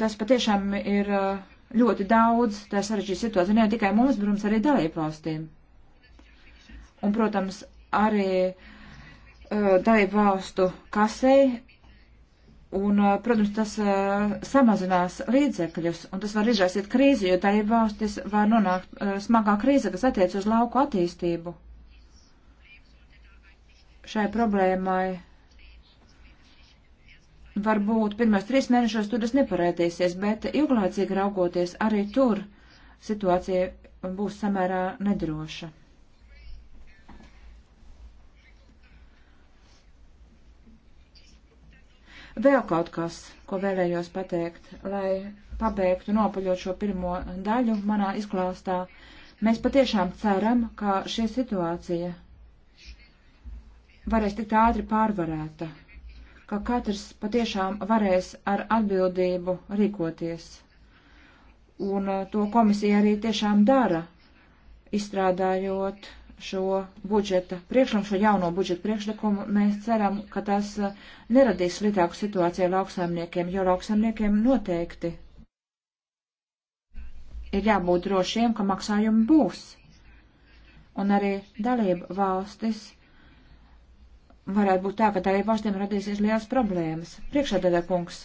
Tas patiešām ir uh, ļoti daudz, tā sarežģīta situācija ne tikai mums, bet mums arī dalībvalstīm. Un, protams, arī uh, dalībvalstu kasei. Un, uh, protams, tas uh, samazinās līdzekļus, un tas var izraisīt krīzi, jo dalībvalstis var nonākt uh, smagā krīze, kas attiec uz lauku attīstību. Šai problēmai varbūt pirmās trīs mēnešos tur tas neparēdīsies, bet ilglaicīgi raugoties arī tur situācija būs samērā nedroša. Vēl kaut kas, ko vēlējos pateikt, lai pabeigtu nopaļot šo pirmo daļu manā izklāstā. Mēs patiešām ceram, ka šī situācija varēs tikt ātri pārvarēta ka katrs patiešām varēs ar atbildību rīkoties. Un uh, to komisija arī tiešām dara, izstrādājot šo budžeta priekšlikumu, šo jauno budžeta priekšlikumu. Mēs ceram, ka tas uh, neradīs sliktāku situāciju lauksaimniekiem, jo lauksaimniekiem noteikti ir jābūt drošiem, ka maksājumi būs. Un arī dalība valstis varētu būt tā, ka tā arī valstīm radīsies liels problēmas. Priekšādēļ kungs.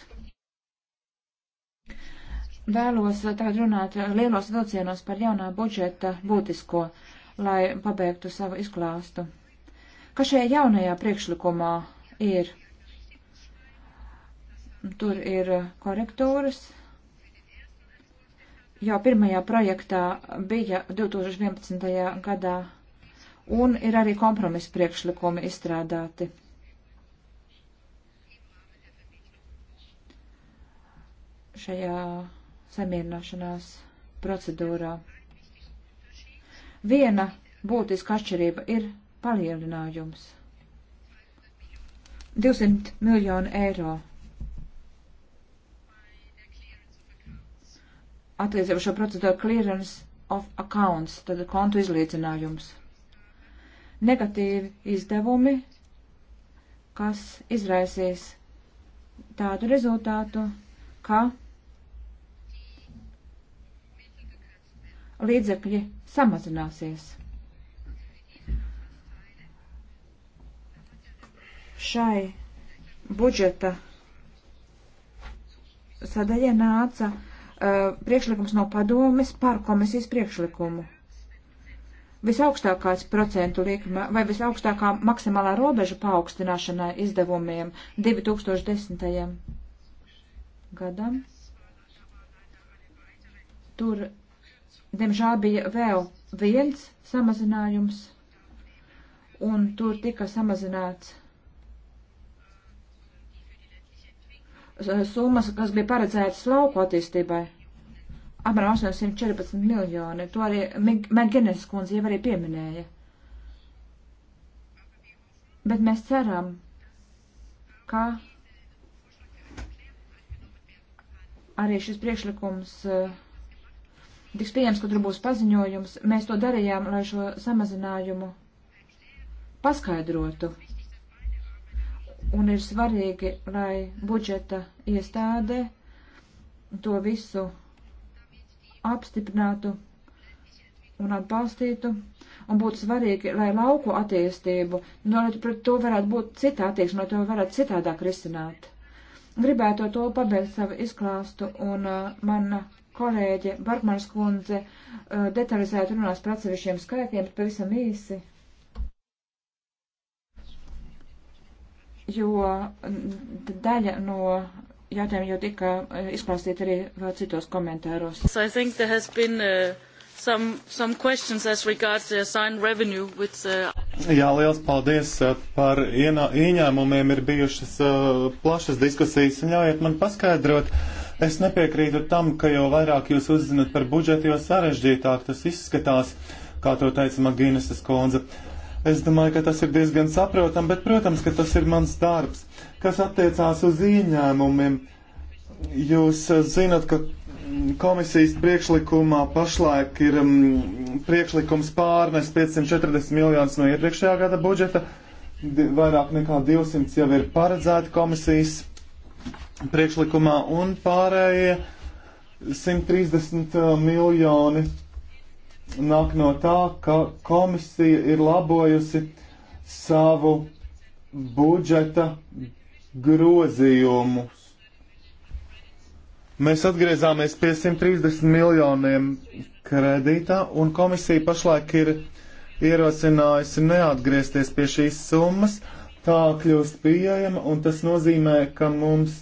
Vēlos tagad runāt lielos vilcienos par jaunā budžeta būtisko, lai pabeigtu savu izklāstu. Kas šajā jaunajā priekšlikumā ir? Tur ir korektūras. Jau pirmajā projektā bija 2011. gadā un ir arī kompromisa priekšlikumi izstrādāti. Šajā samierināšanās procedūrā. Viena būtiska atšķirība ir palielinājums. 200 miljonu eiro. Attiecībā šo procedūru clearance of accounts, tad kontu izlīdzinājums negatīvi izdevumi, kas izraisīs tādu rezultātu, ka līdzekļi samazināsies. Šai budžeta sadaļai nāca uh, priekšlikums no padomes par komisijas priekšlikumu visaugstākās procentu likme vai visaugstākā maksimālā robeža paaugstināšanai izdevumiem 2010. gadam. Tur, diemžēl, bija vēl viens samazinājums, un tur tika samazināts summas, kas bija paredzētas lauku attīstībai apmēram 814 miljoni. To arī Megenes kundze jau arī pieminēja. Bet mēs ceram, ka arī šis priekšlikums eh, tiks pieņems, ka tur būs paziņojums. Mēs to darījām, lai šo samazinājumu paskaidrotu. Un ir svarīgi, lai budžeta iestāde to visu apstiprinātu un atbalstītu, un būtu svarīgi, lai lauku attīstību, no, nu, lai pret to varētu būt cita attieksme, lai to varētu citādāk risināt. Gribētu to pabeigt savu izklāstu, un uh, mana kolēģe Barkmanas kundze uh, detalizēti runās par atsevišķiem skaitļiem, bet pavisam īsi. Jo daļa no jautājumi jau tika eh, izklāstīti arī vēl citos komentāros. So been, uh, some, some regards, uh, revenue, which, uh... Jā, liels paldies eh, par ienā, ieņēmumiem. Ir bijušas uh, plašas diskusijas, un ļaujiet man paskaidrot. Es nepiekrītu tam, ka jo vairāk jūs uzzinat par budžetu, jo sarežģītāk tas izskatās, kā to teica Magīnesas kundze. Es domāju, ka tas ir diezgan saprotam, bet, protams, ka tas ir mans darbs kas attiecās uz ieņēmumiem. Jūs eh, zinat, ka komisijas priekšlikumā pašlaik ir um, priekšlikums pārnest 540 miljonus no iepriekšējā gada budžeta, vairāk nekā 200 jau ir paredzēti komisijas priekšlikumā, un pārējie 130 eh, miljoni nāk no tā, ka komisija ir labojusi savu budžeta grozījumus. Mēs atgriezāmies pie 130 miljoniem kredītā, un komisija pašlaik ir ierosinājusi neatgriezties pie šīs summas. Tā kļūst pieejama, un tas nozīmē, ka mums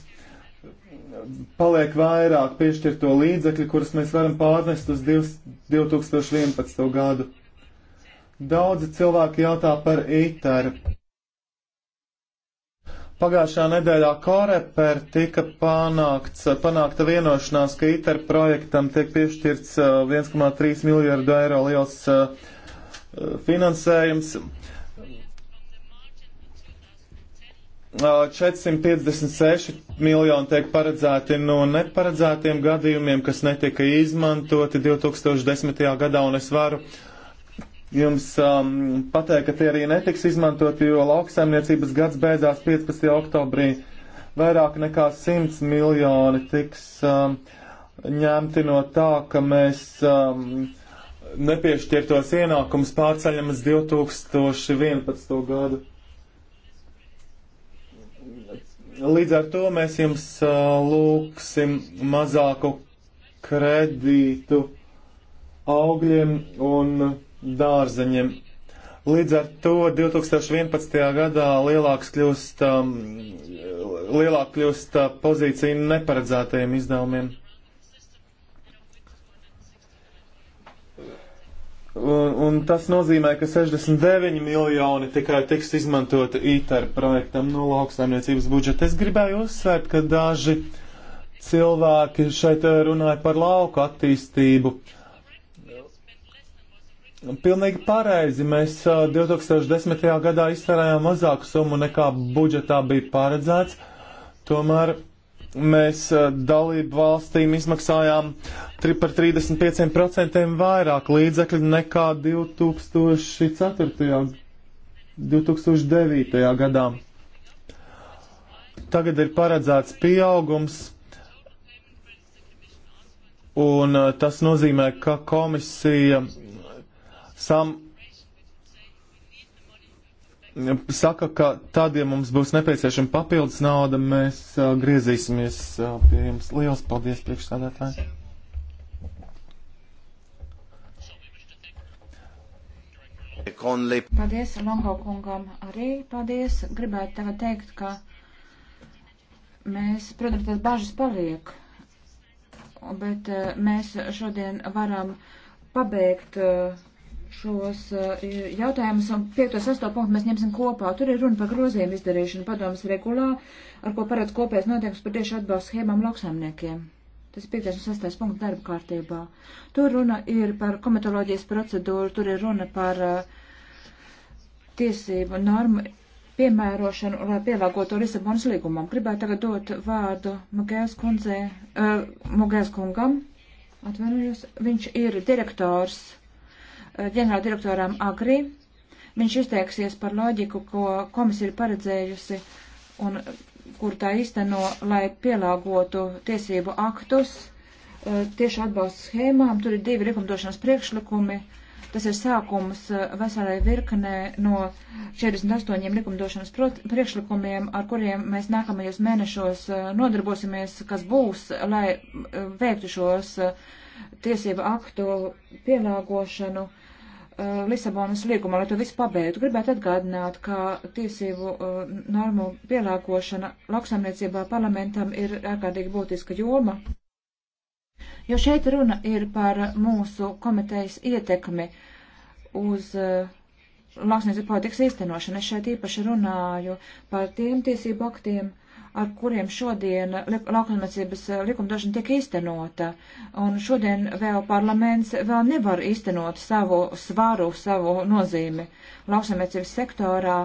paliek vairāk piešķirto līdzekļu, kurus mēs varam pārnest uz 2011. gadu. Daudzi cilvēki jautā par ITER. Pagājušā nedēļā Koreper tika panākts, panākta vienošanās, ka ITER projektam tiek piešķirts 1,3 uh, miljardu eiro liels uh, finansējums. 456 uh, miljoni tiek paredzēti no neparedzētiem gadījumiem, kas netika izmantoti 2010. gadā, un es varu uh, jums um, pateikt, ka tie arī netiks izmantot, jo lauksaimniecības gads beidzās 15. oktobrī. Vairāk nekā 100 miljoni tiks um, ņemti no tā, ka mēs um, nepiešķirtos ienākums pārceļam uz 2011. gadu. Līdz ar to mēs jums uh, lūksim mazāku kredītu augļiem un dārzeņiem. Līdz ar to 2011. gadā lielāks kļūst, um, lielāk kļūst uh, pozīcija neparedzētajiem izdevumiem. Un, un tas nozīmē, ka 69 miljoni tikai tiks izmantoti ITER projektam no lauksaimniecības budžeta. Es gribēju uzsvērt, ka daži cilvēki šeit eh, runāja par lauku attīstību. Uh, Pilnīgi pareizi. Mēs 2010. gadā iztērējām mazāku summu nekā budžetā bija paredzēts. Tomēr mēs dalību valstīm izmaksājām par 35% vairāk līdzekļu nekā 2004. un 2009. gadā. Tagad ir paredzēts pieaugums, un tas nozīmē, ka komisija sam saka, ka tad, ja mums būs nepieciešama papildus nauda, mēs uh, griezīsimies uh, pie jums. Lielas paldies, priekšsādātāji! Paldies Longo kungam arī. Paldies. Gribētu tagad teikt, ka mēs, protams, tas bažas paliek, bet uh, mēs šodien varam pabeigt uh, šos eh, jautājumus, un 5. un 6. punktu mēs ņemsim kopā. Tur ir runa par grozījumu izdarīšanu padomas regulā, ar ko paredz kopējais noteikums par tieši atbalstu schēmām lauksaimniekiem. Tas ir 5. un 6. punkts darba kārtībā. Tur runa ir par komitoloģijas procedūru, tur ir runa par eh, tiesību normu piemērošanu, lai pielāgotu Lisabonas līgumam. Gribētu tagad dot vārdu Mugēs kundzē, uh, eh, Mugēs kungam. Atvainojos, viņš ir direktors ģenerāldirektoram Agri. Viņš izteiksies par loģiku, ko komisija ir paredzējusi un kur tā īsteno, lai pielāgotu tiesību aktus eh, tieši atbalsta schēmām. Tur ir divi likumdošanas priekšlikumi. Tas ir sākums eh, veselai virknē no 48 likumdošanas priekšlikumiem, ar kuriem mēs nākamajos mēnešos eh, nodarbosimies, kas būs, lai veiktu šos tiesību aktu pielāgošanu. Uh, Uh, Lisabonas līguma, lai to visu pabeigtu, gribētu atgādināt, ka tiesību uh, normu pielāgošana lauksaimniecībā parlamentam ir ārkārtīgi būtiska joma, jo šeit runa ir par mūsu komitejas ietekmi uz uh, lauksaimniecības politikas īstenošanu. Es šeit īpaši runāju par tiem tiesību aktiem, uh, ar kuriem šodien lauksaimniecības eh, likumdošana tiek īstenota. Un šodien vēl parlaments vēl nevar īstenot savu svaru, savu nozīmi. Lauksaimniecības sektorā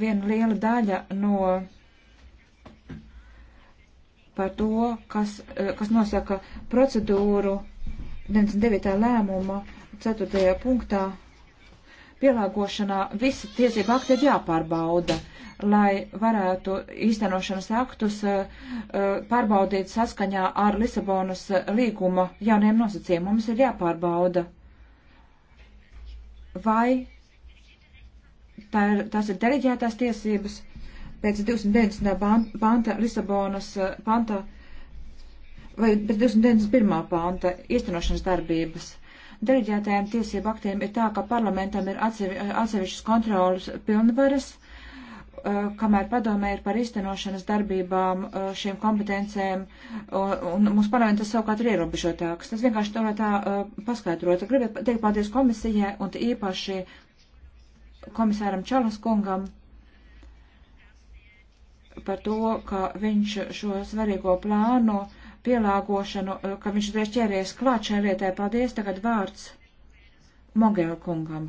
viena liela daļa no par to, kas, eh, kas nosaka procedūru 99. lēmuma 4. punktā pielāgošanā visi tiesība akti ir jāpārbauda, lai varētu īstenošanas aktus uh, uh, pārbaudīt saskaņā ar Lisabonas līguma jauniem nosacījumiem. Mums ir jāpārbauda, vai tā ir, tās ir deleģētās tiesības pēc 290. panta Lisabonas uh, panta vai pēc 291. panta īstenošanas darbības deleģētajiem tiesību aktiem ir tā, ka parlamentam ir atsevišķas kontrolas pilnvaras, kamēr padomē ir par iztenošanas darbībām šiem kompetencēm, un mums parlamentam savukārt ir ierobežotāks. Tas vienkārši tā, tā paskaidrot. Gribētu teikt paldies komisijai un īpaši komisāram Čalas kungam par to, ka viņš šo svarīgo plānu uh, pielāgošanu, eh, ka viņš reiz ķēries klāt šai lietai. Paldies, tagad vārds Mogēla kungam.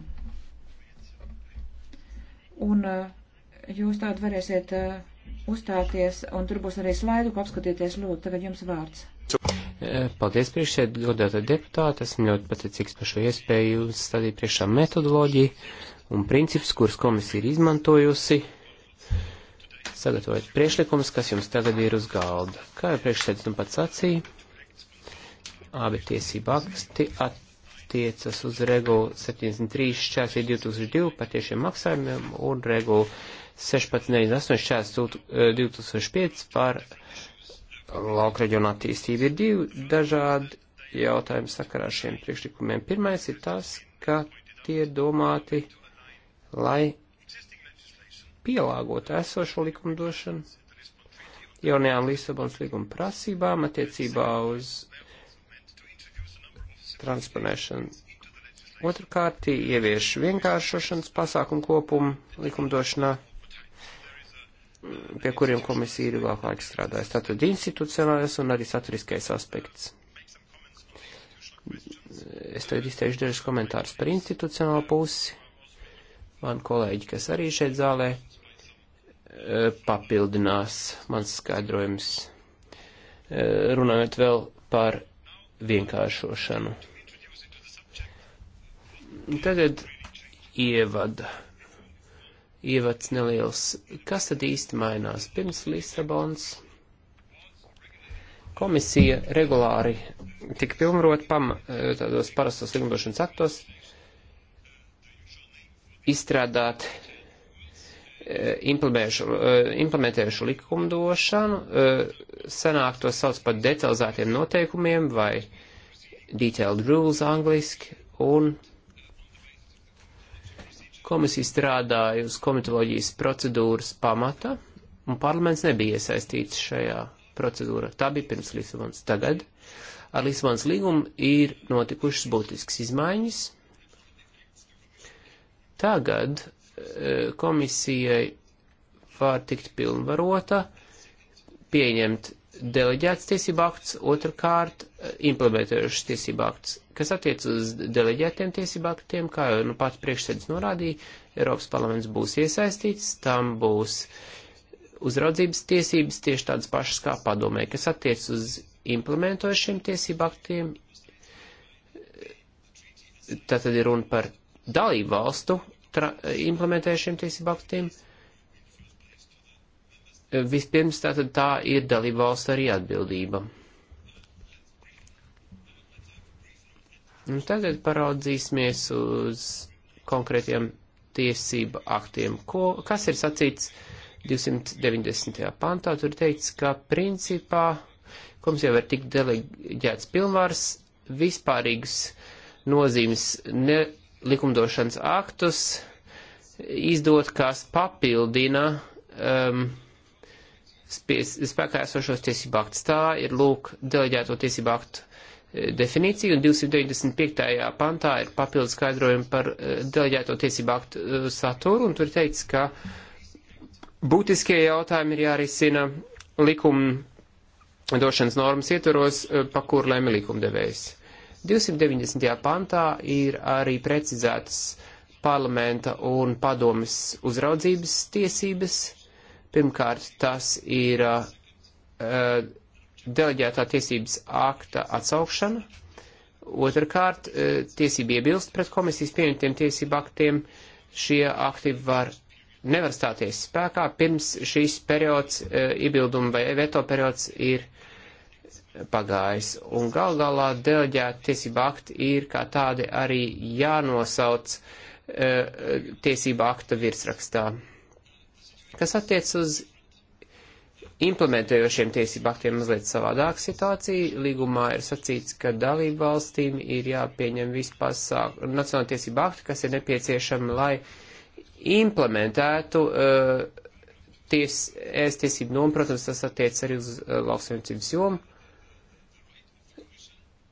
Un eh, jūs tādu varēsiet eh, uzstāties, un tur būs arī slaidu, ko apskatīties lūdzu. Tagad jums vārds. Paldies priekšsēd, godātā deputāta, esmu ļoti pateicīgs par šo iespēju stādīt priekšā metodoloģiju un principus, kurus komisija ir izmantojusi sagatavojat priešlikumus, kas jums tagad ir uz galda. Kā jau priekšsēdus un nu pats sacīja, abi tiesība akti attiecas uz regulu 73.4.2002 par tiešiem maksājumiem un regulu 16.8.2005 par lauka reģionu attīstību. Ir divi dažādi jautājumi sakarā šiem priekšlikumiem. Pirmais ir tas, ka tie domāti, lai pielāgot esošo likumdošanu jaunajām Lisabonas līguma prasībām attiecībā uz transponēšanu. Otrkārt, ievieš vienkāršošanas pasākumu kopumu likumdošanā, pie kuriem komisija ir ilgāk laika strādājusi. Tātad institucionālais un arī saturiskais aspekts. Es tagad izteikšu dažus komentārus par institucionālo pusi. Man kolēģi, kas arī šeit zālē Eh, papildinās mans skaidrojums. Eh, runājot vēl par vienkāršošanu. Tagad ievada. Ievads neliels. Kas tad īsti mainās pirms Lisabons? Komisija regulāri tika pilnvarot pam, eh, tādos parastos likumdošanas aktos, izstrādāt Eh, implementējuši eh, likumdošanu, eh, senāk to sauc par detalizētiem noteikumiem vai detailed rules angliski, un komisija strādāja uz komitoloģijas procedūras pamata, un parlaments nebija iesaistīts šajā procedūrā. Tā bija pirms Lisabonas. Tagad ar Lisabonas līgumu ir notikušas būtiskas izmaiņas. Tagad E, komisijai var tikt pilnvarota pieņemt deleģēts tiesību akts, otrkārt e, implementējušas tiesību akts. Kas attiec uz deleģētiem tiesību aktiem, kā jau nu pats priekšsēdus norādīja, Eiropas parlaments būs iesaistīts, tam būs uzraudzības tiesības tieši tādas pašas kā padomē. Kas attiec uz implementojušiem tiesību aktiem, e, tad ir runa par dalību valstu implementē šiem tiesību aktiem. Vispirms tātad tā ir dalība valsts arī atbildība. Un tagad paraudzīsimies uz konkrētiem tiesību aktiem. Ko, kas ir sacīts 290. pantā? Tur teikts, ka principā komisija var tikt deleģēts pilnvars vispārīgas nozīmes ne, likumdošanas aktus izdot, kas papildina um, spēkā esošos tiesību aktus. Tā ir lūk deleģēto tiesību aktu e, definīcija, un 295. pantā ir papildu skaidrojumi par e, deleģēto tiesību aktu e, saturu, un tur teica, ka būtiskie jautājumi ir jārisina likuma došanas normas ietvaros, pa kur lēma likumdevējs. 290. pantā ir arī precizētas parlamenta un padomis uzraudzības tiesības. Pirmkārt, tas ir uh, deleģētā tiesības akta atsaukšana. Otrakārt, uh, eh, tiesība iebilst pret komisijas pieņemtiem tiesību aktiem. Šie akti var nevar stāties spēkā, pirms šīs periods, uh, iebilduma vai veto periods ir pagājis. Un gal galā deleģēta tiesība akti ir kā tādi arī jānosauc uh, tiesība akta virsrakstā. Kas attiec uz implementējošiem tiesību aktiem mazliet savādāka situācija. Līgumā ir sacīts, ka dalību valstīm ir jāpieņem vispasāk nacionāla tiesība akti, kas ir nepieciešami, lai implementētu uh, ties, ēst tiesību nomu. Protams, tas attiec arī uz uh, lauksaimniecības jomu.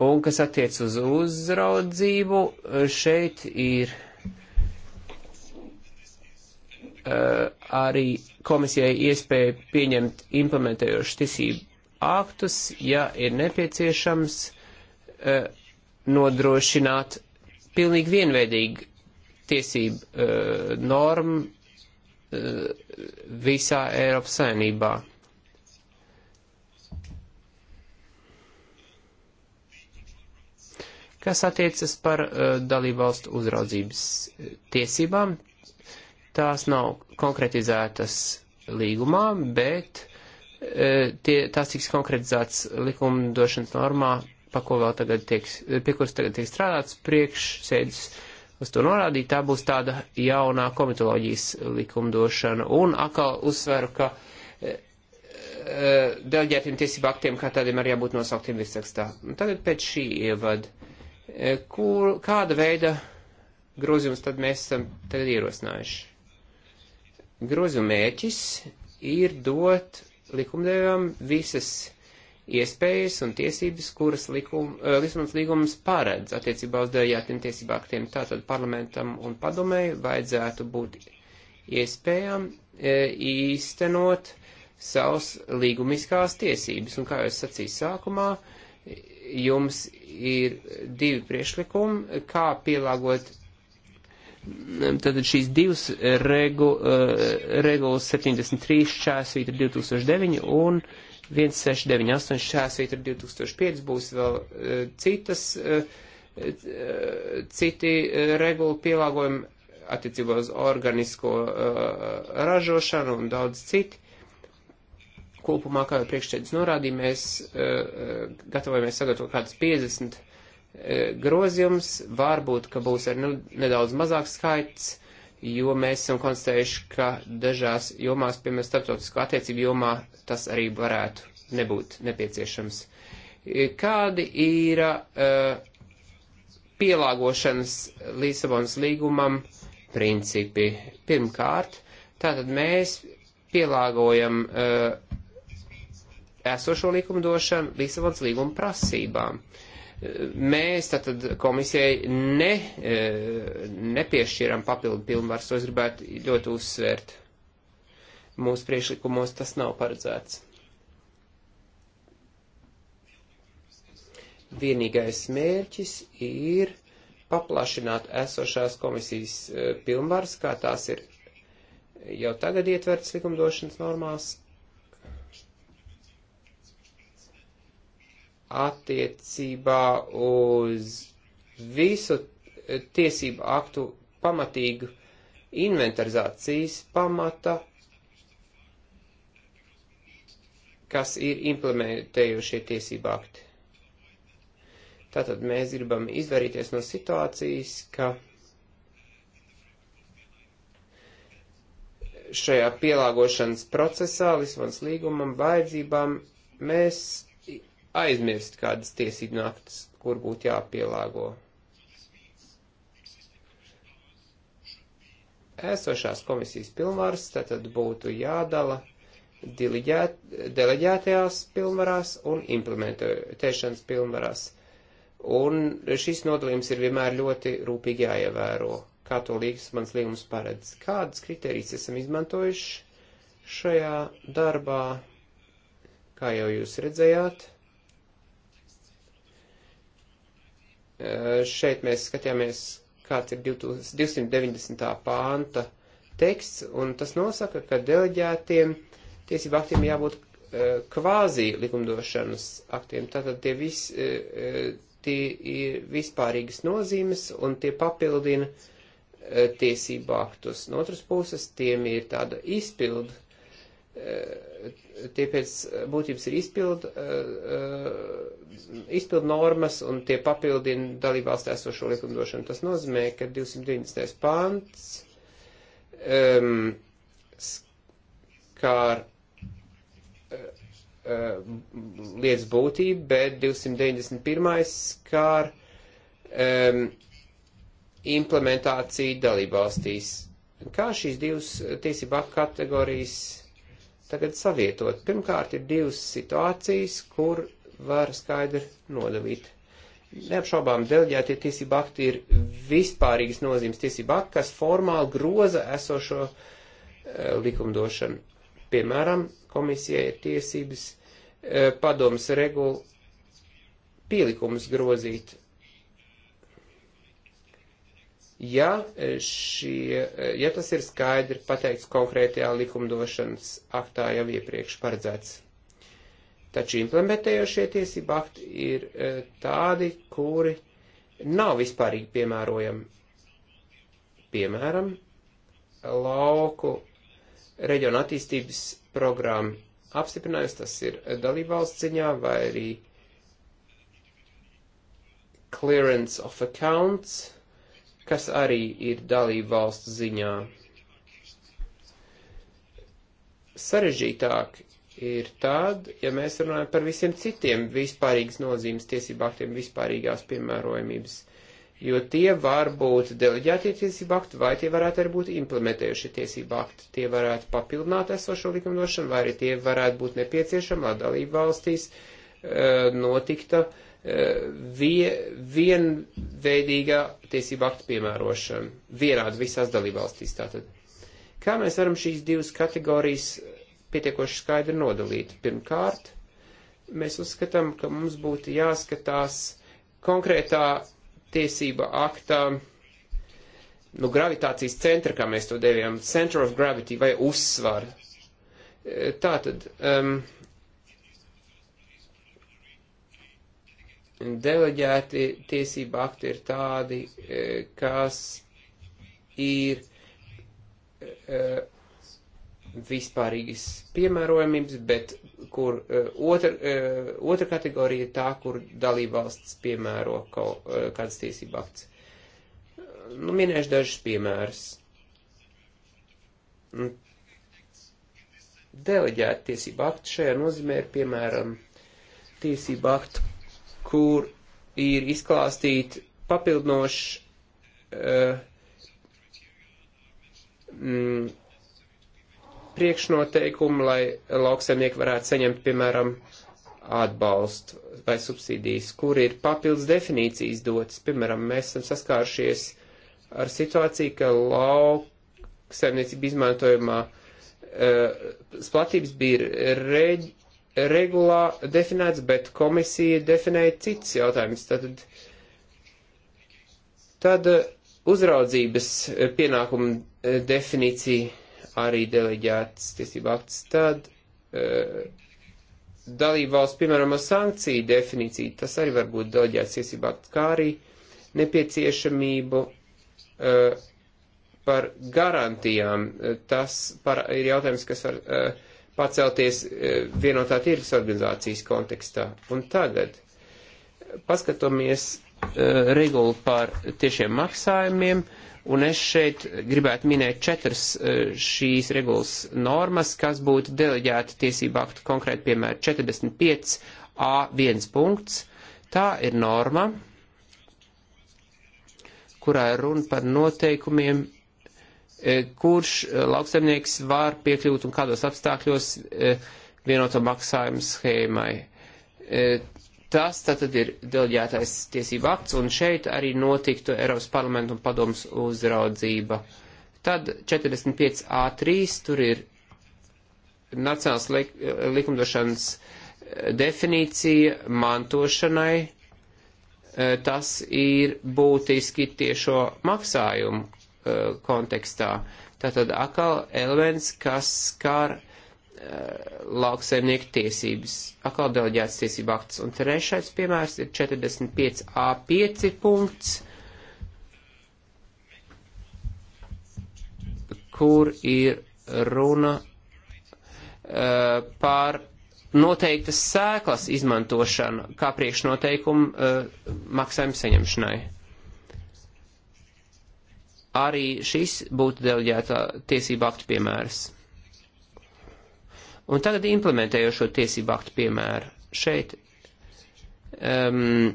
Un kas attiec uz uzraudzību, šeit ir uh, arī komisijai iespēja pieņemt implementējošu tisību aktus, ja ir nepieciešams uh, nodrošināt pilnīgi vienveidīgu tiesību uh, normu uh, visā Eiropas saimnībā. Kas attiecas par uh, dalībvalstu uzraudzības uh, tiesībām, tās nav konkretizētas līgumā, bet uh, tie, tās tiks konkretizētas likumdošanas normā, pa ko vēl tagad tiek, uh, pie kuras tagad tiek strādāts priekšsēdus. Uz to norādīt, tā būs tāda jaunā komitoloģijas likumdošana. Un atkal uzsveru, ka uh, uh deleģētiem tiesību aktiem kā tādiem arī jābūt nosauktiem virsrakstā. Tagad pēc šī ievada E, kur, kāda veida grozījums tad mēs esam tagad ierosinājuši? Grozījuma mērķis ir dot likumdevējām visas iespējas un tiesības, kuras e, Lisabonas līgums paredz attiecībā uz dējātiem tiesību aktiem. Tātad parlamentam un padomēji vajadzētu būt iespējām e, īstenot savus līgumiskās tiesības. Un kā jau es sacīju sākumā, uh, jums ir divi priešlikumi, kā pielāgot tātad mm, šīs divas regu, eh, regulas 73 šķērsvītra 2009 un 1698 šķērsvītra 2005 būs vēl eh, citas, eh, citi regulu pielāgojumi attiecībā uz organisko ražošanu un daudz citu Kopumā, kā jau priekšsēdus norādīja, mēs uh, gatavojamies sagatavot kādus 50 uh, grozījums, varbūt, ka būs ar nu, nedaudz mazāks skaits, jo mēs esam konstatējuši, ka dažās jomās, piemēram, starptautiskā attiecību jomā, tas arī varētu nebūt nepieciešams. Eh, kādi ir uh, pielāgošanas Līsabonas līgumam principi? Pirmkārt, tātad mēs pielāgojam uh, esošo likumdošanu Lisabons līguma prasībām. Mēs tātad komisijai ne, e, nepiešķiram papildu pilnvaru, to es gribētu ļoti uzsvērt. Mūsu priekšlikumos tas nav paredzēts. Vienīgais mērķis ir paplašināt esošās komisijas e, pilnvaras, kā tās ir jau tagad ietverts likumdošanas normās, attiecībā uz visu tiesību aktu pamatīgu inventarizācijas pamata, kas ir implementējošie tiesību akti. Tātad mēs gribam izvairīties no situācijas, ka šajā pielāgošanas procesā Lisbonas līgumam vajadzībām mēs aizmirst kādas tiesību naktas, kur būtu jāpielāgo. Esošās komisijas pilnvaras tātad būtu jādala diliģēt, deleģētajās pilnvarās un implementēšanas pilnvarās. Un šis nodalījums ir vienmēr ļoti rūpīgi jāievēro, kā to līgas mans līgums paredz. Kādas kriterijas esam izmantojuši šajā darbā, kā jau jūs redzējāt? Eh, šeit mēs skatījāmies, kāds ir 290. pānta teksts, un tas nosaka, ka deleģētiem tiesību aktiem jābūt eh, kvāzī likumdošanas aktiem. Tātad tie, vis, eh, tie ir vispārīgas nozīmes, un tie papildina tiesību aktus. No otras puses, tiem ir tāda izpildu tie pēc būtības ir izpildu, eh, izpildu normas un tie papildina dalībvalstī esošo likumdošanu. Tas nozīmē, ka 219. pants um, skār eh, eh, lietas būtību, bet 291. skār um, implementāciju dalībvalstīs. Kā šīs divas tiesību kategorijas tagad savietot. Pirmkārt, ir divas situācijas, kur var skaidri nodalīt. Neapšaubām deleģētie tiesību akti ir vispārīgas nozīmes tiesību akti, kas formāli groza esošo uh, likumdošanu. Piemēram, komisijai ir tiesības uh, padomas regulu pielikumus grozīt ja, e, šie, e, ja tas ir skaidri pateikts konkrētajā likumdošanas aktā jau iepriekš paredzēts. Taču implementējošie tiesību akti ir e, tādi, kuri nav vispārīgi piemērojami. Piemēram, lauku reģionu attīstības programmu apstiprinājums, tas ir dalībvalsts ziņā vai arī clearance of accounts kas arī ir dalība valsts ziņā. Sarežģītāk ir tad, ja mēs runājam par visiem citiem vispārīgas nozīmes tiesību aktiem, vispārīgās piemērojumības, jo tie var būt deleģētie tiesību akti, vai tie varētu arī būt implementējušie tiesību akti. Tie varētu papildināt esošo likumdošanu, vai arī tie varētu būt nepieciešami, lai dalību valstīs uh, notikta uh, Eh, vie, vienveidīgā tiesība akta piemērošana, vienāda visās dalībvalstīs tātad. Kā mēs varam šīs divas kategorijas pietiekoši skaidri nodalīt? Pirmkārt, mēs uzskatām, ka mums būtu jāskatās konkrētā tiesība aktā, nu, gravitācijas centra, kā mēs to devām, center of gravity vai uzsvar. Eh, tātad, um, Deleģēti tiesība akti ir tādi, e, kas ir e, vispārīgas piemērojamības, bet kur e, otra, otra kategorija ir tā, kur dalībvalsts piemēro kaut kādas tiesība akts. Nu, minēšu dažus piemērus nu, deleģēta tiesība akta šajā nozīmē ir, piemēram, tiesība aktu kur ir izklāstīti papildinoši uh, eh, mm, priekšnoteikumi, lai lauksaimnieki varētu saņemt, piemēram, atbalstu vai subsīdijas, kur ir papildus definīcijas dotas. Piemēram, mēs esam saskāršies ar situāciju, ka lauksaimniecība izmantojumā uh, eh, platības bija reģi regulā definēts, bet komisija definēja cits jautājums. Tad, tad eh, uzraudzības eh, pienākuma eh, definīcija arī deleģēts tiesība akts. Tad dalība valsts, piemēram, sankciju definīcija, tas arī var būt deleģēts tiesība akts, kā arī nepieciešamību par garantijām. Tas par, ir jautājums, kas var. Uh, pacelties e, vienotā tirgus organizācijas kontekstā. Un tagad paskatomies e, regulu par tiešiem maksājumiem, un es šeit gribētu minēt četras e, šīs regulas normas, kas būtu deleģēta tiesību aktu konkrēti, piemēram, 45 A1 punkts. Tā ir norma, kurā ir runa par noteikumiem E, kurš e, lauksaimnieks var piekļūt un kādos apstākļos e, vienoto maksājumu schēmai. Tas tātad ir delģētais tiesība akts, un šeit arī notiktu Eiropas parlamentu un padomus uzraudzība. Tad 45A3, tur ir nacionāls lik likumdošanas definīcija mantošanai, tas ir būtiski tiešo maksājumu Uh, kontekstā. Tātad atkal elements, kas skar uh, lauksaimnieku tiesības, atkal deleģētas tiesība akts. Un trešais piemērs ir 45A5 punkts, kur ir runa uh, par noteiktas sēklas izmantošanu kā priekšnoteikumu uh, maksājumu saņemšanai arī šis būtu deleģētā tiesība aktu piemērs. Un tagad implementējošo tiesību aktu piemēru. Šeit um,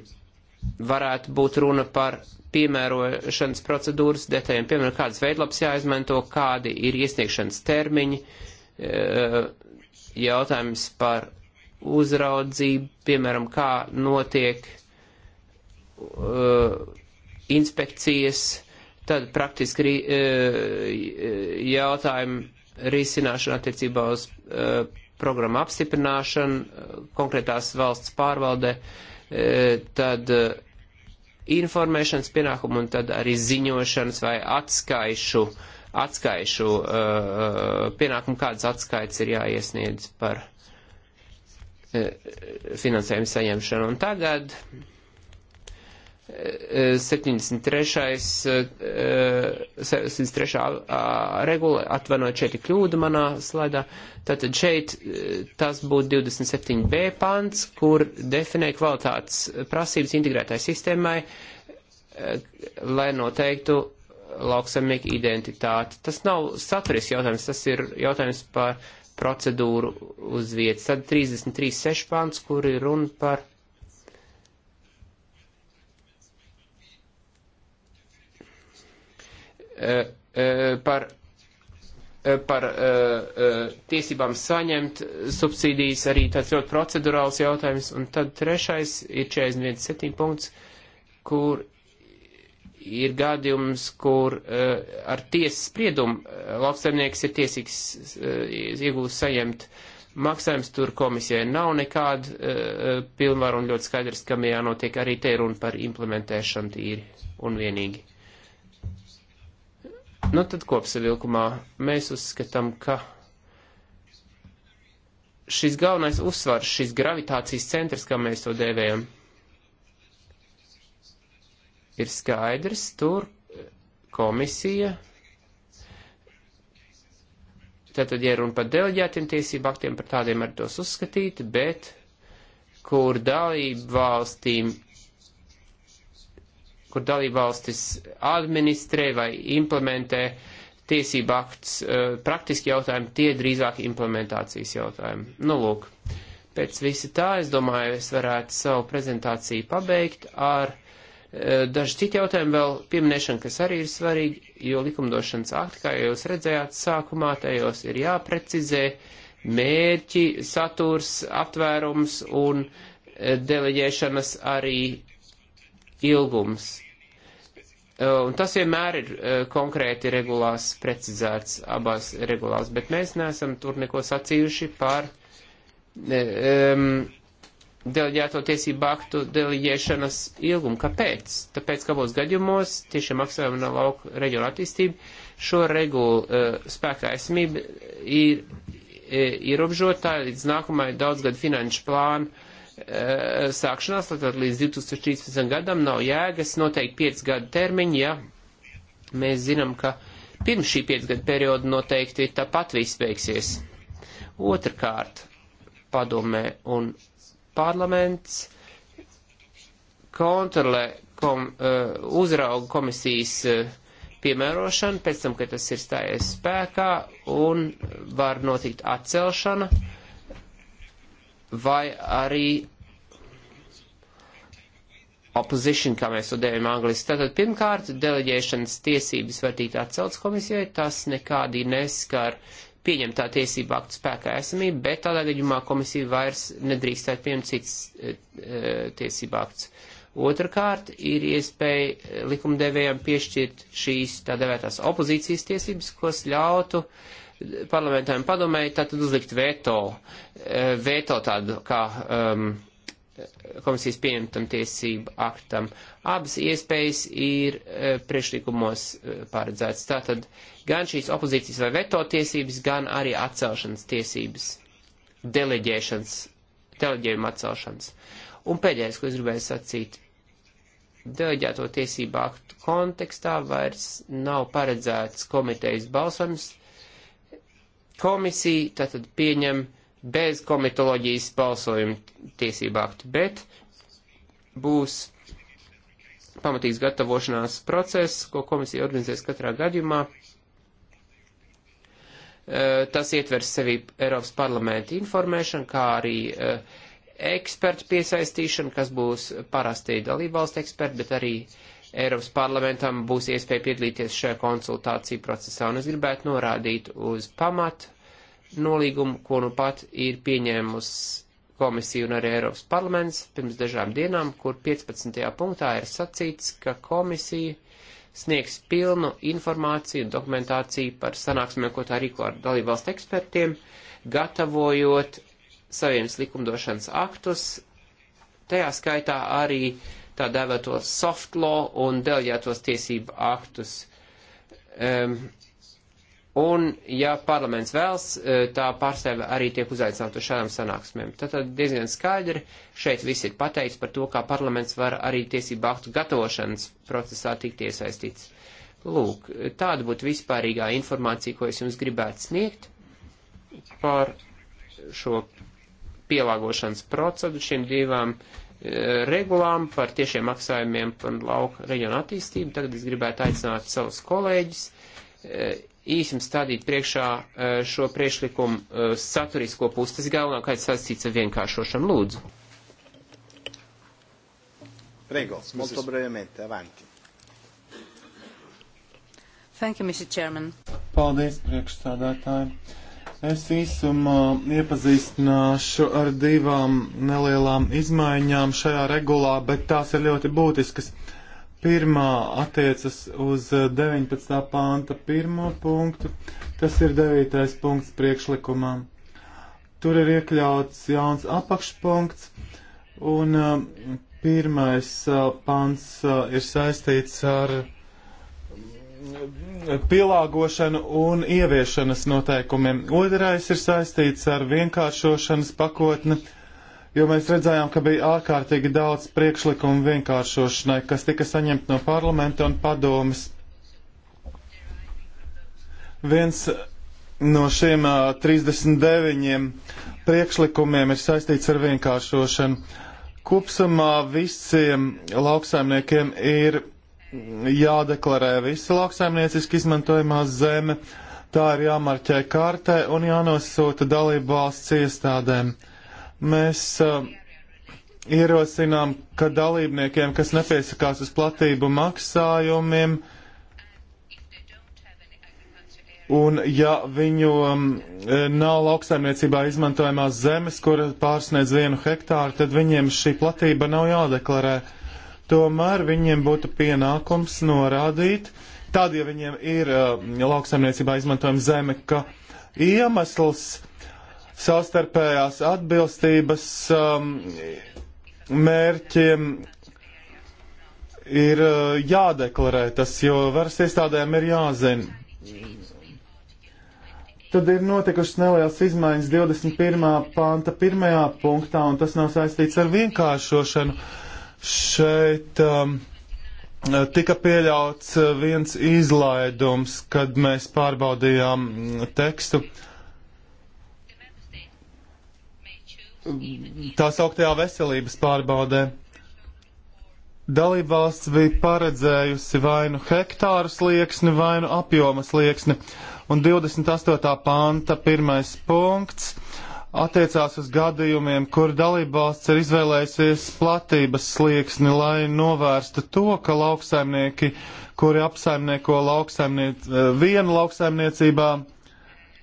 varētu būt runa par piemērošanas procedūras detaļām, piemēram, kādas veidlaps jāizmanto, kādi ir iesniegšanas termiņi, uh, jautājums par uzraudzību, piemēram, kā notiek uh, inspekcijas, Tad praktiski rī, e, e, jautājumu risināšana attiecībā uz e, programmu apstiprināšanu konkrētās valsts pārvalde, tad informēšanas pienākumu un tad arī ziņošanas vai atskaišu, atskaišu pienākumu, kādas atskaits ir jāiesniedz par finansējumu saņemšanu. Un tagad 73. 73. Eh, regula, atvainojot šeit ir kļūda manā slaidā. Tātad šeit eh, tas būtu 27b pants, kur definē kvalitātes prasības integrētai sistēmai, eh, lai noteiktu lauksamnieku identitāti. Tas nav saturis jautājums, tas ir jautājums par procedūru uz vietas. Tad 33.6 pants, kur ir runa par E, e, par e, par tiesībām saņemt subsīdijas, arī tāds ļoti procedurāls jautājums. Un tad trešais ir 41.7 punkts, kur ir gadījums, kur uh, ar tiesas spriedumu uh, lauksaimnieks ir tiesīgs uh, iegūst saņemt maksājums, tur komisijai nav nekāda uh, pilnvaru un ļoti skaidrs, kam jānotiek arī te runa par implementēšanu tīri un vienīgi. Nu tad kopsavilkumā mēs uzskatām, ka šis galvenais uzsvars, šis gravitācijas centrs, kā mēs to dēvējam, ir skaidrs, tur komisija. Tātad, ja runa par deleģētiem tiesību aktiem, par tādiem arī tos uzskatīt, bet kur dalību valstīm kur dalībvalstis administrē vai implementē tiesību akts, eh, praktiski jautājumi, tie drīzāk implementācijas jautājumi. Nu, lūk, pēc visa tā, es domāju, es varētu savu prezentāciju pabeigt ar eh, daži citi jautājumi vēl pieminēšana, kas arī ir svarīgi, jo likumdošanas akti, kā jūs redzējāt sākumā, tajos ir jāprecizē mērķi, saturs, aptvērums un eh, deleģēšanas arī ilgums. Uh, un tas vienmēr ir uh, konkrēti regulās precizēts abās regulās, bet mēs neesam tur neko sacījuši par um, deleģēto tiesību aktu deleģēšanas ilgumu. Kāpēc? Tāpēc, ka būs gadījumos tiešām maksājumi no lauka reģiona attīstību šo regulu uh, spēkā esamība ir uh, ierobežotā līdz nākamai daudzgadu finanšu plānu Eh, sākšanās, tātad līdz 2013. gadam nav jēgas noteikti 5 gadu termiņi, ja mēs zinām, ka pirms šī 5 gadu perioda noteikti tāpat viss beigsies. Otrakārt, padomē un parlaments kontrolē kom, uh, uzrauga komisijas uh, piemērošanu pēc tam, kad tas ir stājies spēkā un var notikt atcelšana. Uh, vai arī opposition, kā mēs to devām angliski. Tātad, pirmkārt, deleģēšanas tiesības var tikt atcelts komisijai, tas nekādī neskar pieņemtā tiesība aktu spēkā esamību, bet tādā gadījumā komisija vairs nedrīkstētu pieņemt cits e, eh, eh, tiesība akts. Otrakārt, ir iespēja eh, likumdevējiem piešķirt šīs tā devētās opozīcijas tiesības, kas ļautu uh, parlamentam padomēji tātad uzlikt veto, e, veto tādu kā um, komisijas pieņemtam tiesību aktam. Abas iespējas ir uh, priekšlikumos uh, e, paredzētas. Tātad gan šīs opozīcijas vai veto tiesības, gan arī atcelšanas tiesības, deleģēšanas, deleģējuma atcelšanas. Un pēdējais, ko es gribēju sacīt, deleģēto tiesību aktu kontekstā vairs nav paredzēts komitejas balsojums, uh, Komisija tātad pieņem bez komitoloģijas balsojuma tiesību aktu, bet būs pamatīgs gatavošanās process, ko komisija organizēs katrā gadījumā. E, tas ietvers sevi Eiropas parlamenta informēšanu, kā arī e, ekspertu piesaistīšanu, kas būs parasti dalībvalstu eksperti, bet arī uh, Eiropas parlamentam būs iespēja piedalīties šajā konsultāciju procesā, un es gribētu norādīt uz pamatu nolīgumu, ko nu pat ir pieņēmus komisija un arī Eiropas parlaments pirms dažām dienām, kur 15. punktā ir sacīts, ka komisija sniegs pilnu informāciju un dokumentāciju par sanāksmēm, ko tā rīko ar dalībvalstu ekspertiem, gatavojot saviem likumdošanas aktus, tajā skaitā arī tā dēvēto soft law un delģētos tiesību aktus. Um, un, ja parlaments vēls, e, tā pārstāve arī tiek uzaicināta uz šādām sanāksmēm. Tātad diezgan skaidri šeit viss ir pateikts par to, kā parlaments var arī tiesību aktu gatavošanas procesā tikt iesaistīts. Lūk, tāda būtu vispārīgā informācija, ko es jums gribētu sniegt par šo pielāgošanas procedūru šiem divām uh, Eh, regulām, par tiešiem maksājumiem par lauka reģionu attīstību. Tagad es gribētu aicināt savus kolēģus eh, īsim stādīt priekšā eh, šo priekšlikumu saturisko pusi. Tas galvenokārt saistīts ar vienkāršošanu lūdzu. Prego, molto brevemente, avanti. Thank you, Mr. Chairman. Paldies, priekšstādātāji. Es īsumā iepazīstināšu ar divām nelielām izmaiņām šajā regulā, bet tās ir ļoti būtiskas. Pirmā attiecas uz 19. pānta pirmo punktu, tas ir 9. punkts priekšlikumā. Tur ir iekļauts jauns apakšpunkts, un uh, pirmais uh, pāns uh, ir saistīts ar pielāgošanu un ieviešanas noteikumiem. Otrais ir saistīts ar vienkāršošanas pakotni, jo mēs redzējām, ka bija ārkārtīgi daudz priekšlikumu vienkāršošanai, kas tika saņemt no parlamenta un padomas. Viens no šiem uh, 39 priekšlikumiem ir saistīts ar vienkāršošanu. Kopsumā visiem lauksaimniekiem ir jādeklarē visa lauksaimnieciski izmantojamā zeme, tā ir jāmarķē kartē un jānosūta dalību valsts iestādēm. Mēs uh, ierosinām, ka dalībniekiem, kas nepiesakās uz platību maksājumiem, Un ja viņu um, nav lauksaimniecībā izmantojamās zemes, kur pārsniedz vienu hektāru, tad viņiem šī platība nav jādeklarē. Uh, tomēr viņiem būtu pienākums norādīt, tad, ja viņiem ir uh, lauksaimniecībā izmantojama zeme, ka iemesls savstarpējās atbilstības um, mērķiem ir uh, jādeklarē tas, jo varas iestādēm ir jāzina. Tad ir notikušas nelielas izmaiņas 21. panta pirmajā punktā, un tas nav saistīts ar vienkāršošanu. Uh, Šeit um, tika pieļauts uh, viens izlaidums, kad mēs pārbaudījām mm, tekstu. Tā sauktajā veselības pārbaudē. Dalībvalsts bija paredzējusi vainu hektāru slieksni, vainu apjoma slieksni, un 28. panta pirmais punkts attiecās uz gadījumiem, kur dalībvalsts ir izvēlējusies platības slieksni, lai novērstu to, ka lauksaimnieki, kuri apsaimnieko lauksaimniec eh, vienu lauksaimniecībā,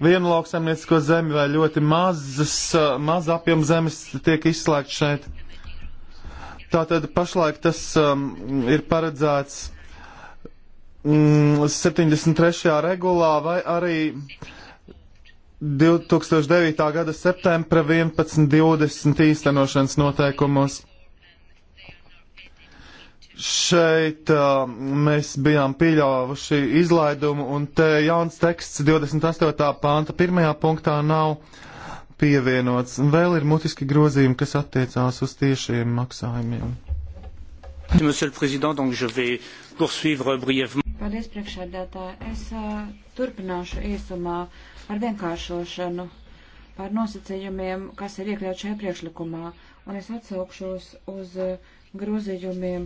vienu lauksaimniecisko zemi vai ļoti mazas, eh, maz apjom zemes tiek izslēgts šeit. Tātad pašlaik tas um, ir paredzēts mm, 73. regulā vai arī uh, 2009. gada septembra 11.20 īstenošanas noteikumos. Šeit uh, mēs bijām pieļāvuši izlaidumu, un te jauns teksts 28. pānta pirmajā punktā nav pievienots. Vēl ir mutiski grozījumi, kas attiecās uz tiešiem maksājumiem. Paldies, priekšādātā. Es uh, turpināšu īsumā. Uh, par vienkāršošanu, par nosacījumiem, kas ir iekļauts šajā priekšlikumā, un es atsaukšos uz grozījumiem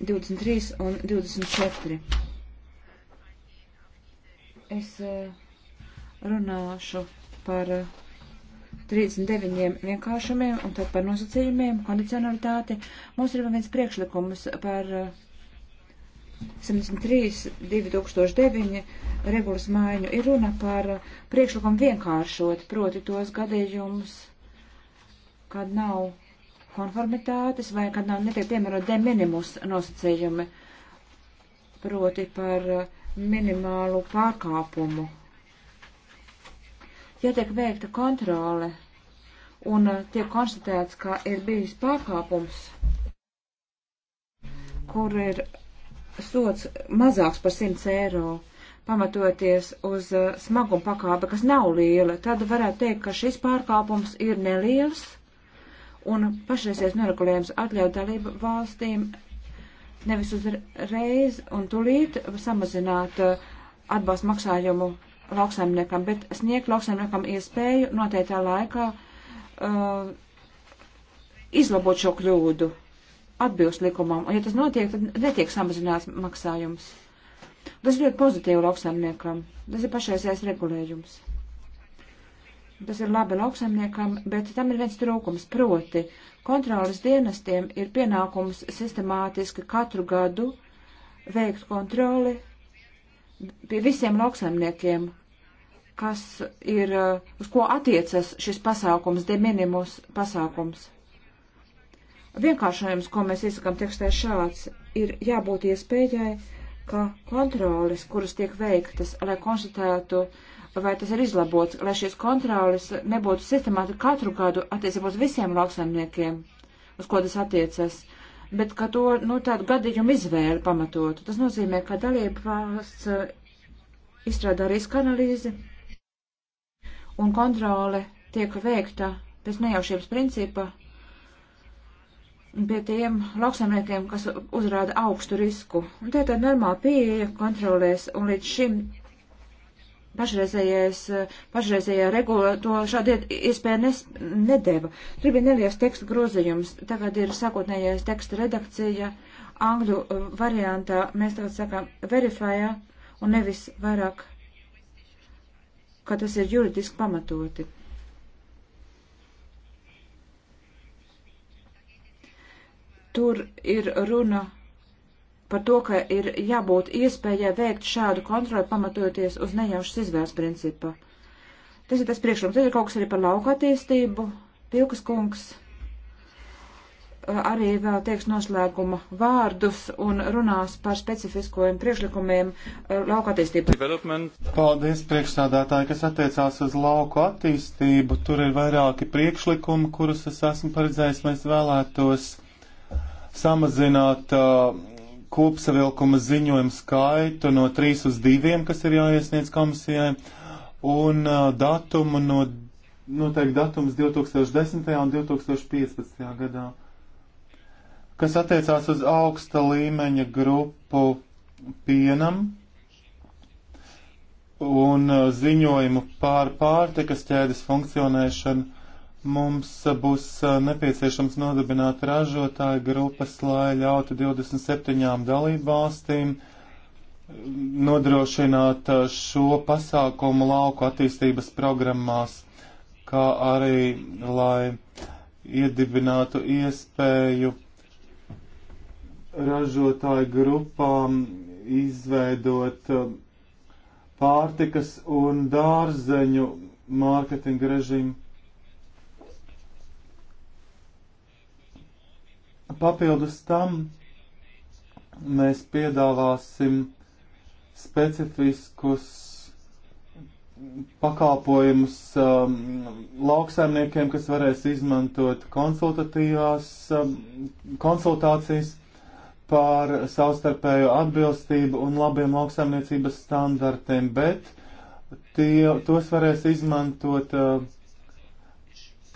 23 un 24. Es eh, runāšu par 39 eh, vienkāršumiem un tad par nosacījumiem, kondicionalitāti. Mums ir viens priekšlikums par uh, 73, 2009 regulas maiņu ir runa par priekšlikumu vienkāršot, proti tos gadījumus, kad nav konformitātes vai kad nav netiek piemērot de minimus nosacījumi, proti par minimālu pārkāpumu. Ja tiek veikta kontrole un tiek konstatēts, ka ir bijis pārkāpums, kur ir sots mazāks par 100 eiro, pamatoties uz uh, smaguma pakāpe, kas nav liela, tad varētu teikt, ka šis pārkāpums ir neliels un pašreizējais noregulējums atļauj dalību valstīm nevis uzreiz un tulīt samazināt uh, atbalstu maksājumu lauksaimniekam, bet sniegt lauksaimniekam iespēju noteiktā laikā uh, izlabot šo kļūdu atbilst likumam, un ja tas notiek, tad netiek samazināts maksājums. Tas ļoti pozitīvi lauksaimniekam. Tas ir pašreizējais regulējums. Tas ir labi lauksaimniekam, bet tam ir viens trūkums. Proti, kontrolas dienestiem ir pienākums sistemātiski katru gadu veikt kontroli pie visiem lauksaimniekiem, kas ir, uh, uz ko attiecas šis pasākums, de minimus pasākums vienkāršojums, ko mēs iesakām tekstē šāds, ir jābūt iespējai, ka kontroles, kuras tiek veiktas, lai konstatētu, vai tas ir izlabots, lai šīs kontroles nebūtu sistemāti katru gadu attiecībā uz visiem lauksaimniekiem, uz ko tas attiecas, bet ka to, nu, tādu gadījumu izvēli pamatotu. Tas nozīmē, ka dalība valsts uh, izstrādā riska analīzi un kontrole tiek veikta pēc nejaušības principa pie tiem lauksaimniekiem, kas uzrāda augstu risku. Un te tad normāla pieeja kontrolēs, un līdz šim pašreizējais, pašreizējā regula to šādi iespēju nes, nedeva. Tur bija neliels tekstu grozījums, tagad ir sākotnējais teksta redakcija, angļu uh, variantā mēs tagad sakām verifējā un nevis vairāk, ka tas ir juridiski pamatoti. Tur ir runa par to, ka ir jābūt iespējai veikt šādu kontroli pamatojoties uz nejaušas izvēles principa. Tas ir tas priekšlikums. Tad ir kaut kas arī par lauka attīstību. Pilkas kungs arī vēl teiks noslēguma vārdus un runās par specifiskojiem priekšlikumiem lauka attīstībai. Paldies priekšstādātāji, kas attiecās uz lauku attīstību. Tur ir vairāki priekšlikumi, kurus es esmu paredzējis, mēs vēlētos samazināt uh, kopsavilkuma ziņojumu skaitu no 3 uz 2, kas ir jāiesniedz komisijai, un uh, datumu no, noteikti datums 2010. un 2015. gadā, kas attiecās uz augsta līmeņa grupu pienam un uh, ziņojumu pār pārtikas ķēdes funkcionēšanu Mums būs nepieciešams nodibināt ražotāju grupas, lai ļautu 27 dalībvalstīm nodrošināt šo pasākumu lauku attīstības programmās, kā arī lai iedibinātu iespēju ražotāju grupām izveidot pārtikas un dārzeņu mārketinga režīmu. Papildus tam mēs piedāvāsim specifiskus pakalpojumus um, lauksaimniekiem, kas varēs izmantot konsultatīvās um, konsultācijas par savstarpējo atbilstību un labiem lauksaimniecības standartiem, bet tie, tos varēs izmantot uh,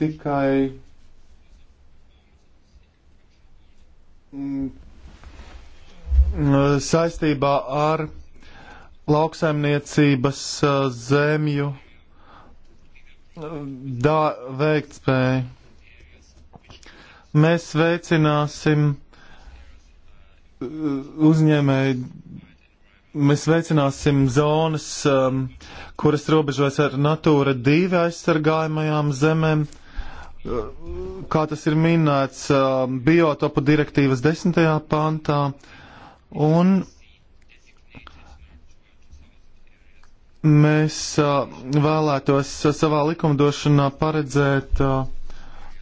tikai Mm. Mm, saistībā ar lauksaimniecības zemju dā, veiktspēju. Mēs veicināsim uzņēmēju, mēs veicināsim zonas, um, kuras robežojas ar Natūra divi aizsargājumajām zemēm. Uh, kā tas ir minēts biotopu direktīvas desmitajā pantā, un mēs vēlētos savā likumdošanā paredzēt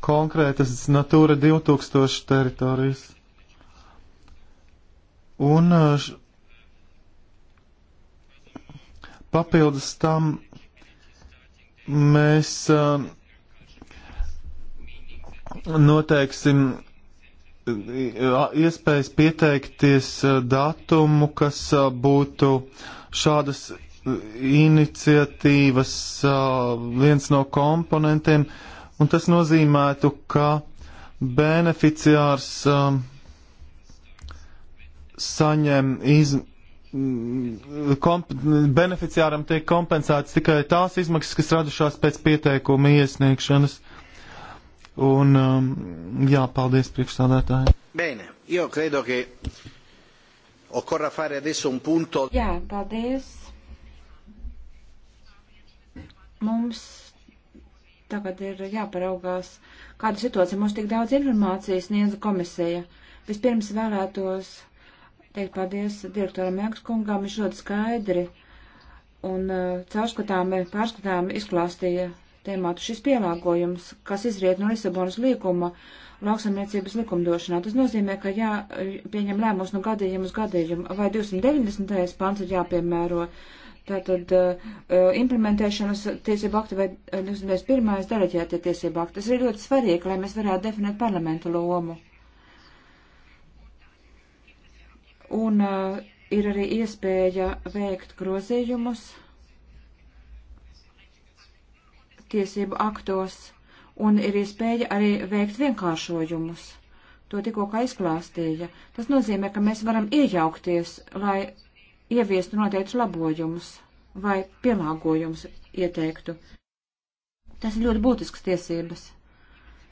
konkrētas Natūra 2000 teritorijas. Un papildus tam mēs uh, noteiksim iespējas pieteikties eh, datumu, kas eh, būtu šādas eh, iniciatīvas viens no komponentiem, un tas nozīmētu, ka beneficiārs saņem iz, mm, komp, beneficiāram tiek kompensētas tikai tās izmaksas, kas radušās pēc pieteikuma iesniegšanas. Un um, jā, paldies priekšstādātājiem. Bene, jo credo, ka occorra fare adesso un punto. Jā, paldies. Mums tagad ir jāparaugās, kāda situācija mums tik daudz informācijas sniedza komisija. Vispirms vēlētos teikt paldies direktoram Jākskungam, viņš ļoti skaidri un uh, caurskatāmi, pārskatāmi izklāstīja tēmātu. Šis pielāgojums, kas izriet no Lisabonas līguma lauksamniecības likumdošanā, tas nozīmē, ka jāpieņem lēmums no gadījuma uz gadījumu, vai 290. pants ir jāpiemēro. Tātad uh, implementēšanas tiesība akti vai 21. deleģētie tiesība akti. Tas ir ļoti svarīgi, lai mēs varētu definēt parlamentu lomu. Un uh, ir arī iespēja veikt grozījumus. Uh, tiesību aktos, un ir iespēja arī veikt vienkāršojumus. To tikko aizklāstīja. Tas nozīmē, ka mēs varam iejaukties, lai ieviestu noteiktus labojumus vai pielāgojumus ieteiktu. Tas ir ļoti būtisks tiesības.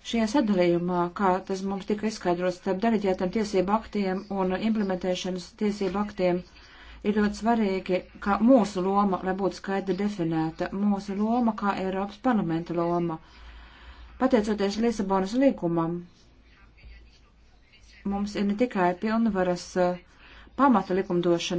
Šajā sadalījumā, kā tas mums tika izskaidrots starp deleģētiem tiesību aktiem un implementēšanas tiesību aktiem, uh, ir ļoti svarīgi, ka mūsu loma, lai būtu skaidri definēta, mūsu loma kā Eiropas parlamenta loma. Pateicoties Lisabonas līgumam, mums ir ne tikai pilnvaras eh, pamata likumdošana,